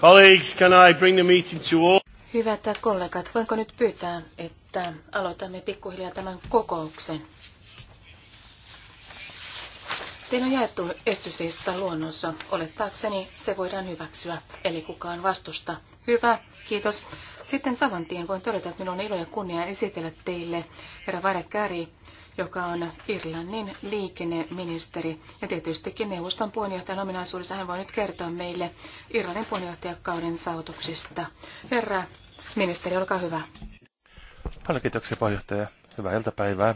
Colleagues, can I bring the meeting to all? Hyvät kollegat, voinko nyt pyytää, että aloitamme pikkuhiljaa tämän kokouksen? Teillä on jaettu estyslista luonnossa. Olettaakseni se voidaan hyväksyä, eli kukaan vastusta. Hyvä, kiitos. Sitten Savantien voin todeta, että minun on ilo ja kunnia esitellä teille herra Käri, joka on Irlannin liikenneministeri. Ja tietystikin neuvoston puheenjohtajan ominaisuudessa hän voi nyt kertoa meille Irlannin puheenjohtajakauden saavutuksista. Herra ministeri, olkaa hyvä. Paljon kiitoksia puheenjohtaja. Hyvää iltapäivää.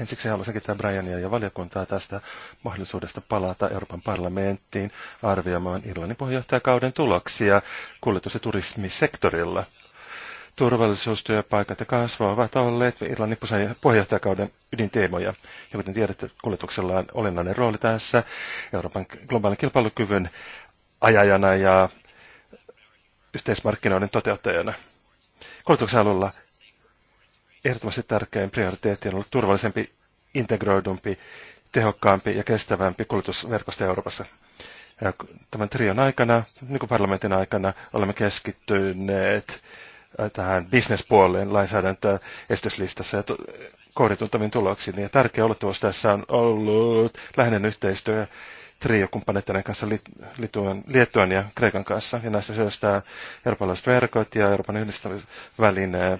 Ensiksi haluaisin kiittää Briania ja valiokuntaa tästä mahdollisuudesta palata Euroopan parlamenttiin arvioimaan Irlannin puheenjohtajakauden tuloksia kuljetus- ja turismisektorilla turvallisuustyöpaikat ja kasvu ovat olleet Irlannin puheenjohtajakauden ydinteemoja. Ja kuten tiedätte, kuljetuksella on olennainen rooli tässä Euroopan globaalin kilpailukyvyn ajajana ja yhteismarkkinoiden toteuttajana. Kuljetuksen alueella ehdottomasti tärkein prioriteetti on ollut turvallisempi, integroidumpi, tehokkaampi ja kestävämpi kuljetusverkosto Euroopassa. Tämän trion aikana, niin parlamentin aikana, olemme keskittyneet Äh, tähän bisnespuoleen lainsäädäntöä estyslistassa ja kohdituntavin tuloksiin. Ja tärkeä olettavuus tässä on ollut läheinen yhteistyö triokumppaneiden kanssa Lituen, Liettuan ja Kreikan kanssa. Ja näistä syystä eurooppalaiset verkot ja Euroopan yhdistämisväline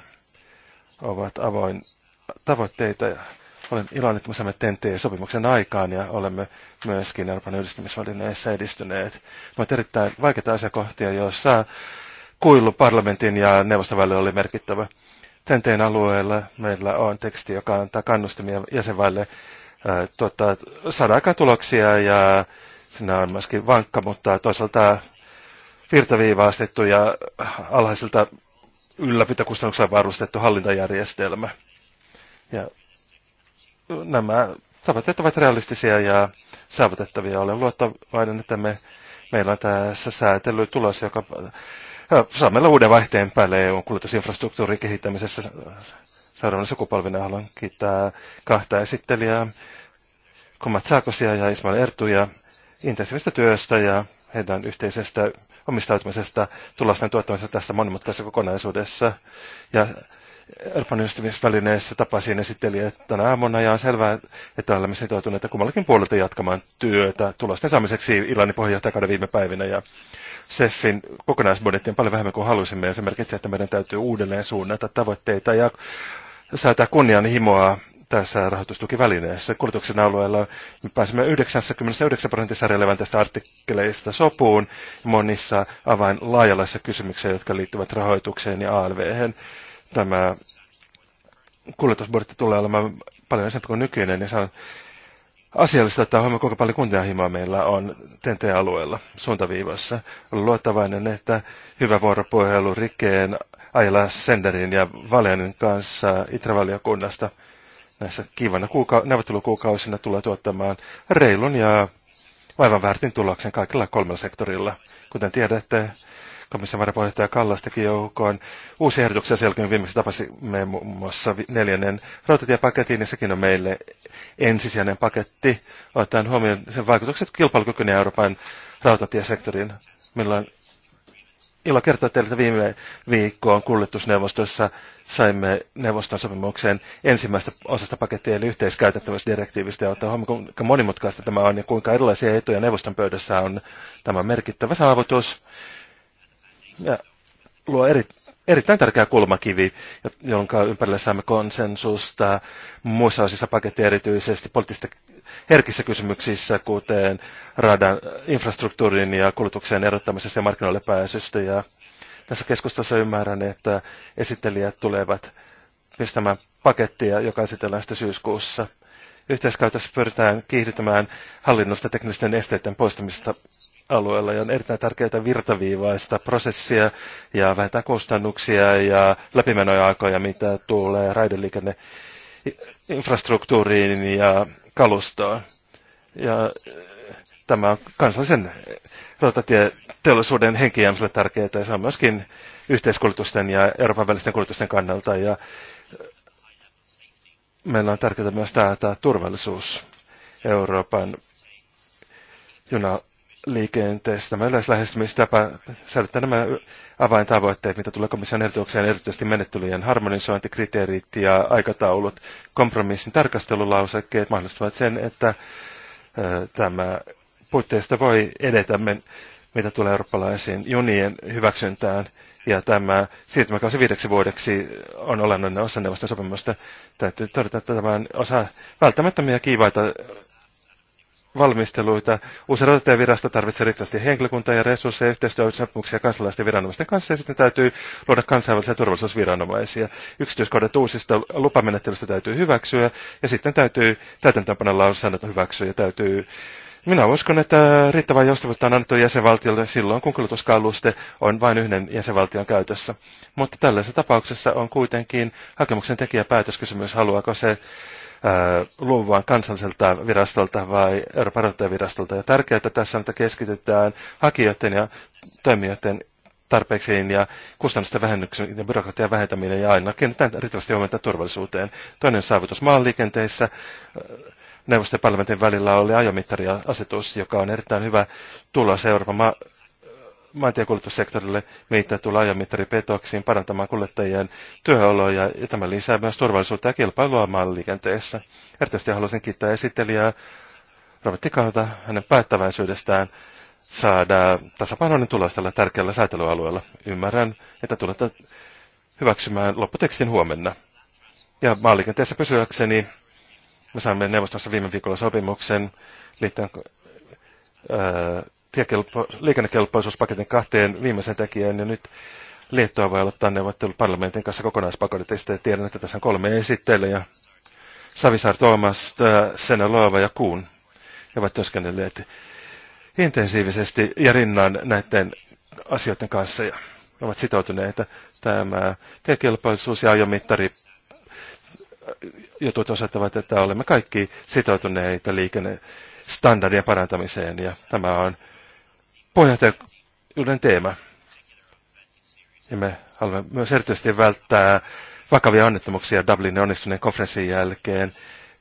ovat avoin tavoitteita. Ja olen iloinen, että me saamme TNT-sopimuksen aikaan ja olemme myöskin Euroopan yhdistämisvälineessä edistyneet. Mutta erittäin vaikeita asiakohtia, joissa kuilu parlamentin ja neuvoston välillä oli merkittävä. Tenteen alueella meillä on teksti, joka antaa kannustimia jäsenvaille tuottaa, saada aikaan tuloksia ja siinä on myöskin vankka, mutta toisaalta virtaviivaistettu ja alhaisilta ylläpitokustannuksella varustettu hallintajärjestelmä. Ja nämä tavoitteet ovat realistisia ja saavutettavia. Olen luottavainen, että me, meillä on tässä tulos, joka saamme uuden vaihteen päälle EUn kuljetusinfrastruktuurin kehittämisessä seuraavana sukupolvina. Haluan kiittää kahta esittelijää, Kumat Saakosia ja Ismail Ertuja, intensiivistä työstä ja heidän yhteisestä omistautumisesta tulosten tuottamisesta tässä monimutkaisessa kokonaisuudessa. Ja Euroopan ystävyysvälineessä tapasin esittelijä tänä aamuna ja on selvää, että olemme sitoutuneita kummallakin puolelta jatkamaan työtä tulosten saamiseksi Irlannin puheenjohtajakauden viime päivinä ja SEFin kokonaisbudjetti on paljon vähemmän kuin halusimme ja se merkitsee, että meidän täytyy uudelleen suunnata tavoitteita ja säätää kunnianhimoa tässä rahoitustukivälineessä. Kulutuksen alueella me pääsemme 99 prosentissa relevantista artikkeleista sopuun monissa avain laajalaisissa kysymyksissä, jotka liittyvät rahoitukseen ja ALV. -hän tämä kuljetusbudjetti tulee olemaan paljon isompi kuin nykyinen, niin se on asiallista että huomioon, kuinka paljon kunnianhimoa meillä on TNT-alueella suuntaviivassa. Olen luottavainen, että hyvä vuoropuhelu Rikkeen, Aila Senderin ja Valianin kanssa Itravaliokunnasta näissä kiivana kuuka- neuvottelukuukausina tulee tuottamaan reilun ja vaivan väärtin tuloksen kaikilla kolmella sektorilla. Kuten tiedätte, komission varapuheenjohtaja Kallastakin joukkoon Uusi ehdotuksia sen jälkeen viimeksi tapasimme muun muassa neljännen rautatiepaketin ja sekin on meille ensisijainen paketti, Otetaan huomioon sen vaikutukset kilpailukykyyn ja Euroopan rautatiesektoriin. Meillä on ilo kertoa teille, että viime viikkoon kuljetusneuvostossa saimme neuvoston sopimukseen ensimmäistä osasta pakettia, eli yhteiskäytettävyysdirektiivistä, ja ottaa huomioon, kuinka monimutkaista tämä on ja kuinka erilaisia etuja neuvoston pöydässä on tämä merkittävä saavutus ja luo eri, erittäin tärkeä kulmakivi, jonka ympärillä saamme konsensusta muissa osissa pakettia erityisesti poliittisista herkissä kysymyksissä, kuten radan infrastruktuurin ja kulutuksen erottamisesta ja markkinoille pääsystä. Ja tässä keskustassa ymmärrän, että esittelijät tulevat pistämään pakettia, joka esitellään sitten syyskuussa. Yhteiskäytössä pyritään kiihdyttämään hallinnosta teknisten esteiden poistamista alueella ja on erittäin tärkeää virtaviivaista prosessia ja vähentää kustannuksia ja läpimenoaikoja, mitä tulee raideliikenne infrastruktuuriin ja kalustoon. Ja eh, tämä on kansallisen rautatieteollisuuden henkiämiselle tärkeää ja se on myöskin yhteiskulutusten ja Euroopan välisten kulutusten kannalta. Ja eh, meillä on tärkeää myös tämä turvallisuus Euroopan juna liikenteestä. Mä sitä säilyttää nämä avaintavoitteet, mitä tulee komission ehdotukseen, erityisesti menettelyjen harmonisointikriteerit ja aikataulut, kompromissin tarkastelulausekkeet mahdollistavat sen, että tämä puitteista voi edetä, mitä tulee eurooppalaisiin junien hyväksyntään. Ja tämä siirtymäkausi viideksi vuodeksi on olennainen osa neuvoston sopimusta. Täytyy todeta, että tämä on osa välttämättömiä kiivaita valmisteluita. Uusi rautatievirasto tarvitsee riittävästi henkilökuntaa ja resursseja, yhteistyösopimuksia kansalaisten viranomaisten kanssa ja sitten täytyy luoda kansainvälisiä turvallisuusviranomaisia. Yksityiskohdat uusista lupamenettelystä täytyy hyväksyä ja sitten täytyy täytäntöönpanella säännöt hyväksyä ja täytyy minä uskon, että riittävää joustavuutta on annettu jäsenvaltiolle silloin, kun kulutuskaluste on vain yhden jäsenvaltion käytössä. Mutta tällaisessa tapauksessa on kuitenkin hakemuksen tekijä päätöskysymys, haluaako se luovan kansalliselta virastolta vai Euroopan virastolta. Ja tärkeää että tässä on, että keskitytään hakijoiden ja toimijoiden tarpeeksiin ja kustannusten vähennyksen ja byrokratian vähentäminen ja aina kiinnitetään riittävästi huomiota turvallisuuteen. Toinen saavutus maanliikenteessä. neuvoston parlamentin välillä oli ajomittariasetus, joka on erittäin hyvä tulos Euroopan ma- maantiekuljetussektorille, meitä tulee ajomittaripetoksiin parantamaan kuljettajien työoloja, ja tämä lisää myös turvallisuutta ja kilpailua maanliikenteessä. Erityisesti haluaisin kiittää esittelijää Robert Tikauta hänen päättäväisyydestään saada tasapainoinen tulos tällä tärkeällä säätelyalueella. Ymmärrän, että tulette hyväksymään lopputekstin huomenna. Ja maaliikenteessä pysyäkseni me saamme neuvostossa viime viikolla sopimuksen liittyen öö, tiekelpo, liikennekelpoisuuspaketin kahteen viimeisen tekijään ja nyt Liettua voi tänne neuvottelu parlamentin kanssa kokonaispakotiteista ja tiedän, että tässä on kolme ja Savisaar Tuomas, Senelova ja Kuun. He ovat työskennelleet intensiivisesti ja rinnan näiden asioiden kanssa ja ovat sitoutuneita. Tämä tiekelpoisuus ja ajomittari jutut osoittavat, että olemme kaikki sitoutuneita liikennestandardien parantamiseen ja tämä on uuden teema. Ja me haluamme myös erityisesti välttää vakavia onnettomuuksia Dublinin onnistuneen konferenssin jälkeen.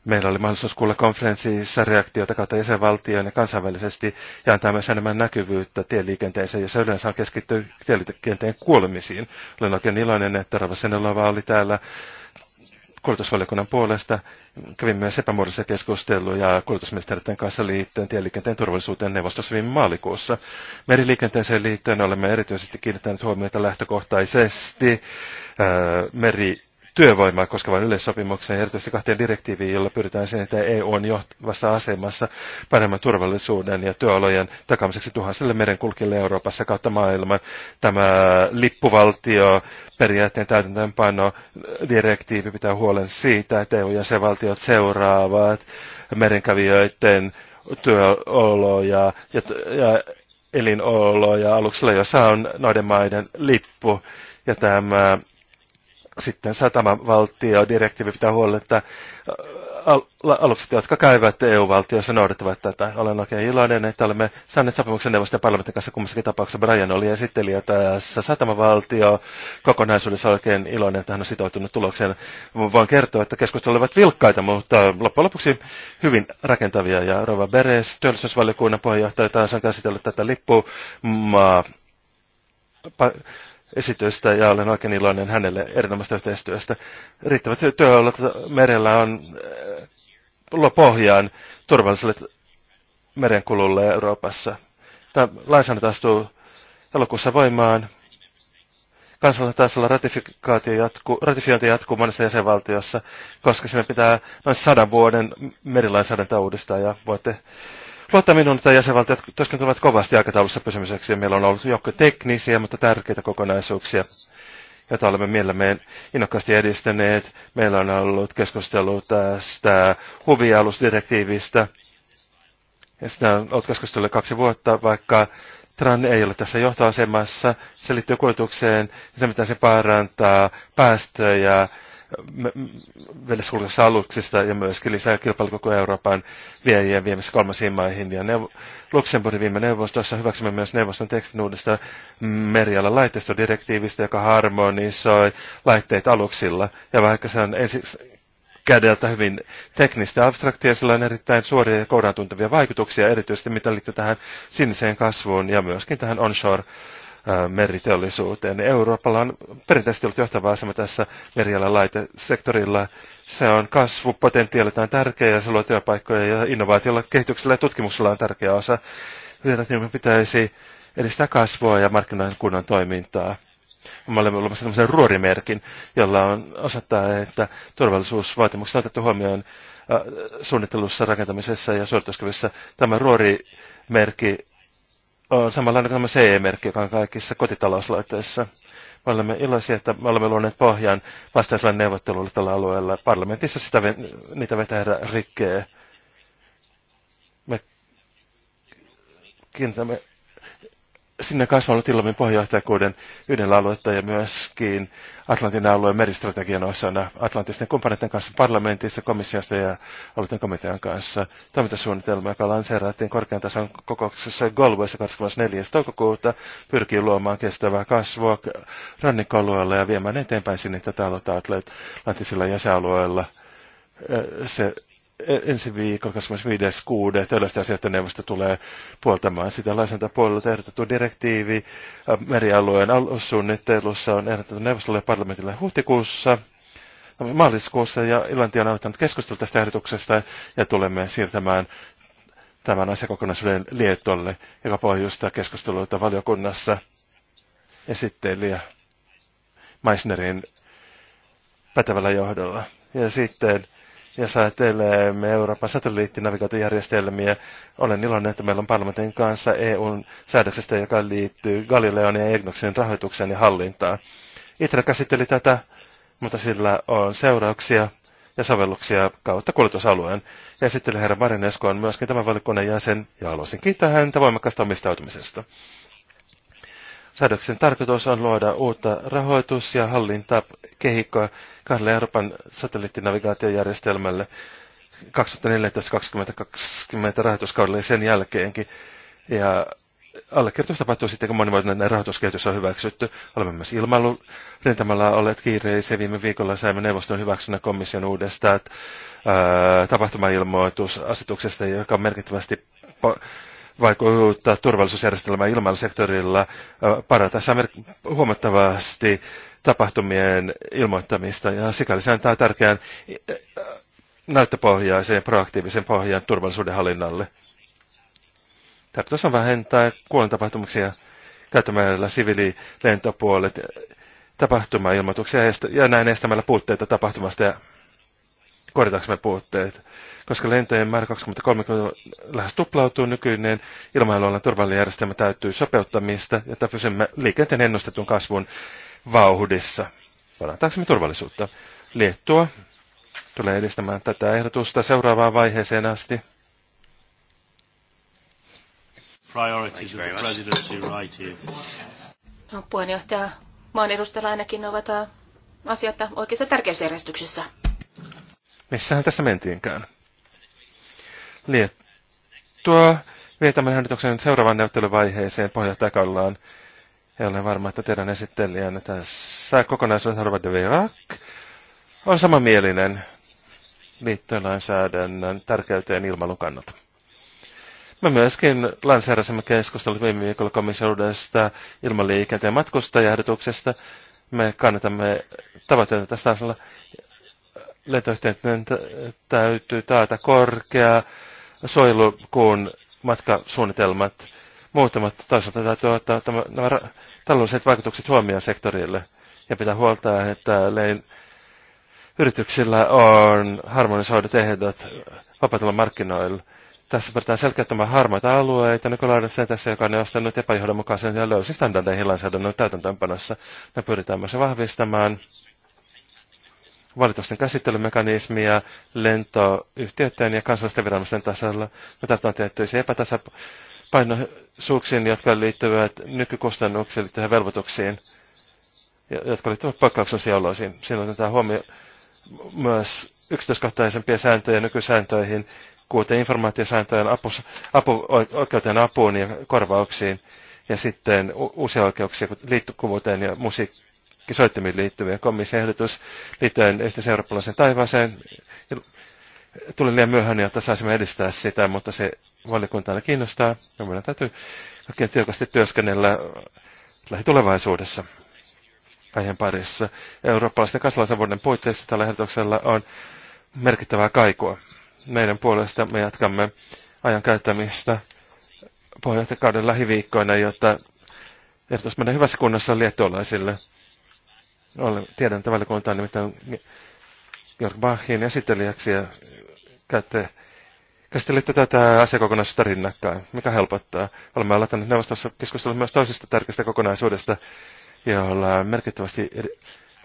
Meillä oli mahdollisuus kuulla konferenssissa reaktiota kautta jäsenvaltioon ja kansainvälisesti ja antaa myös enemmän näkyvyyttä tieliikenteeseen, jossa yleensä on keskitty tieliikenteen kuolemisiin. Olen oikein iloinen, että Rava Senelova oli täällä kuljetusvaliokunnan puolesta. Kävin myös epämuodollisia keskusteluja kuljetusministeriöiden kanssa liittyen tieliikenteen turvallisuuteen neuvostossa viime maalikuussa. Meriliikenteeseen liittyen olemme erityisesti kiinnittäneet huomiota lähtökohtaisesti äh, meri työvoimaa koskevan yleissopimuksen ja erityisesti kahteen direktiiviin, jolla pyritään siihen, että EU on johtavassa asemassa paremman turvallisuuden ja työolojen takamiseksi tuhansille merenkulkille Euroopassa kautta maailman. Tämä lippuvaltio periaatteen täytäntöönpano direktiivi pitää huolen siitä, että EU-jäsenvaltiot seuraavat merenkävijöiden työoloja ja, ja elinoloja aluksella, jossa on noiden maiden lippu. Ja tämä sitten direktiivi pitää huolella, että äh, al- alukset, jotka käyvät EU-valtiossa, noudattavat tätä. Olen oikein iloinen, että olemme saaneet sopimuksen neuvoston ja parlamentin kanssa kummassakin tapauksessa. Brian oli esittelijä tässä satamavaltio kokonaisuudessa oikein iloinen, että hän on sitoutunut tulokseen. Voin kertoa, että keskustelut olivat vilkkaita, mutta loppujen lopuksi hyvin rakentavia. Ja Rova Beres, työllisyysvaliokunnan puheenjohtaja, taas on käsitellyt tätä lippumaa esitystä ja olen oikein iloinen hänelle erinomaisesta yhteistyöstä. Riittävät työolot merellä on äh, pohjaan turvalliselle merenkululle Euroopassa. Tämä lainsäädäntö astuu elokuussa voimaan. Kansallisella tasolla ratifikaatio jatku, ratifiointi jatkuu monessa jäsenvaltiossa, koska sinne pitää noin sadan vuoden merilainsäädäntöä uudistaa ja voitte luottaa minun, että jäsenvaltiot työskentelevät kovasti aikataulussa pysymiseksi. Meillä on ollut joukko teknisiä, mutta tärkeitä kokonaisuuksia, joita olemme mielemme innokkaasti edistäneet. Meillä on ollut keskustelu tästä huvialusdirektiivistä. Ja sitä on ollut keskustelu kaksi vuotta, vaikka Tran ei ole tässä johtoasemassa. Se liittyy kulutukseen ja se, mitä se parantaa päästöjä vielä aluksista ja myöskin lisää koko Euroopan viejiä viemässä kolmasiin maihin. Ja neuv- Luxemburgin viime neuvostossa hyväksymme myös neuvoston tekstin uudesta merialan laitteistodirektiivistä, joka harmonisoi laitteet aluksilla. Ja vaikka se on ensi kädeltä hyvin teknistä abstraktia, sillä on erittäin suoria ja kouraan tuntavia vaikutuksia, erityisesti mitä liittyy tähän siniseen kasvuun ja myöskin tähän onshore meriteollisuuteen. Euroopalla on perinteisesti ollut johtava asema tässä merialalaitesektorilla. Se on on tärkeä ja se luo työpaikkoja ja innovaatiolla, kehityksellä ja tutkimuksella on tärkeä osa. me pitäisi edistää kasvua ja markkinoiden kunnan toimintaa. Me olemme olemassa tämmöisen ruorimerkin, jolla on osoittaa, että turvallisuusvaatimukset on otettu huomioon suunnittelussa, rakentamisessa ja suorituskyvyssä. Tämä ruorimerkki on samanlainen kuin tämä CE-merkki, joka on kaikissa kotitalouslaitteissa. Me olemme iloisia, että me olemme luoneet pohjan vastaisella neuvottelulla tällä alueella. Parlamentissa sitä, niitä vetää rikkeä. Me kiinnitämme sinne kasvanut Ilomin puheenjohtajakuuden yhdellä aluetta ja myöskin Atlantin alueen meristrategian osana Atlantisten kumppaneiden kanssa parlamentissa, komissiosta ja alueiden komitean kanssa. Toimintasuunnitelma, joka lanseerattiin korkean tason kokouksessa Galwayssa 24. toukokuuta, pyrkii luomaan kestävää kasvua rannikkoalueella ja viemään eteenpäin sinne tätä aluetta Atlantisilla jäsenalueilla. Se E, ensi viikon 25.6. tällaista asioiden neuvosto tulee puoltamaan sitä laisenta puolelta ehdotettu direktiivi merialueen alussuunnittelussa on ehdotettu neuvostolle parlamentille huhtikuussa no, maaliskuussa ja Irlanti on aloittanut keskustelua tästä ehdotuksesta ja tulemme siirtämään tämän asiakokonaisuuden lietolle joka pohjustaa keskusteluita valiokunnassa esittelijä Meissnerin pätevällä johdolla. Ja sitten ja me Euroopan satelliittinavigointijärjestelmiä. Olen iloinen, että meillä on parlamentin kanssa EUn säädöksestä, joka liittyy Galileon ja Egnoksen rahoitukseen ja hallintaan. Itra käsitteli tätä, mutta sillä on seurauksia ja sovelluksia kautta kuljetusalueen. Ja sitten herra Marinesko on myöskin tämän valikkoinen jäsen, ja haluaisin kiittää häntä voimakkaasta omistautumisesta. Säädöksen tarkoitus on luoda uutta rahoitus- ja hallintaa kehikkoa kahdelle Euroopan satelliittinavigaatiojärjestelmälle 2014-2020 rahoituskaudelle ja sen jälkeenkin. Ja allekirjoitus tapahtuu sitten, kun monimuotoinen rahoituskehitys on hyväksytty. Olemme myös ilmailurintamalla olleet kiireisiä. Viime viikolla saimme neuvoston hyväksynnä komission uudesta äh, tapahtumailmoitusasetuksesta, joka merkittävästi vaikuttaa turvallisuusjärjestelmää sektorilla parantaa huomattavasti tapahtumien ilmoittamista ja sikäli se antaa tärkeän näyttöpohjaisen proaktiivisen pohjan turvallisuuden hallinnalle. Tarkoitus on vähentää kuolentapahtumuksia käyttämällä siviililentopuolet tapahtumailmoituksia ja näin estämällä puutteita tapahtumasta ja korjataanko me puutteet. Koska lentojen määrä 2030 lähes tuplautuu nykyinen, ilmailualan turvallinen järjestelmä täytyy sopeuttamista, jotta pysymme liikenteen ennustetun kasvun vauhdissa. me turvallisuutta. Liettua tulee edistämään tätä ehdotusta seuraavaan vaiheeseen asti. Priorities of the presidency right here. No, puheenjohtaja, maan edustajalla ainakin ovat asiat oikeassa tärkeysjärjestyksessä. Missähän tässä mentiinkään? Liettua vietämme hallituksen seuraavaan neuvotteluvaiheeseen pohjatakaillaan. Ja olen varma, että teidän esittelijänne tässä kokonaisuus Harvard Virak on samanmielinen lainsäädännön tärkeyteen ilmailun kannalta. Me myöskin lanseerasimme keskustelut viime viikolla komissioudesta ilmaliikenteen matkustajahdotuksesta. Me kannatamme tavoitteita tästä asialla lentoyhteyden täytyy taata korkea suojelukuun matkasuunnitelmat. Muutamat toisaalta täytyy ottaa tämä, nämä taloudelliset vaikutukset huomioon sektorille ja pitää huolta, että lein, yrityksillä on harmonisoidut ehdot vapautella markkinoilla. Tässä pyritään selkeyttämään harmaita alueita sen tässä, joka on ostanut epäjohdonmukaisen ja löysi standardeihin lainsäädännön täytäntöönpanossa. Me pyritään myös vahvistamaan valitusten käsittelymekanismia lentoyhtiöiden ja kansallisten viranomaisten tasolla. Me tarvitaan tiettyisiä epätasapainoisuuksiin, jotka liittyvät nykykustannuksiin liittyviin velvoituksiin, jotka liittyvät poikkeuksellisiin oloisiin. Siinä otetaan huomioon myös yksityiskohtaisempia sääntöjä nykysääntöihin, kuten informaatiosääntöjen apu, apu, oikeuteen apuun ja korvauksiin, ja sitten uusia oikeuksia liittokuvuuteen ja musiikkiin soittimiin liittyviä komission liittyen yhteisen eurooppalaisen taivaaseen. Tuli liian myöhään, jotta saisimme edistää sitä, mutta se aina kiinnostaa ja meidän täytyy kaikkien tiukasti työskennellä lähitulevaisuudessa aiheen parissa. Eurooppalaisten kansalaisavuuden puitteissa tällä ehdotuksella on merkittävää kaikua. Meidän puolesta me jatkamme ajan käyttämistä pohjohtakauden lähiviikkoina, jotta ehdotus menee hyvässä kunnossa liettualaisille. Tiedän, että valiokunta on nimittäin Georg Bachin esittelijäksi ja käytte, käsittelitte tätä asiakokonaisuutta rinnakkain, mikä helpottaa. Olemme aloittaneet neuvostossa keskustelua myös toisesta tärkeästä kokonaisuudesta, jolla on merkittävästi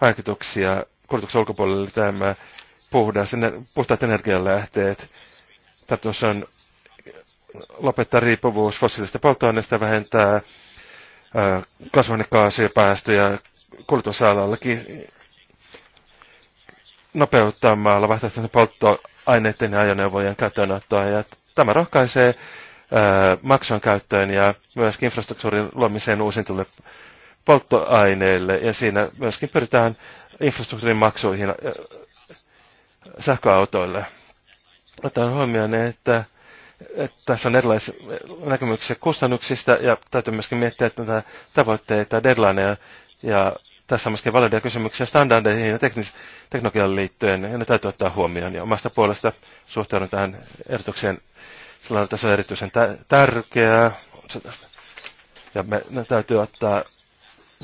vaikutuksia kulutuksen ulkopuolelle tämä puhdas, puhtaat energialähteet. Tarkoitus on lopettaa riippuvuus fossiilisista polttoaineista, vähentää päästöjä, kulutusalallakin nopeuttamalla vaihtoehtoisen polttoaineiden ja ajoneuvojen käyttöönottoa. Ja tämä rohkaisee maksun käyttöön ja myöskin infrastruktuurin luomiseen uusintulle polttoaineille. Ja siinä myöskin pyritään infrastruktuurin maksuihin sähköautoille. Otan huomioon, että, että tässä on erilaisia näkemyksiä kustannuksista ja täytyy myöskin miettiä että näitä tavoitteita, deadlineja ja tässä on myöskin valideja kysymyksiä standardeihin ja teknis- teknologian liittyen, ja ne täytyy ottaa huomioon. Ja omasta puolesta suhtaudun tähän ehdotukseen sillä että se on erityisen tärkeää. Ja me, ne täytyy ottaa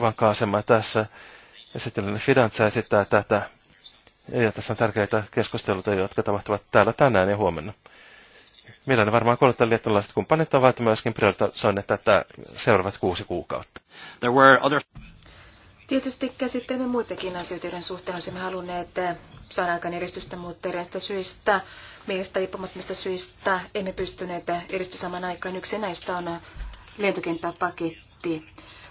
vankaa asemaa tässä. Ja sitten Fidanza esittää tätä. Ja tässä on tärkeitä keskusteluita, jotka tapahtuvat täällä tänään ja huomenna. Millä ne varmaan kouluttaa liettualaiset kumppanit ovat myöskin priorisoineet tätä seuraavat kuusi kuukautta. There were other... Tietysti käsittelemme muitakin asioita, joiden suhteen olisimme halunneet saada aikaan edistystä, mutta eräistä syistä, meistä riippumattomista syistä, emme pystyneet edistymään samaan aikaan. Yksi näistä on lentokenttäpaketti.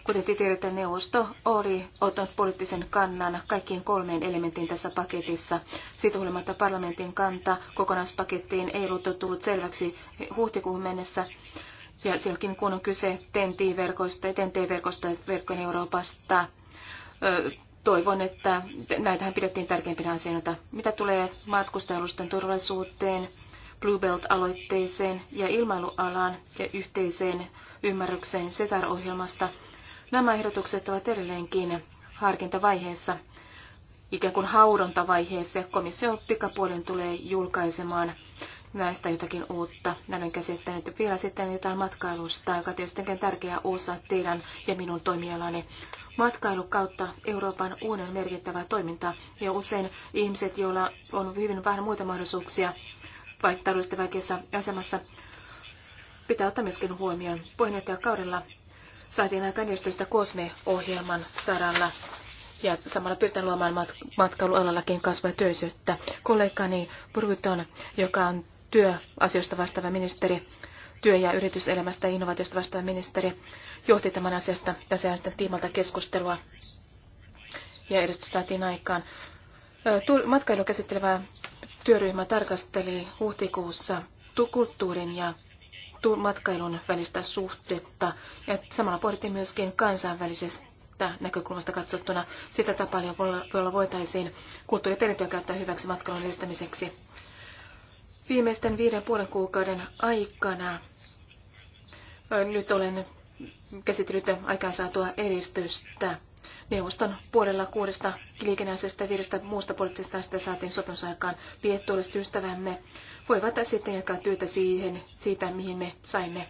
Kuten te tiedätte, neuvosto oli ottanut poliittisen kannan kaikkiin kolmeen elementtiin tässä paketissa. Siitä huolimatta parlamentin kanta kokonaispakettiin ei ollut tullut selväksi huhtikuuhun mennessä. Ja silloinkin kun on kyse tnt verkosta ja TNT-verkosta verkkojen Euroopasta, toivon, että näitähän pidettiin tärkeimpinä asioita. Mitä tulee matkustajalusten turvallisuuteen, Blue Belt-aloitteeseen ja ilmailualaan ja yhteiseen ymmärrykseen CESAR-ohjelmasta, nämä ehdotukset ovat edelleenkin harkintavaiheessa, ikään kuin haudontavaiheessa, ja komissio pikapuolen tulee julkaisemaan näistä jotakin uutta. Näin olen käsittänyt vielä sitten jotain matkailusta, joka tietysti on tärkeä osa teidän ja minun toimialani. Matkailu kautta Euroopan uuden merkittävää toimintaa ja usein ihmiset, joilla on hyvin vähän muita mahdollisuuksia, vaikka taloudellisesti vaikeassa asemassa, pitää ottaa myöskin huomioon. Puheenjohtajakaudella saatiin aikaan edistystä Kosme-ohjelman saralla ja samalla pyritään luomaan mat- matkailualallakin kasvua työllisyyttä. Kollegani Bruton, joka on työasioista vastaava ministeri, työ- ja yrityselämästä ja innovaatiosta vastaava ministeri johti tämän asiasta tässä tiimalta keskustelua ja edistys saatiin aikaan. Matkailu käsittelevä työryhmä tarkasteli huhtikuussa kulttuurin ja matkailun välistä suhteetta ja samalla pohdittiin myöskin kansainvälisestä näkökulmasta katsottuna sitä tapaa, jolla voitaisiin kulttuuriperintöä käyttää hyväksi matkailun edistämiseksi. Viimeisten viiden puolen kuukauden aikana nyt olen käsitellyt saatua edistystä. Neuvoston puolella kuudesta liikennäisestä viidestä muusta poliittisesta asiasta saatiin sopimusaikaan liettualaiset ystävämme voivat sitten jatkaa työtä siihen, siitä, mihin me saimme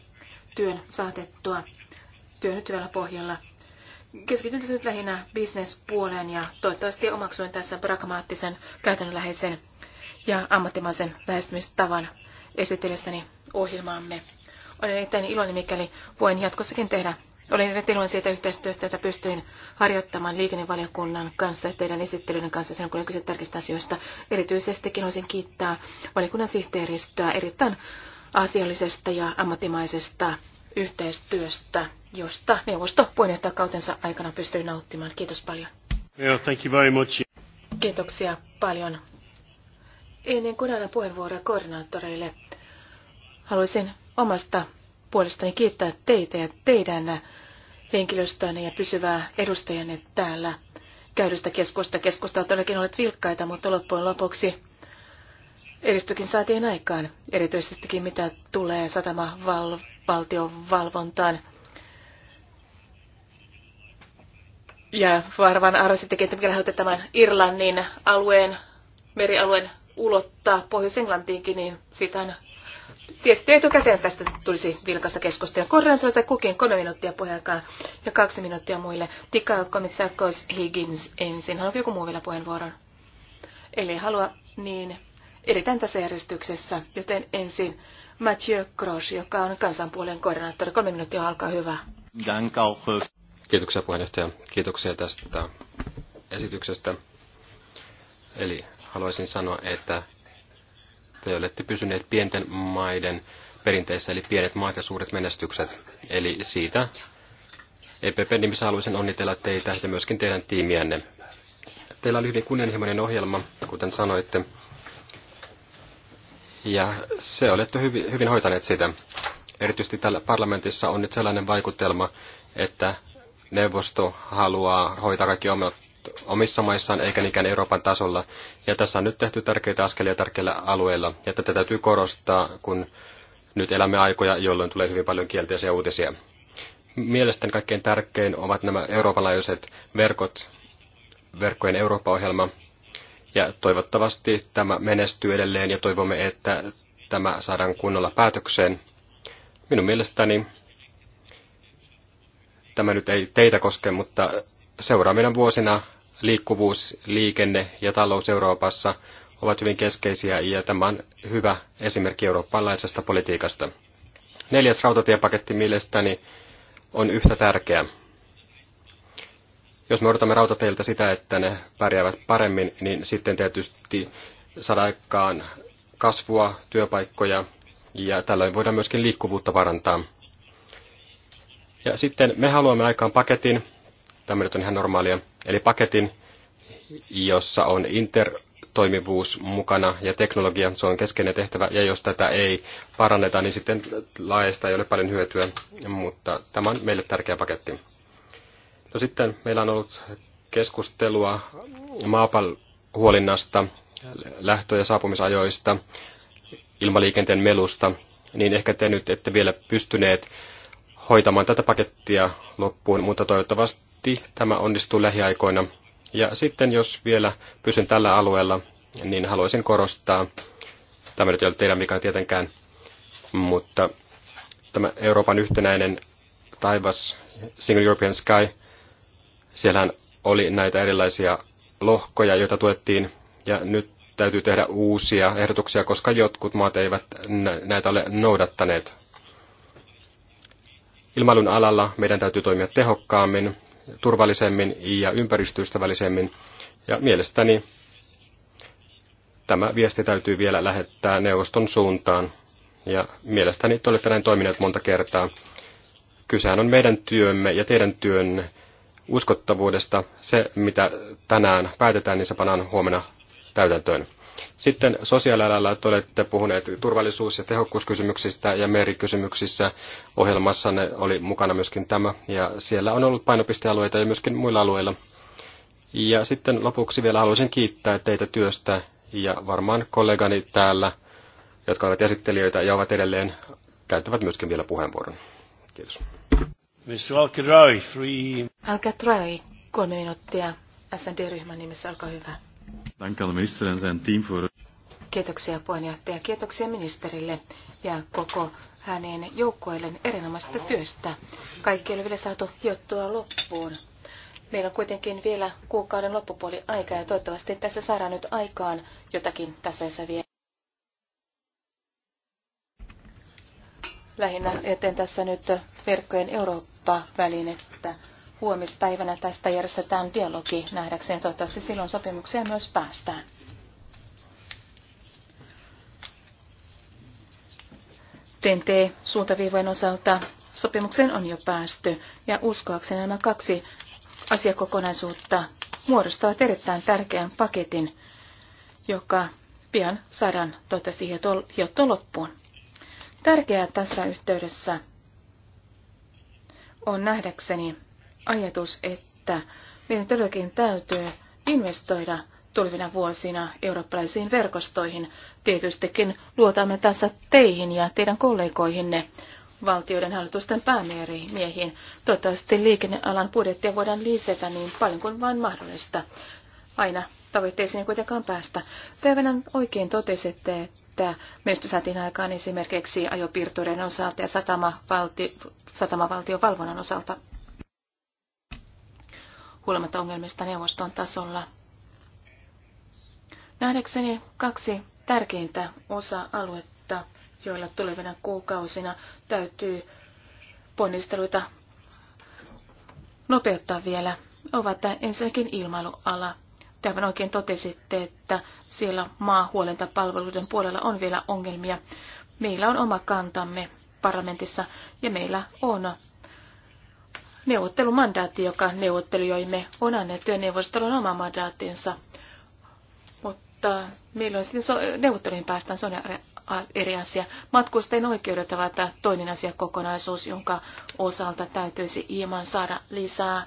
työn saatettua työn nyt hyvällä pohjalla. Keskityn nyt lähinnä bisnespuoleen ja toivottavasti omaksuin tässä pragmaattisen käytännönläheisen ja ammattimaisen lähestymistavan esitellessäni ohjelmaamme. Olen erittäin iloinen, mikäli voin jatkossakin tehdä. Olen erittäin iloinen siitä yhteistyöstä, jota pystyin harjoittamaan liikennevaliokunnan kanssa ja teidän esittelyiden kanssa sen, kun on kyse tärkeistä asioista. Erityisestikin haluaisin kiittää valiokunnan sihteeristöä erittäin asiallisesta ja ammattimaisesta yhteistyöstä, josta neuvosto kautensa aikana pystyi nauttimaan. Kiitos paljon. Yeah, thank you very much. Kiitoksia paljon Ennen kuin annan puheenvuoroa koordinaattoreille, haluaisin omasta puolestani kiittää teitä ja teidän henkilöstönne ja pysyvää edustajanne täällä käydystä keskusta. Keskustelut todellakin olleet vilkkaita, mutta loppujen lopuksi edistykin saatiin aikaan, erityisestikin mitä tulee satamavaltion valvontaan. Ja varmaan arvasittekin, että mikä tämän Irlannin alueen, merialueen ulottaa Pohjois-Englantiinkin, niin sitähän tietysti etukäteen tästä tulisi vilkasta keskustelua. Korjaan tuosta kukin kolme minuuttia puheenkaan ja kaksi minuuttia muille. Tika, Komitsakos, Higgins ensin. Haluatko joku muu vielä puheenvuoron? Eli halua, niin edetään tässä järjestyksessä, joten ensin Mathieu Grosch, joka on kansanpuolen koordinaattori. Kolme minuuttia, alkaa hyvä. Kiitoksia puheenjohtaja. Kiitoksia tästä esityksestä. Eli haluaisin sanoa, että te olette pysyneet pienten maiden perinteissä, eli pienet maat ja suuret menestykset. Eli siitä EPP nimissä haluaisin onnitella teitä ja myöskin teidän tiimiänne. Teillä oli hyvin kunnianhimoinen ohjelma, kuten sanoitte, ja se olette hyvin, hyvin hoitaneet sitä. Erityisesti täällä parlamentissa on nyt sellainen vaikutelma, että neuvosto haluaa hoitaa kaikki omat omissa maissaan eikä niinkään Euroopan tasolla. Ja tässä on nyt tehty tärkeitä askelia tärkeillä alueilla. Ja tätä täytyy korostaa, kun nyt elämme aikoja, jolloin tulee hyvin paljon kielteisiä uutisia. Mielestäni kaikkein tärkein ovat nämä Euroopan laajuiset verkot, verkkojen Eurooppa-ohjelma. Ja toivottavasti tämä menestyy edelleen ja toivomme, että tämä saadaan kunnolla päätökseen. Minun mielestäni tämä nyt ei teitä koske, mutta seuraavina vuosina liikkuvuus, liikenne ja talous Euroopassa ovat hyvin keskeisiä ja tämä on hyvä esimerkki eurooppalaisesta politiikasta. Neljäs rautatiepaketti mielestäni on yhtä tärkeä. Jos me odotamme rautateiltä sitä, että ne pärjäävät paremmin, niin sitten tietysti saada aikaan kasvua, työpaikkoja ja tällöin voidaan myöskin liikkuvuutta parantaa. Ja sitten me haluamme aikaan paketin, Tämä nyt on ihan normaalia. Eli paketin, jossa on intertoimivuus mukana ja teknologia, se on keskeinen tehtävä. Ja jos tätä ei paranneta, niin sitten laajasta ei ole paljon hyötyä, mutta tämä on meille tärkeä paketti. No sitten meillä on ollut keskustelua maapallohuolinnasta, lähtö- ja saapumisajoista, ilmaliikenteen melusta, niin ehkä te nyt ette vielä pystyneet hoitamaan tätä pakettia loppuun, mutta toivottavasti toivottavasti tämä onnistuu lähiaikoina. Ja sitten jos vielä pysyn tällä alueella, niin haluaisin korostaa, tämä nyt ei ole teidän mikä tietenkään, mutta tämä Euroopan yhtenäinen taivas, Single European Sky, siellähän oli näitä erilaisia lohkoja, joita tuettiin, ja nyt täytyy tehdä uusia ehdotuksia, koska jotkut maat eivät näitä ole noudattaneet. Ilmailun alalla meidän täytyy toimia tehokkaammin, turvallisemmin ja ympäristöystävällisemmin. Ja mielestäni tämä viesti täytyy vielä lähettää neuvoston suuntaan. Ja mielestäni te olette näin toimineet monta kertaa. Kysehän on meidän työmme ja teidän työn uskottavuudesta. Se, mitä tänään päätetään, niin se pannaan huomenna täytäntöön. Sitten sosiaalialalla te olette puhuneet turvallisuus- ja tehokkuuskysymyksistä ja merikysymyksissä. ohjelmassa ne oli mukana myöskin tämä, ja siellä on ollut painopistealueita ja myöskin muilla alueilla. Ja sitten lopuksi vielä haluaisin kiittää teitä työstä, ja varmaan kollegani täällä, jotka ovat esittelijöitä ja ovat edelleen, käyttävät myöskin vielä puheenvuoron. Kiitos. Mr. Alcatroy, three... Alcatroy, kolme minuuttia. SND-ryhmän nimessä, olkaa hyvä. Kiitoksia puheenjohtaja, kiitoksia ministerille ja koko hänen joukkoilleen erinomaisesta työstä. Kaikki oli vielä saatu hiottua loppuun. Meillä on kuitenkin vielä kuukauden loppupuoli aikaa ja toivottavasti tässä saadaan nyt aikaan jotakin taseessa vielä. Lähinnä eten tässä nyt verkkojen Eurooppa-välinettä huomispäivänä tästä järjestetään dialogi nähdäkseen. Toivottavasti silloin sopimukseen myös päästään. TNT-suuntaviivojen osalta sopimukseen on jo päästy ja uskoakseni nämä kaksi asiakokonaisuutta muodostavat erittäin tärkeän paketin, joka pian saadaan toivottavasti hiottua loppuun. Tärkeää tässä yhteydessä on nähdäkseni ajatus, että meidän todellakin täytyy investoida tulvina vuosina eurooppalaisiin verkostoihin. Tietystikin luotamme tässä teihin ja teidän kollegoihinne valtioiden hallitusten päämiehiin. Toivottavasti liikennealan budjettia voidaan lisätä niin paljon kuin vain mahdollista. Aina tavoitteisiin ei kuitenkaan päästä. Päivänän oikein totesitte, että meistä saatiin aikaan esimerkiksi ajopiirtureiden osalta ja satamavaltiovalvonnan osalta huolimatta ongelmista neuvoston tasolla. Nähdäkseni kaksi tärkeintä osa-aluetta, joilla tulevina kuukausina täytyy ponnisteluita nopeuttaa vielä, ovat ensinnäkin ilmailuala. Tämän oikein totesitte, että siellä maahuolentapalveluiden puolella on vielä ongelmia. Meillä on oma kantamme parlamentissa ja meillä on neuvottelumandaatti, joka neuvottelijoimme on annettu ja neuvostelun oma mandaattinsa. Mutta milloin sitten so- neuvotteluihin päästään, se on eri asia. Matkustajien oikeudet ovat toinen asia kokonaisuus, jonka osalta täytyisi ilman saada lisää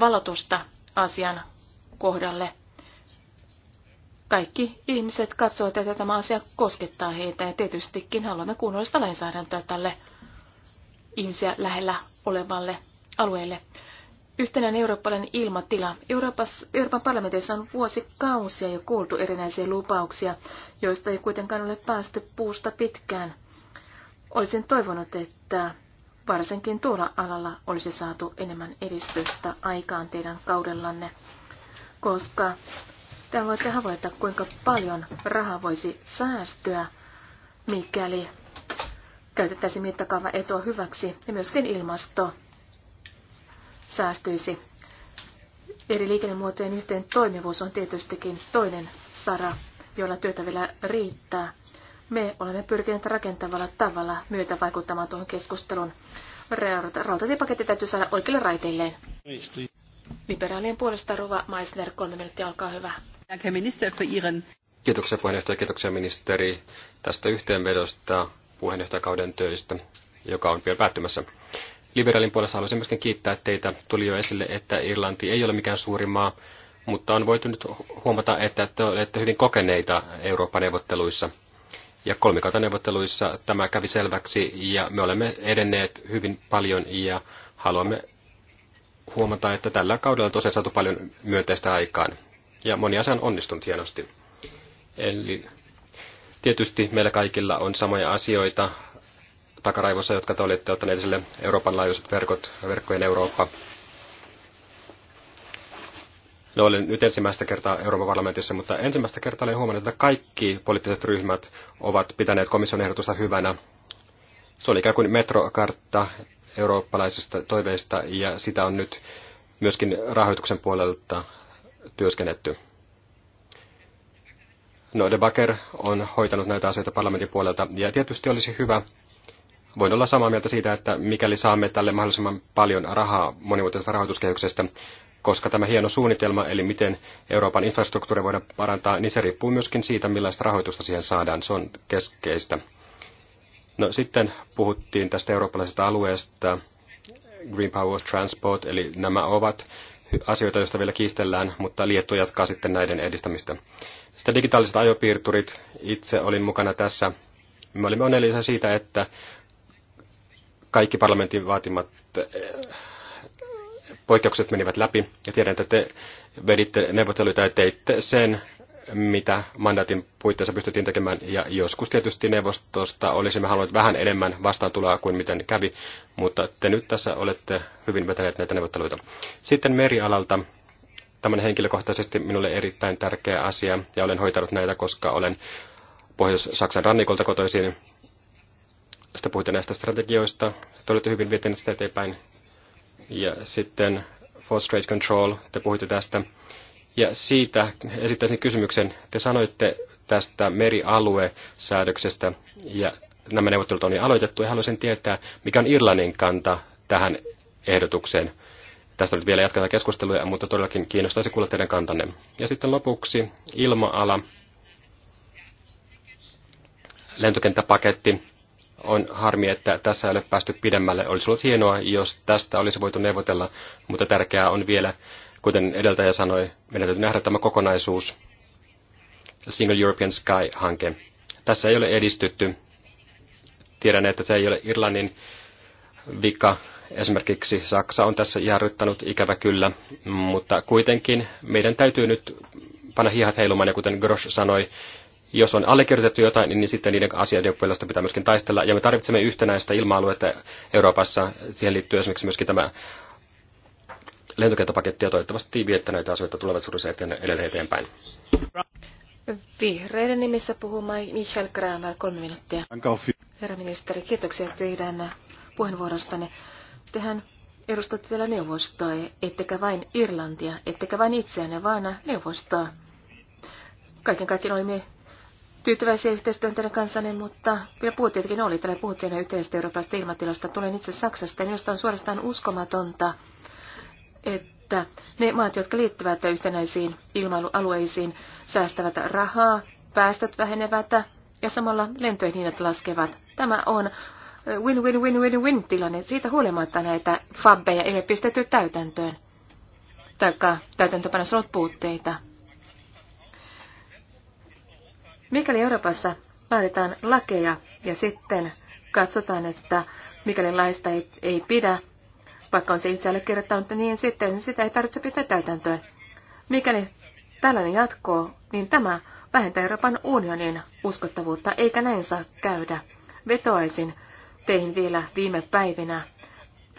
valotusta asian kohdalle. Kaikki ihmiset katsovat, että tämä asia koskettaa heitä ja tietystikin haluamme kunnollista lainsäädäntöä tälle ihmisiä lähellä olevalle alueelle. Yhtenäinen eurooppalainen ilmatila. Euroopan parlamentissa on vuosikausia jo kuultu erinäisiä lupauksia, joista ei kuitenkaan ole päästy puusta pitkään. Olisin toivonut, että varsinkin tuolla alalla olisi saatu enemmän edistystä aikaan teidän kaudellanne, koska te voitte havaita, kuinka paljon rahaa voisi säästyä, mikäli käytettäisiin mittakaava etua hyväksi ja myöskin ilmasto säästyisi. Eri liikennemuotojen yhteen toimivuus on tietystikin toinen sara, jolla työtä vielä riittää. Me olemme pyrkineet rakentavalla tavalla myötä vaikuttamaan tuohon keskustelun. Rautatiepaketti täytyy saada oikeille raiteilleen. Liberaalien puolesta Ruva Meisner, kolme minuuttia, olkaa hyvä. Kiitoksia puheenjohtaja, kiitoksia ministeri tästä yhteenvedosta puheenjohtajakauden töistä, joka on vielä päättymässä liberaalin puolesta haluaisin myöskin kiittää teitä. Tuli jo esille, että Irlanti ei ole mikään suuri maa, mutta on voitu nyt huomata, että te olette hyvin kokeneita Euroopan neuvotteluissa. Ja kolmikantaneuvotteluissa tämä kävi selväksi ja me olemme edenneet hyvin paljon ja haluamme huomata, että tällä kaudella on tosiaan saatu paljon myönteistä aikaan. Ja moni asia on onnistunut hienosti. Eli tietysti meillä kaikilla on samoja asioita takaraivossa, jotka te olitte ottaneet sille Euroopan laajuiset verkot, verkkojen Eurooppa. No, olin nyt ensimmäistä kertaa Euroopan parlamentissa, mutta ensimmäistä kertaa olen huomannut, että kaikki poliittiset ryhmät ovat pitäneet komission ehdotusta hyvänä. Se oli ikään kuin metrokartta eurooppalaisista toiveista ja sitä on nyt myöskin rahoituksen puolelta työskennetty. No, De Backer on hoitanut näitä asioita parlamentin puolelta ja tietysti olisi hyvä, voin olla samaa mieltä siitä, että mikäli saamme tälle mahdollisimman paljon rahaa monivuotisesta rahoituskehyksestä, koska tämä hieno suunnitelma, eli miten Euroopan infrastruktuuri voidaan parantaa, niin se riippuu myöskin siitä, millaista rahoitusta siihen saadaan. Se on keskeistä. No sitten puhuttiin tästä eurooppalaisesta alueesta, Green Power Transport, eli nämä ovat asioita, joista vielä kiistellään, mutta Liettu jatkaa sitten näiden edistämistä. Sitten digitaaliset ajopiirturit, itse olin mukana tässä. Me olimme onnellisia siitä, että kaikki parlamentin vaatimat eh, poikkeukset menivät läpi. Ja tiedän, että te veditte neuvotteluita ja teitte sen, mitä mandaatin puitteissa pystyttiin tekemään. Ja joskus tietysti neuvostosta olisimme halunneet vähän enemmän vastaantuloa kuin miten kävi, mutta te nyt tässä olette hyvin vetäneet näitä neuvotteluita. Sitten merialalta. Tämän henkilökohtaisesti minulle erittäin tärkeä asia ja olen hoitanut näitä, koska olen Pohjois-Saksan rannikolta kotoisin sitten puhuitte näistä strategioista, te olette hyvin vietäneet sitä eteenpäin. Ja sitten Force Trade Control, te puhuitte tästä. Ja siitä esittäisin kysymyksen. Te sanoitte tästä merialuesäädöksestä, ja nämä neuvottelut on jo aloitettu, ja haluaisin tietää, mikä on Irlannin kanta tähän ehdotukseen. Tästä nyt vielä jatketaan keskustelua, mutta todellakin kiinnostaisi kuulla teidän kantanne. Ja sitten lopuksi ilmaala, lentokenttäpaketti. On harmi, että tässä ei ole päästy pidemmälle. Olisi ollut hienoa, jos tästä olisi voitu neuvotella, mutta tärkeää on vielä, kuten edeltäjä sanoi, meidän täytyy nähdä tämä kokonaisuus, Single European Sky-hanke. Tässä ei ole edistytty. Tiedän, että se ei ole Irlannin vika. Esimerkiksi Saksa on tässä jarruttanut ikävä kyllä, mutta kuitenkin meidän täytyy nyt panna hihat heilumaan, ja kuten Grosch sanoi, jos on allekirjoitettu jotain, niin sitten niiden asioiden puolesta pitää myöskin taistella. Ja me tarvitsemme yhtenäistä ilma-aluetta Euroopassa. Siihen liittyy esimerkiksi myöskin tämä lentokentäpaketti ja toivottavasti viettä näitä asioita tulevaisuudessa eteen, edelleen eteenpäin. Vihreiden nimissä puhumaan Michael Kramer, kolme minuuttia. Herra ministeri, kiitoksia teidän puheenvuorostanne. Tehän edustatte täällä neuvostoa, ettekä vain Irlantia, ettekä vain itseänne, vaan neuvostoa. Kaiken kaikkiaan olimme tyytyväisiä yhteistyön tänne kanssanne, mutta vielä puhuttiinkin oli tällä puhuttiin yhteisestä eurooppalaisesta ilmatilasta. Tulen itse Saksasta, niin josta on suorastaan uskomatonta, että ne maat, jotka liittyvät yhtenäisiin ilmailualueisiin, säästävät rahaa, päästöt vähenevät ja samalla lentojen hinnat laskevat. Tämä on win-win-win-win-win tilanne. Siitä huolimatta näitä fabbeja ei ole pistetty täytäntöön. Taikka täytäntöpanossa on puutteita. Mikäli Euroopassa laaditaan lakeja ja sitten katsotaan, että mikäli laista ei, ei pidä, vaikka on se itse allekirjoittanut, niin sitten sitä ei tarvitse pistää täytäntöön. Mikäli tällainen jatkoo, niin tämä vähentää Euroopan unionin uskottavuutta, eikä näin saa käydä. Vetoaisin teihin vielä viime päivinä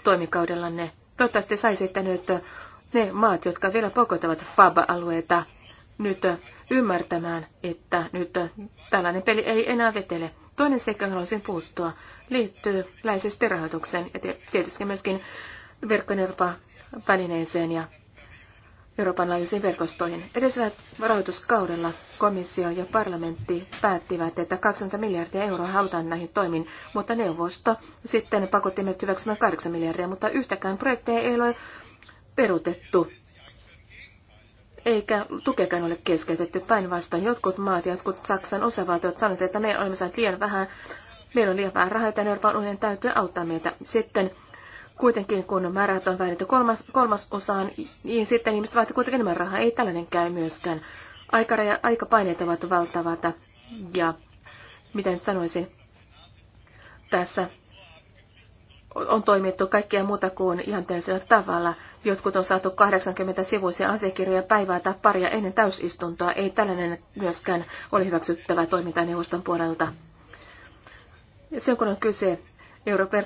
toimikaudellanne. Toivottavasti saisitte nyt ne maat, jotka vielä pokotavat FAB-alueita nyt ymmärtämään, että nyt tällainen peli ei enää vetele. Toinen seikka, johon haluaisin puuttua, liittyy läheisesti rahoitukseen ja tietysti myöskin verkkojen Euroopan välineeseen ja Euroopan laajuisiin verkostoihin. Edellisellä rahoituskaudella komissio ja parlamentti päättivät, että 20 miljardia euroa halutaan näihin toimiin, mutta neuvosto sitten pakotti meidät hyväksymään 8 miljardia, mutta yhtäkään projekteja ei ole perutettu eikä tukekään ole keskeytetty. Päinvastoin jotkut maat ja jotkut Saksan osavaltiot sanoivat, että me olemme saaneet liian vähän, meillä on liian vähän rahaa, että Euroopan unionin täytyy auttaa meitä. Sitten kuitenkin, kun määrät on vähennetty kolmas, kolmas osaan, niin sitten ihmiset vaativat kuitenkin enemmän rahaa. Ei tällainen käy myöskään. Aikaraja, aikapaineet ovat valtavat ja mitä nyt sanoisin, tässä on toimittu kaikkea muuta kuin ihanteellisella tavalla. Jotkut on saatu 80 sivuisia asiakirjoja päivää tai paria ennen täysistuntoa. Ei tällainen myöskään ole hyväksyttävä toimintaa neuvoston puolelta. Se kun on kyse Euroopan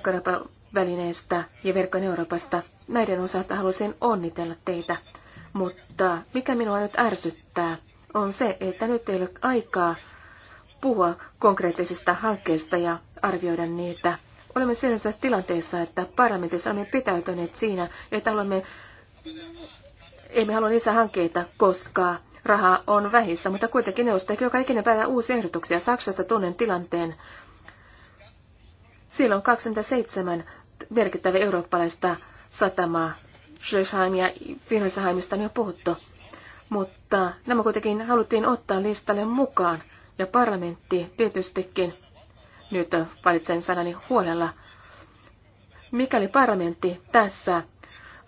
välineestä ja verkon Euroopasta, näiden osalta haluaisin onnitella teitä. Mutta mikä minua nyt ärsyttää, on se, että nyt ei ole aikaa puhua konkreettisista hankkeista ja arvioida niitä Olemme sellaisessa tilanteessa, että parlamentissa olemme pitäytyneet siinä, että olemme, emme halua lisää hankkeita, koska rahaa on vähissä, mutta kuitenkin neuvosto tekee joka ikinen päivä uusia ehdotuksia. Saksasta tunnen tilanteen. Siellä on 27 merkittävä eurooppalaista satamaa. Schlesheim ja Wilhelmsheimista on jo puhuttu. Mutta nämä kuitenkin haluttiin ottaa listalle mukaan. Ja parlamentti tietystikin nyt valitsen sanani huolella. Mikäli parlamentti tässä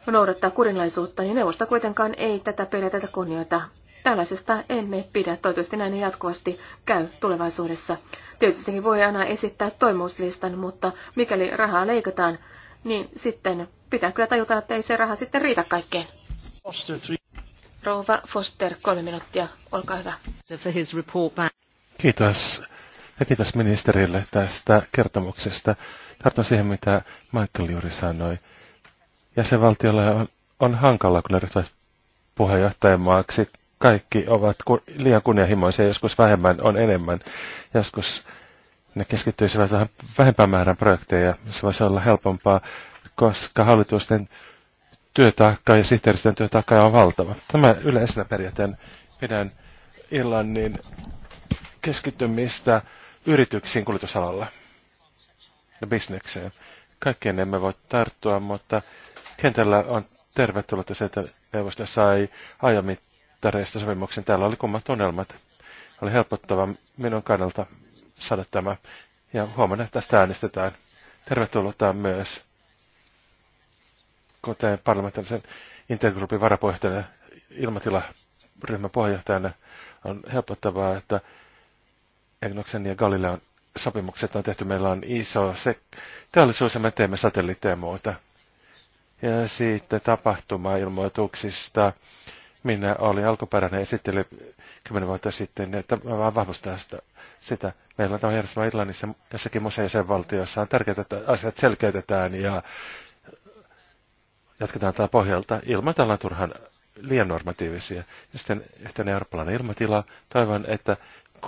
noudattaa kurinlaisuutta, niin neuvosto kuitenkaan ei tätä periaatetta kunnioita. Tällaisesta emme pidä. Toivottavasti näin jatkuvasti käy tulevaisuudessa. Tietystikin voi aina esittää toimuslistan, mutta mikäli rahaa leikataan, niin sitten pitää kyllä tajuta, että ei se raha sitten riitä kaikkeen. Rouva Foster, kolme minuuttia, olkaa hyvä. Kiitos ja kiitos ministerille tästä kertomuksesta. Tartun siihen, mitä Michael juuri sanoi. Jäsenvaltiolle on, on hankala, kun ne ryhtyvät puheenjohtajamaaksi. Kaikki ovat ku, liian kunnianhimoisia, joskus vähemmän on enemmän. Joskus ne keskittyisivät vähän vähempään määrän projekteja. Se voisi olla helpompaa, koska hallitusten työtaakka ja sihteeristön työtaakka on valtava. Tämä yleisenä periaatteen pidän niin keskittymistä yrityksiin kuljetusalalla ja bisnekseen. Kaikkeen emme voi tarttua, mutta kentällä on tervetullut se, että neuvosto sai ajamittareista sopimuksen. Täällä oli kummat ongelmat. Oli helpottava minun kannalta saada tämä. Ja huomenna tästä äänestetään. Tervetuloa myös, kuten parlamentaarisen intergrupin varapuheenjohtajana, ilmatilaryhmän puheenjohtajana, on helpottavaa, että Egnoksen ja Galileon sopimukset on tehty. Meillä on iso se, teollisuus ja me teemme satelliitteja muuta. Ja siitä tapahtuma-ilmoituksista. Minä olin alkuperäinen esittely kymmenen vuotta sitten, että mä vaan vahvistan sitä, sitä. Meillä on tämä järjestelmä Irlannissa jossakin museisen valtiossa On tärkeää, että asiat selkeytetään ja jatketaan tämä pohjalta ilman tällainen turhan liian normatiivisia. Ja sitten yhtenä eurooppalainen ilmatila. Toivon, että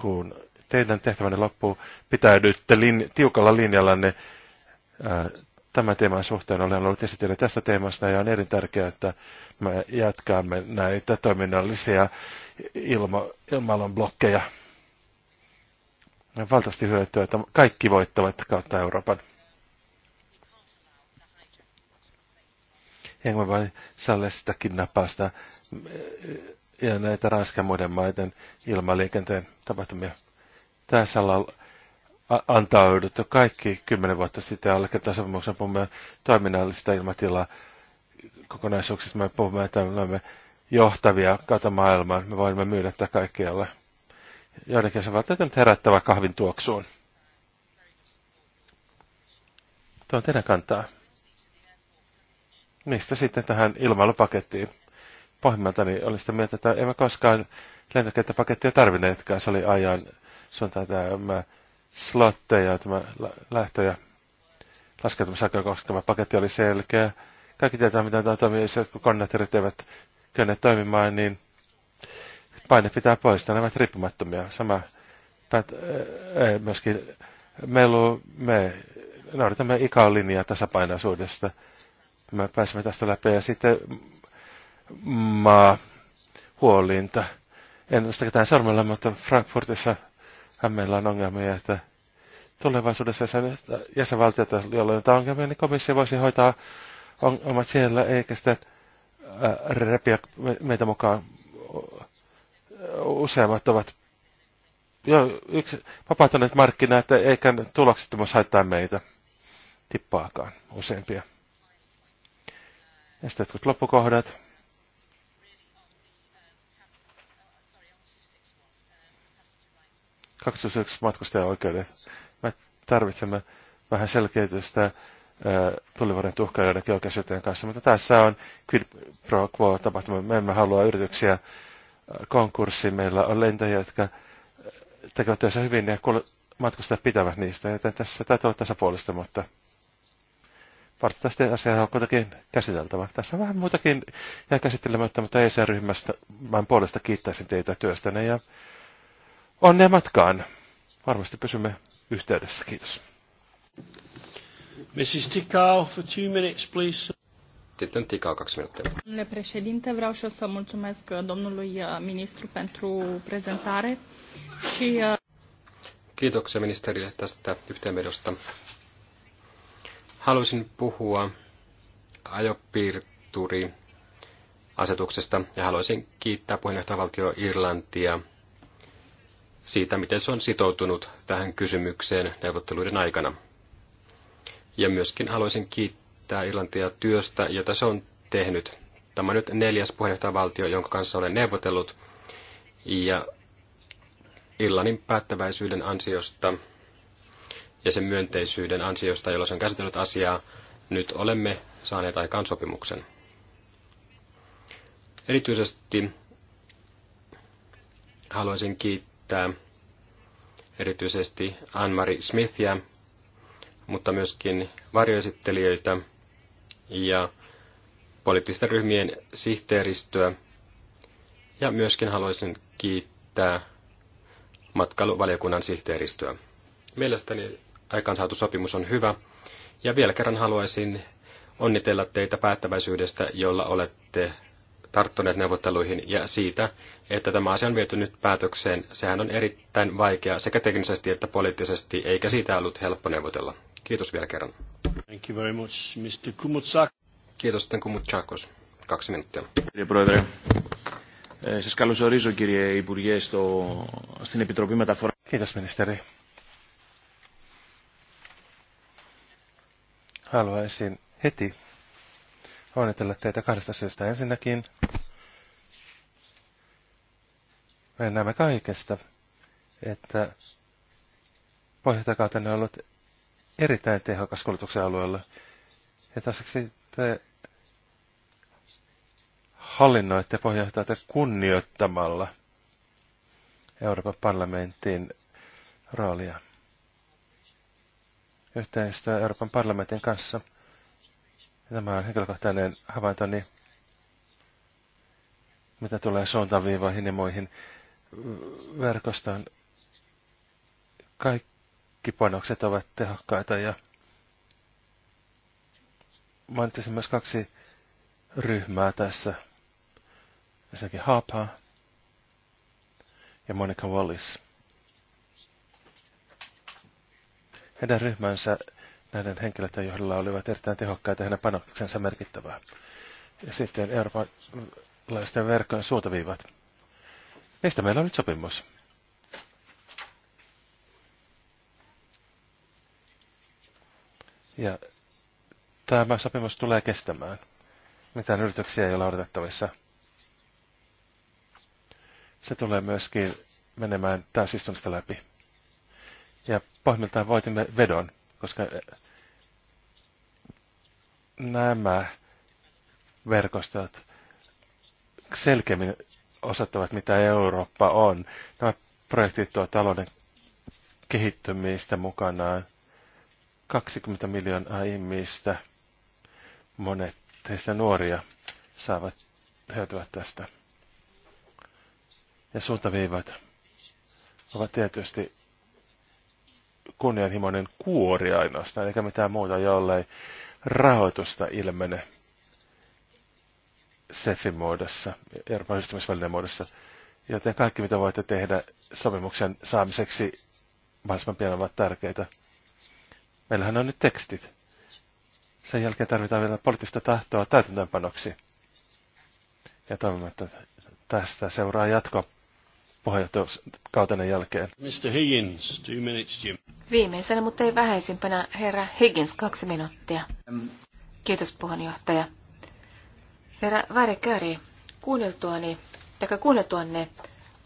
kun teidän tehtävänne loppuu. Pitäydytte lin, tiukalla linjallanne tämän teeman suhteen. Olen ollut esitellä tästä teemasta ja on tärkeää, että me jatkamme näitä toiminnallisia ilma, ilmailun blokkeja. On valtavasti hyötyä, että kaikki voittavat kautta Euroopan. voi salle sitäkin kidnappausta ja näitä Ranskan muiden maiden ilmaliikenteen tapahtumia tässä ollaan antauduttu kaikki kymmenen vuotta sitten allekin sopimuksen puhumme toiminnallista ilmatilaa kokonaisuuksista. Me puhumme, että me olemme johtavia kautta maailmaan. Me voimme myydä tätä kaikkialle. Joidenkin se välttämättä nyt herättävä kahvin tuoksuun. Tuo on teidän kantaa. Mistä sitten tähän ilmailupakettiin? niin olin sitä mieltä, että emme koskaan lentokenttäpakettia tarvinneetkaan. Se oli ajan suuntaa tämä slotteja, tämä lähtöjä, koska tämä paketti oli selkeä. Kaikki tietää, mitä tämä toimii, jos jotkut konnettorit eivät kyllä toimimaan, niin paine pitää poistaa, nämä ovat riippumattomia. Sama päät, äh, myöskin melu, me noudatamme ikälinjaa linjaa tasapainoisuudesta. Me pääsemme tästä läpi ja sitten maa huolinta. En nosta ketään sormella, mutta Frankfurtissa meillä on ongelmia, että tulevaisuudessa jäsenvaltioita, joilla on ongelmia, niin komissio voisi hoitaa omat siellä, eikä sitten repiä meitä mukaan. Useimmat ovat jo yksi vapautuneet markkinat, eikä voisi haittaa meitä tippaakaan useimpia. Ja sitten jotkut loppukohdat. 201 matkustajaoikeudet. Me tarvitsemme vähän selkeytystä tulivuoden tuhkailijoiden geokäsitteen kanssa, mutta tässä on quid pro quo tapahtuma. Me emme halua yrityksiä konkurssiin. Meillä on lentäjiä, jotka tekevät työssä hyvin ja matkustajat pitävät niistä, joten tässä täytyy olla tasapuolista, mutta Varttavasti asiaa on kuitenkin käsiteltävä. Tässä on vähän muutakin jää käsittelemättä, mutta ESR-ryhmästä vain puolesta kiittäisin teitä työstänne ja Onnea matkaan. Varmasti pysymme yhteydessä. Kiitos. Mrs. Tikau, for two minutes, please. Sitten Tikau, kaksi minuuttia. Domnule președinte, vreau și să mulțumesc domnului uh, ministru pentru prezentare și... Uh, Kiitoksia ministerille tästä yhteenvedosta. Haluaisin puhua ajopiirturi asetuksesta ja haluaisin kiittää puheenjohtajavaltio Irlantia siitä, miten se on sitoutunut tähän kysymykseen neuvotteluiden aikana. Ja myöskin haluaisin kiittää Irlantia työstä, jota se on tehnyt. Tämä on nyt neljäs puheenjohtajavaltio, jonka kanssa olen neuvotellut. Ja Irlannin päättäväisyyden ansiosta ja sen myönteisyyden ansiosta, jolla se on käsitellyt asiaa, nyt olemme saaneet aikaan sopimuksen. Erityisesti haluaisin kiittää kiittää erityisesti Anmari Smithia, mutta myöskin varjoesittelijöitä ja poliittisten ryhmien sihteeristöä. Ja myöskin haluaisin kiittää matkailuvaliokunnan sihteeristöä. Mielestäni aikaansaatu sopimus on hyvä, ja vielä kerran haluaisin onnitella teitä päättäväisyydestä, jolla olette tarttuneet neuvotteluihin ja siitä, että tämä asia on viety nyt päätökseen. Sehän on erittäin vaikea sekä teknisesti että poliittisesti, eikä siitä ollut helppo neuvotella. Kiitos vielä kerran. Thank you very much, Mr. Kumutsak. Kiitos sitten Kumutsakos. Kaksi minuuttia. Kiitos ministeri. Haluaisin heti onnitella teitä kahdesta syystä. Ensinnäkin me näemme kaikesta, että pohjoitakautenne on ollut erittäin tehokas kulutuksen alueella. Ja toiseksi te hallinnoitte pohjoittajata kunnioittamalla Euroopan parlamentin roolia. Yhteistyö Euroopan parlamentin kanssa – Tämä on henkilökohtainen niin mitä tulee suuntaviivoihin ja muihin verkostoon. Kaikki panokset ovat tehokkaita ja mainitsin myös kaksi ryhmää tässä. Ensinnäkin haapa ja Monica Wallis. Heidän ryhmänsä näiden henkilöiden johdolla olivat erittäin tehokkaita hänen panoksensa merkittävää. Ja sitten eurooppalaisten verkkojen suuntaviivat. Niistä meillä on nyt sopimus. Ja tämä sopimus tulee kestämään. Mitään yrityksiä ei ole odotettavissa. Se tulee myöskin menemään täysistunnosta läpi. Ja pohjimmiltaan voitimme vedon koska eh, nämä verkostot selkeämmin osoittavat, mitä Eurooppa on. Nämä projektit tuo talouden kehittymistä mukanaan. 20 miljoonaa ihmistä, monet heistä nuoria, saavat hyötyä tästä. Ja suuntaviivat ovat tietysti kunnianhimoinen kuori ainoastaan, eikä mitään muuta, jollei rahoitusta ilmene SEFin muodossa, Euroopan yhdistymisvälineen muodossa. Joten kaikki, mitä voitte tehdä sopimuksen saamiseksi mahdollisimman pian ovat tärkeitä. Meillähän on nyt tekstit. Sen jälkeen tarvitaan vielä poliittista tahtoa täytäntöönpanoksi. Ja toivon, että tästä seuraa jatko puheenjohtajakautenen jälkeen. Mr. Higgins, two minutes, Jim. Viimeisenä, mutta ei vähäisimpänä, herra Higgins, kaksi minuuttia. Kiitos puheenjohtaja. Herra Värikäri, kuunneltuani, tai kuunneltuanne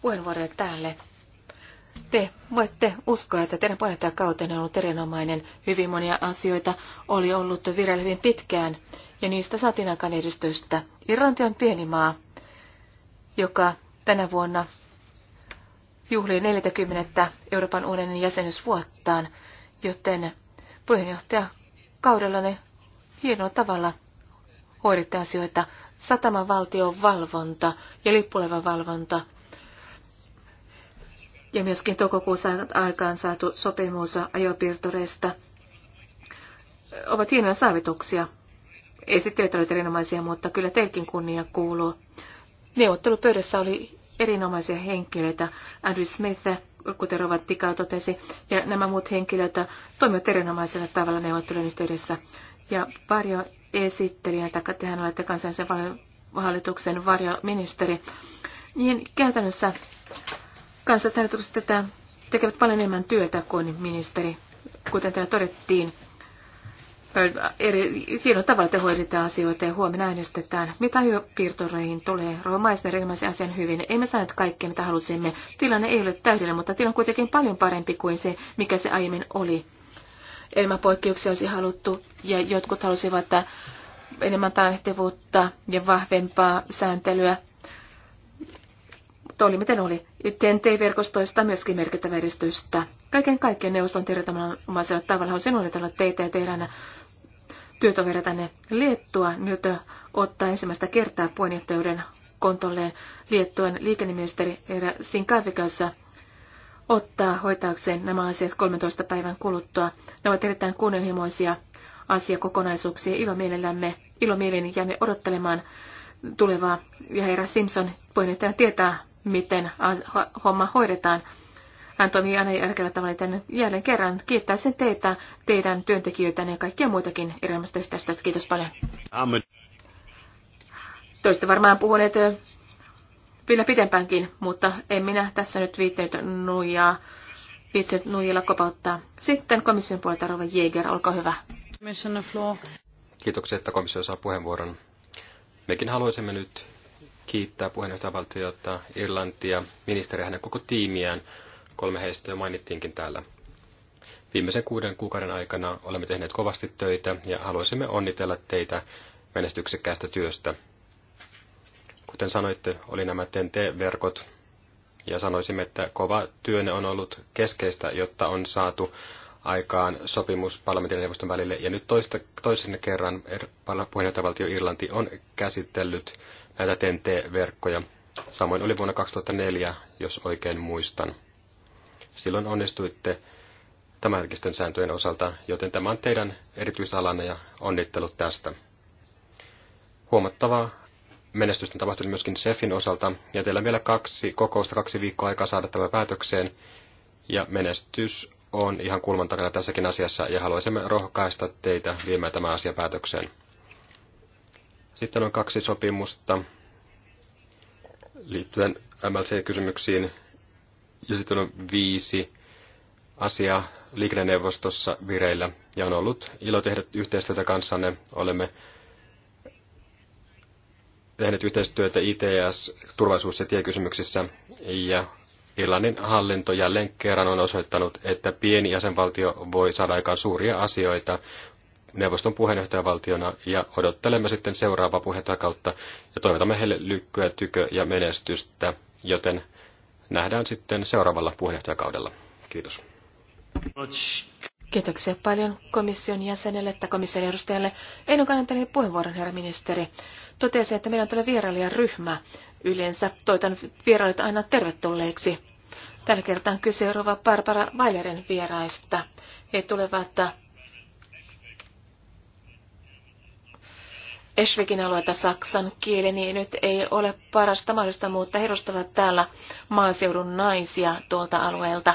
puheenvuoroja täällä, te voitte uskoa, että teidän puheenjohtajakautenne on ollut erinomainen. Hyvin monia asioita oli ollut vireillä hyvin pitkään, ja niistä saatiin aikaan edistystä. Irlanti on pieni maa, joka tänä vuonna juhlii 40. Euroopan unionin jäsenyysvuottaan, joten puheenjohtaja kaudellanne hienolla tavalla hoidette asioita. Sataman valtion valvonta ja lippulevan valvonta ja myöskin toukokuussa aikaan saatu sopimus ajopiirtureista ovat hienoja saavutuksia. Esittelijät olivat erinomaisia, mutta kyllä teilläkin kunnia kuuluu. Neuvottelupöydässä oli erinomaisia henkilöitä. Andrew Smith, kuten Rovat Tikau totesi, ja nämä muut henkilöt toimivat erinomaisella tavalla neuvottelun yhteydessä. Ja varjo esittelijä, tai tehän olette kansallisen hallituksen varjoministeri, niin käytännössä kansallisen tätä tekevät paljon enemmän työtä kuin ministeri. Kuten täällä todettiin, eri, hienolla tavalla te hoidatte asioita ja huomenna äänestetään. Mitä jo piirtoreihin tulee? Rova Maister ilmaisi asian hyvin. Emme saaneet kaikkea, mitä halusimme. Tilanne ei ole täydellinen, mutta tilanne on kuitenkin paljon parempi kuin se, mikä se aiemmin oli. Enemmän poikkeuksia olisi haluttu ja jotkut halusivat enemmän taannehtivuutta ja vahvempaa sääntelyä. Mutta oli miten oli. TNT-verkostoista myöskin merkittävä edistystä. Kaiken kaikkiaan neuvoston omaisella tavalla on sinulle tällä teitä ja teidän työtoveritanne Liettua nyt ottaa ensimmäistä kertaa puheenjohtajuuden kontolleen Liettuan liikenneministeri Eera Sinkavikassa ottaa hoitaakseen nämä asiat 13 päivän kuluttua. Ne ovat erittäin kunnianhimoisia asiakokonaisuuksia. ilo mielin jäämme odottelemaan tulevaa. Ja herra Simpson puheenjohtaja tietää, miten homma hoidetaan. Hän toimii aina järkevällä tavalla, joten jälleen kerran kiittäisin teitä, teidän työntekijöitä ja kaikkia muitakin erilaisista yhteistyöstä. Kiitos paljon. Amen. Toista varmaan puhuneet vielä pitempäänkin, mutta en minä tässä nyt viittinyt nuijaa, viittinyt nuijilla kopauttaa. Sitten komission puolelta Rova Jäger, olkaa hyvä. Kiitoksia, että komissio saa puheenvuoron. Mekin haluaisimme nyt kiittää puheenjohtajavaltiota, Irlantia, ministeriä hänen koko tiimiään kolme heistä jo mainittiinkin täällä. Viimeisen kuuden kuukauden aikana olemme tehneet kovasti töitä ja haluaisimme onnitella teitä menestyksekkäästä työstä. Kuten sanoitte, oli nämä TNT-verkot ja sanoisimme, että kova työne on ollut keskeistä, jotta on saatu aikaan sopimus parlamentin ja neuvoston välille. Ja nyt toista, toisen kerran er, puheenjohtajavaltio Irlanti on käsitellyt näitä TNT-verkkoja. Samoin oli vuonna 2004, jos oikein muistan silloin onnistuitte tämänhetkisten sääntöjen osalta, joten tämä on teidän erityisalanne ja onnittelut tästä. Huomattavaa menestystä tapahtui myöskin SEFin osalta, ja teillä on vielä kaksi kokousta, kaksi viikkoa aikaa saada tämä päätökseen, ja menestys on ihan kulman takana tässäkin asiassa, ja haluaisimme rohkaista teitä viemään tämä asia päätökseen. Sitten on kaksi sopimusta liittyen MLC-kysymyksiin ja sitten on viisi asiaa liikenneneuvostossa vireillä. Ja on ollut ilo tehdä yhteistyötä kanssanne. Olemme tehneet yhteistyötä ITS, turvallisuus- ja tiekysymyksissä. Ja Irlannin hallinto jälleen kerran on osoittanut, että pieni jäsenvaltio voi saada aikaan suuria asioita neuvoston puheenjohtajavaltiona ja odottelemme sitten seuraavaa puhetta kautta ja toivotamme heille lykkyä, tykö ja menestystä, joten nähdään sitten seuraavalla puheenjohtajakaudella. Kiitos. Kiitoksia paljon komission jäsenelle tai komission edustajalle. Eino Kanantelin puheenvuoron, herra ministeri. Totesi, että meillä on tällä vierailijaryhmä. Yleensä toitan vierailut aina tervetulleeksi. Tällä kertaa on kyse Rova Barbara Weilerin vieraista. He tulevat Eschwegin alueelta saksan kieli, niin nyt ei ole parasta mahdollista, mutta he edustavat täällä maaseudun naisia tuolta alueelta.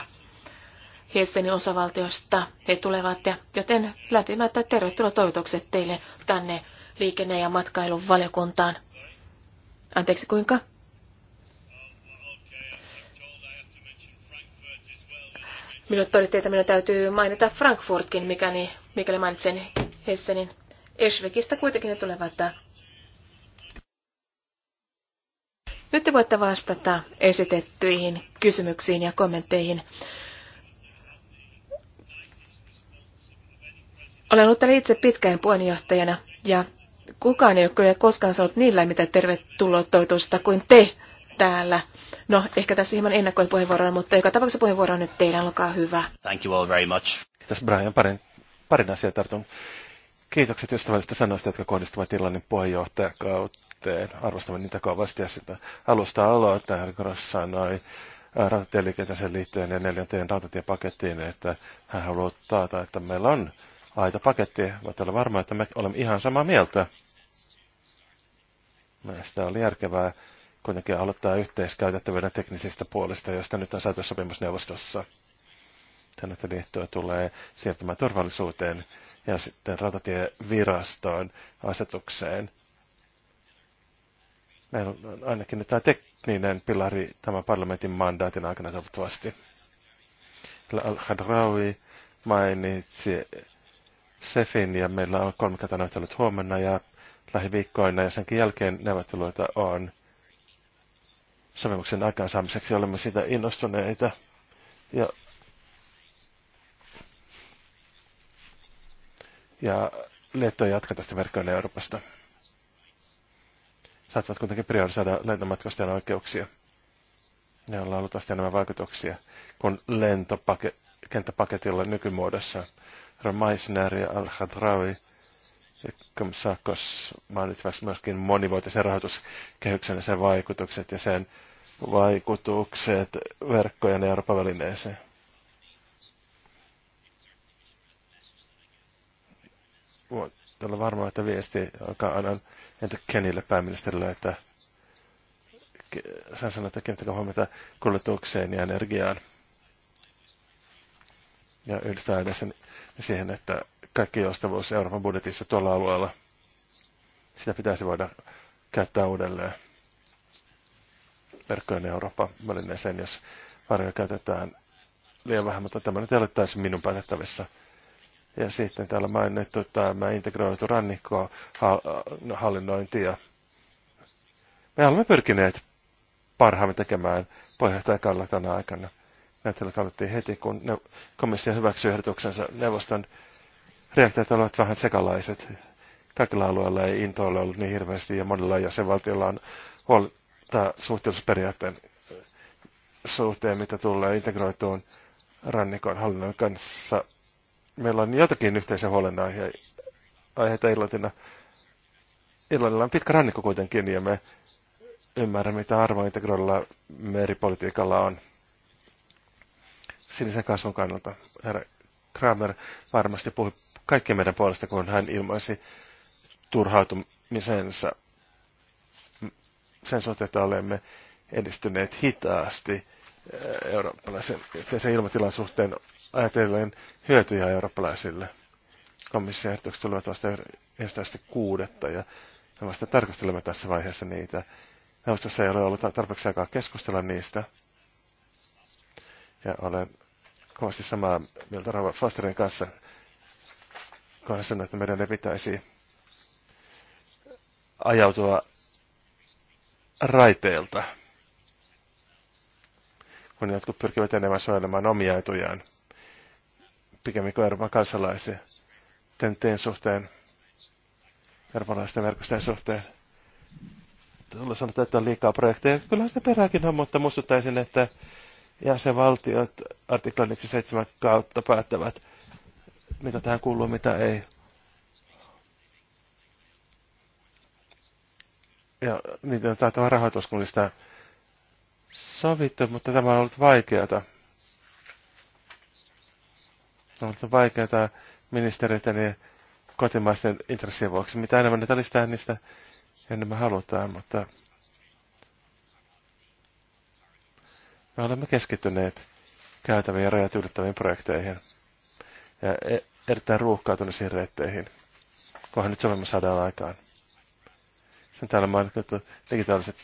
Hessenin osavaltiosta he tulevat, ja joten lämpimättä tervetuloa toivotukset teille tänne liikenne- ja matkailun valiokuntaan. Anteeksi, kuinka? Minulle todettiin, että minun täytyy mainita Frankfurtkin, mikäli, mikäli mainitsen Hessenin. Eshvikistä kuitenkin ne tulevat. Nyt te voitte vastata esitettyihin kysymyksiin ja kommentteihin. Olen ollut täällä itse pitkään puheenjohtajana ja kukaan ei ole kyllä koskaan saanut niillä mitä tervetuloa toivotusta kuin te täällä. No, ehkä tässä hieman ennakoin puheenvuoroa, mutta joka tapauksessa puheenvuoro on nyt teidän, olkaa hyvä. Thank you all very much. Kiitos Brian, parin, parin asiaa tartun Kiitokset ystävällisistä sanoista, jotka kohdistuvat Irlannin puheenjohtajakauteen. Arvostamme niitä kovasti ja sitä alusta aloittain hän sanoi rautatieliikenteeseen liittyen ja neljänteen rautatiepakettiin, että hän haluaa taata, että meillä on aita paketti. Voit olla varma, että me olemme ihan samaa mieltä. Mielestäni oli järkevää kuitenkin aloittaa yhteiskäytettävyyden teknisistä puolista, josta nyt on saatu sopimusneuvostossa tällaista liittoa tulee siirtymään turvallisuuteen ja sitten rautatievirastoon asetukseen. Näin on ainakin tämä tekninen pilari tämän parlamentin mandaatin aikana toivottavasti. Al-Hadrawi mainitsi SEFin ja meillä on näyttelyt huomenna ja lähiviikkoina ja senkin jälkeen neuvotteluita on sopimuksen aikaansaamiseksi. Olemme siitä innostuneita ja ja Liettua jatkaa tästä verkkoille Euroopasta. Saattavat kuitenkin priorisoida lentomatkustajan oikeuksia. Ne on ollut asti enemmän vaikutuksia kuin lentokenttäpaketilla nykymuodossa. Ramaisner ja Al-Hadrawi ja Kamsakos mainitsivat myöskin monivuotisen rahoituskehyksen ja sen vaikutukset ja sen vaikutukset verkkojen ja Euroopan välineeseen. voin olla varma, että viesti, alkaa aina entä Kenille pääministerille, että hän sanoa, että kenttäkö huomiota kulutukseen ja energiaan. Ja yhdistää edes sen siihen, että kaikki joustavuus Euroopan budjetissa tuolla alueella, sitä pitäisi voida käyttää uudelleen verkkojen Euroopan välineeseen, jos varjoja käytetään liian vähän, mutta tämä nyt ei ole täysin minun päätettävissä. Ja sitten täällä mainittu tämä integroitu rannikkohallinnointi. Ja me olemme pyrkineet parhaamme tekemään puheenjohtajakaudella tänä aikana. Näytellä kannattiin heti, kun komissio hyväksyi ehdotuksensa neuvoston reaktiot olivat vähän sekalaiset. Kaikilla alueilla ei ole ollut niin hirveästi ja monilla jäsenvaltioilla on huolta suhteellisuusperiaatteen suhteen, mitä tulee integroituun rannikon hallinnon kanssa meillä on jotakin yhteisiä huolenaiheita Irlantina. Irlannilla on pitkä rannikko kuitenkin ja me ymmärrämme, mitä arvointegroilla meripolitiikalla on sinisen kasvun kannalta. Herra Kramer varmasti puhui kaikkien meidän puolesta, kun hän ilmaisi turhautumisensa sen suhteen, että olemme edistyneet hitaasti eh, eurooppalaisen yhteisen ilmatilan suhteen ajatellen hyötyjä eurooppalaisille. Komission ehdotukset tulevat vasta ensimmäistä kuudetta ja me vasta tarkastelemme tässä vaiheessa niitä. Neuvostossa ei ole ollut tarpeeksi aikaa keskustella niistä. Ja olen kovasti samaa mieltä Rava Fosterin kanssa, kun hän sanoi, että meidän ei pitäisi ajautua raiteilta, kun jotkut pyrkivät enemmän suojelemaan omia etujaan pikemmin kuin Euroopan kansalaisia tenteen suhteen, eurooppalaisten verkostojen suhteen. Tuolla sanotaan, että on liikaa projekteja. Kyllähän se perääkin on, mutta muistuttaisin, että jäsenvaltiot artiklan 7 kautta päättävät, mitä tähän kuuluu, mitä ei. Ja niitä on sitä sovittu, mutta tämä on ollut vaikeata on ollut vaikeaa ministeriöiden kotimaisten intressien vuoksi. Mitä enemmän niitä lisää, niistä enemmän halutaan, mutta me olemme keskittyneet käytäviin ja rajat ylittäviin projekteihin ja e- erittäin ruuhkautuneisiin reitteihin, kunhan nyt Suomessa saadaan aikaan. Sen täällä mainittu digitaaliset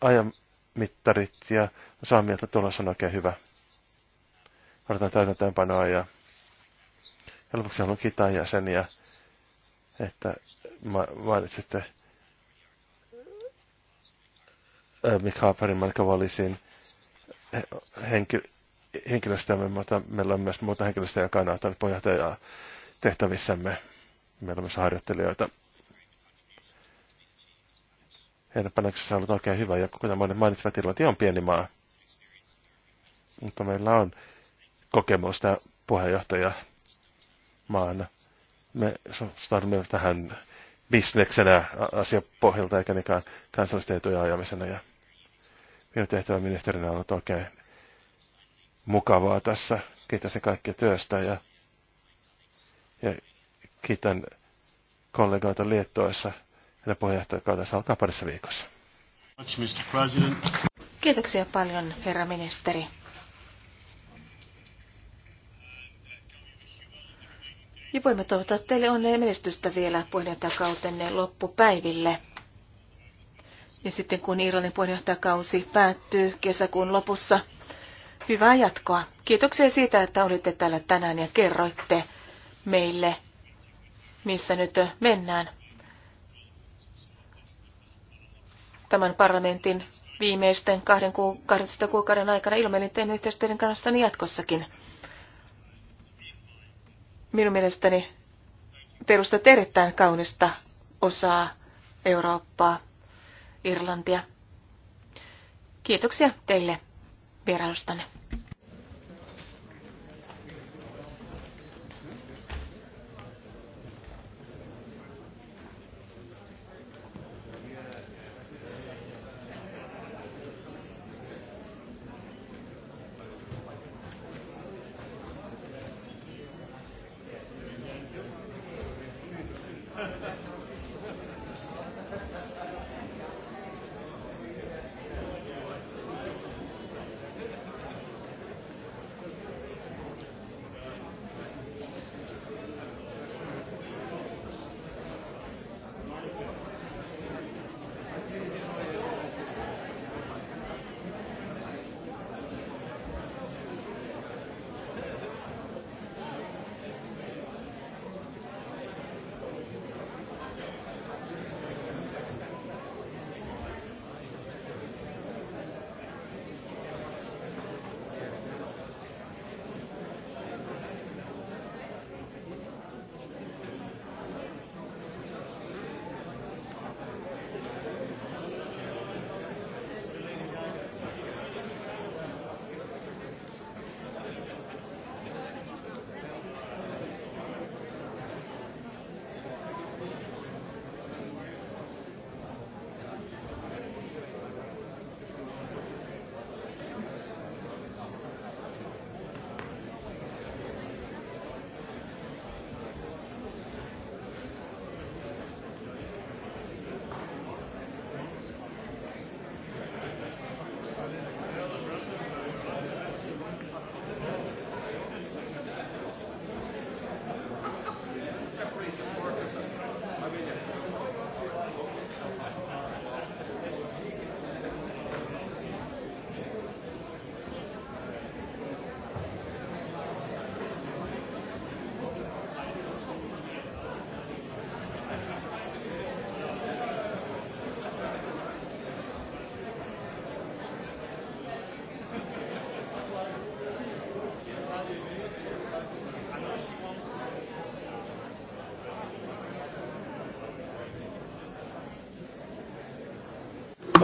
ajamittarit ja saamieltä tulos on oikein hyvä. Odotan täytäntöönpanoa ja ja lopuksi haluan kiittää jäseniä, että mainitsitte Mick Harperin, Mark Wallisin henki, henkilöstömme, mutta meillä on myös muuta henkilöstöä, joka on auttanut puheenjohtajaa tehtävissämme. Meillä on myös harjoittelijoita. Heidän panoksessa on ollut oikein hyvä, ja kuten monet mainitsivat, Irlanti on pieni maa. Mutta meillä on kokemusta puheenjohtaja maana. Me suhtaudumme tähän bisneksenä asiapohjalta eikä niinkään kansallisten etujen ajamisena. Ja minun tehtävä ministerinä on ollut oikein mukavaa tässä. Kiitän se kaikkia työstä ja, ja kiitän kollegoita Liettoissa ja puheenjohtajakautensa alkaa parissa viikossa. Kiitoksia paljon, herra ministeri. Ja voimme toivottaa teille onnea ja menestystä vielä puheenjohtajakautenne loppupäiville. Ja sitten kun Irlannin puheenjohtajakausi päättyy kesäkuun lopussa, hyvää jatkoa. Kiitoksia siitä, että olitte täällä tänään ja kerroitte meille, missä nyt mennään. Tämän parlamentin viimeisten 12 kuukauden aikana ilmeisesti teidän yhteistyöiden kanssa jatkossakin minun mielestäni perustat erittäin kaunista osaa Eurooppaa, Irlantia. Kiitoksia teille vierailustanne.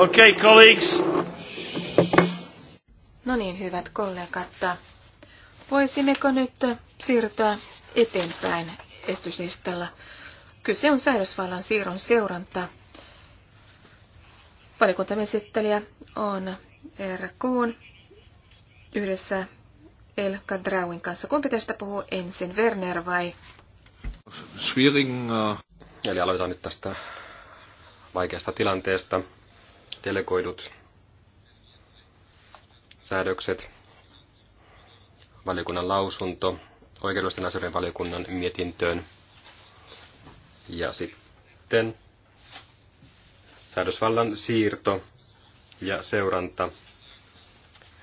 Okay, colleagues. No niin, hyvät kollegat. Voisimmeko nyt siirtyä eteenpäin esityslistalla? Kyse on säädösvallan siirron seuranta. Valikuntamme on RQ yhdessä El Kadrauin kanssa. Kumpi tästä puhuu ensin, Werner vai? Schwierigen. Eli aloitan nyt tästä vaikeasta tilanteesta delegoidut säädökset, valiokunnan lausunto, oikeudellisten asioiden valiokunnan mietintöön ja sitten säädösvallan siirto ja seuranta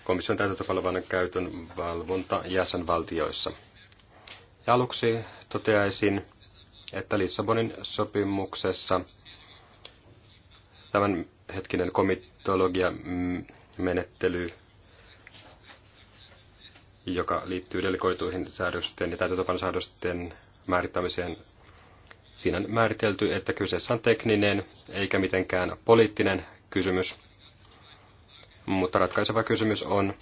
komission täytäntöpalvelun käytön valvonta jäsenvaltioissa. Ja aluksi toteaisin, että Lissabonin sopimuksessa tämän hetkinen komitologia mm, menettely, joka liittyy delegoituihin säädösten ja säädösten määrittämiseen. Siinä on määritelty, että kyseessä on tekninen eikä mitenkään poliittinen kysymys. Mutta ratkaiseva kysymys on,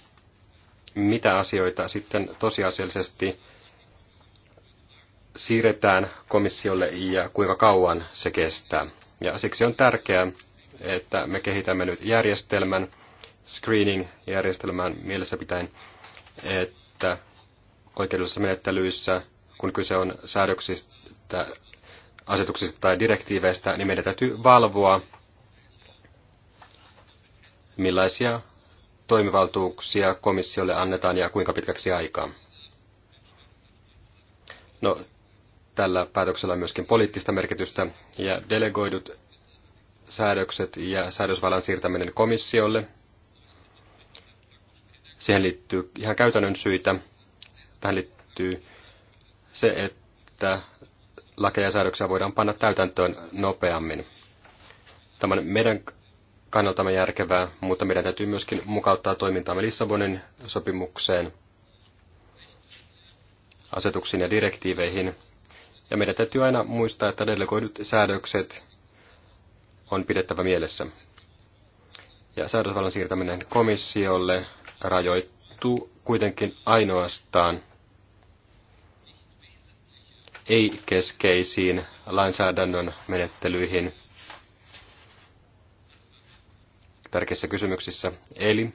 mitä asioita sitten tosiasiallisesti siirretään komissiolle ja kuinka kauan se kestää. Ja siksi on tärkeää, että me kehitämme nyt järjestelmän, screening-järjestelmän mielessä pitäen, että oikeudellisissa menettelyissä, kun kyse on säädöksistä, asetuksista tai direktiiveistä, niin meidän täytyy valvoa, millaisia toimivaltuuksia komissiolle annetaan ja kuinka pitkäksi aikaa. No, tällä päätöksellä on myöskin poliittista merkitystä ja delegoidut säädökset ja säädösvallan siirtäminen komissiolle. Siihen liittyy ihan käytännön syitä. Tähän liittyy se, että lakeja ja säädöksiä voidaan panna täytäntöön nopeammin. Tämä on meidän kannaltamme järkevää, mutta meidän täytyy myöskin mukauttaa toimintaamme Lissabonin sopimukseen, asetuksiin ja direktiiveihin. Ja meidän täytyy aina muistaa, että delegoidut säädökset on pidettävä mielessä. Ja säädösvallan siirtäminen komissiolle rajoittuu kuitenkin ainoastaan ei-keskeisiin lainsäädännön menettelyihin tärkeissä kysymyksissä. Eli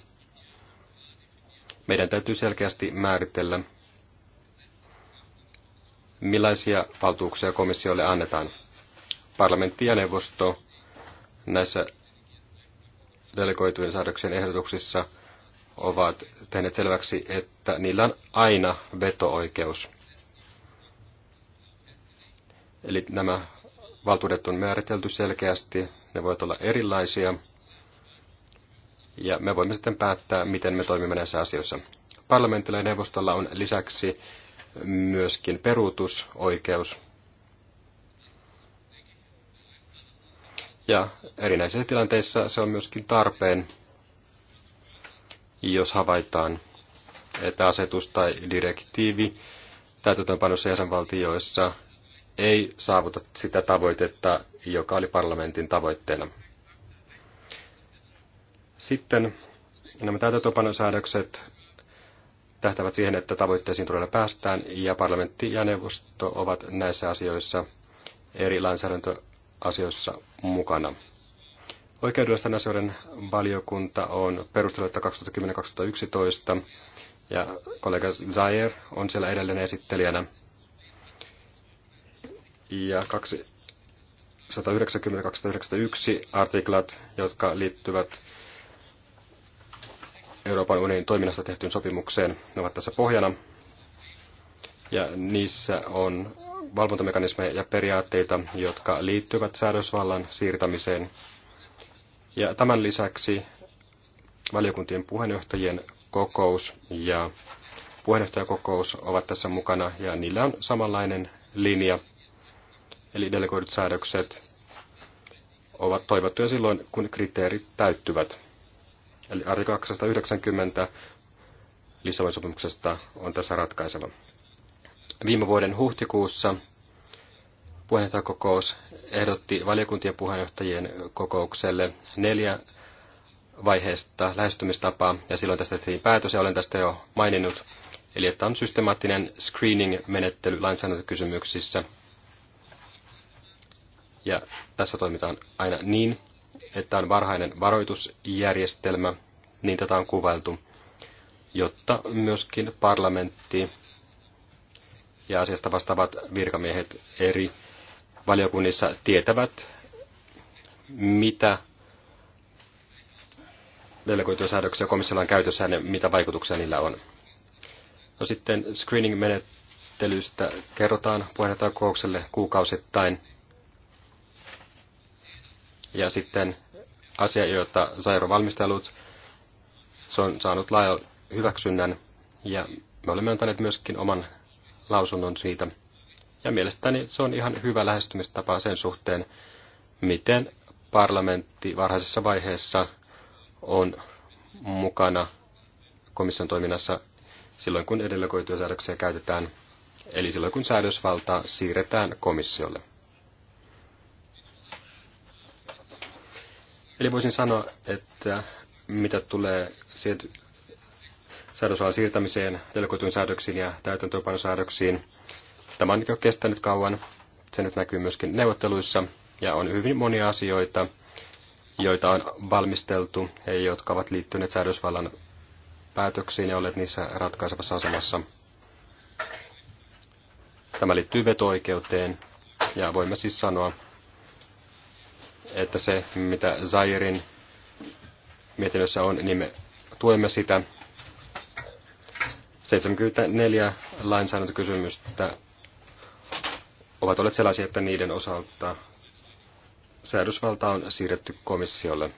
meidän täytyy selkeästi määritellä, millaisia valtuuksia komissiolle annetaan. Parlamentti ja neuvosto näissä delegoitujen säädöksien ehdotuksissa ovat tehneet selväksi, että niillä on aina veto-oikeus. Eli nämä valtuudet on määritelty selkeästi, ne voivat olla erilaisia, ja me voimme sitten päättää, miten me toimimme näissä asioissa. Parlamentilla ja neuvostolla on lisäksi myöskin peruutusoikeus Ja erinäisissä tilanteissa se on myöskin tarpeen, jos havaitaan, että asetus tai direktiivi täytäntöönpanossa jäsenvaltioissa ei saavuta sitä tavoitetta, joka oli parlamentin tavoitteena. Sitten nämä täytäntöönpanosäädökset tähtävät siihen, että tavoitteisiin todella päästään, ja parlamentti ja neuvosto ovat näissä asioissa eri lainsäädäntö asioissa mukana. Oikeudellisten asioiden valiokunta on perustellut 2010-2011 ja kollega Zayer on siellä edelleen esittelijänä. Ja 190-291 artiklat, jotka liittyvät Euroopan unionin toiminnasta tehtyyn sopimukseen, ne ovat tässä pohjana. Ja niissä on valvontamekanismeja ja periaatteita, jotka liittyvät säädösvallan siirtämiseen. Ja tämän lisäksi valiokuntien puheenjohtajien kokous ja puheenjohtajakokous ovat tässä mukana ja niillä on samanlainen linja. Eli delegoidut säädökset ovat toivottuja silloin, kun kriteerit täyttyvät. Eli artikla 290 Lissabonin sopimuksesta on tässä ratkaiseva viime vuoden huhtikuussa puheenjohtajakokous ehdotti valiokuntien puheenjohtajien kokoukselle neljä vaiheesta lähestymistapaa, ja silloin tästä tehtiin päätös, ja olen tästä jo maininnut, eli että on systemaattinen screening-menettely lainsäädäntökysymyksissä, ja tässä toimitaan aina niin, että on varhainen varoitusjärjestelmä, niin tätä on kuvailtu, jotta myöskin parlamentti ja asiasta vastaavat virkamiehet eri valiokunnissa tietävät, mitä delegoituja säädöksiä komissiolla on käytössä ja mitä vaikutuksia niillä on. No sitten screening-menettelystä kerrotaan puheenjohtajakokoukselle kuukausittain. Ja sitten asia, jota Zairo valmistelut, se on saanut laajan hyväksynnän ja me olemme antaneet myöskin oman lausunnon siitä. Ja mielestäni se on ihan hyvä lähestymistapa sen suhteen, miten parlamentti varhaisessa vaiheessa on mukana komission toiminnassa silloin, kun edellekoituja säädöksiä käytetään, eli silloin, kun säädösvaltaa siirretään komissiolle. Eli voisin sanoa, että mitä tulee säädösalan siirtämiseen, delegoituin säädöksiin ja täytäntöönpanosäädöksiin. Tämä on jo kestänyt kauan. Se nyt näkyy myöskin neuvotteluissa ja on hyvin monia asioita, joita on valmisteltu ja jotka ovat liittyneet säädösvallan päätöksiin ja olleet niissä ratkaisevassa asemassa. Tämä liittyy veto ja voimme siis sanoa, että se, mitä Zairin mietinnössä on, niin me tuemme sitä 74 lainsäädäntökysymystä ovat olleet sellaisia, että niiden osalta säädösvalta on siirretty komissiolle.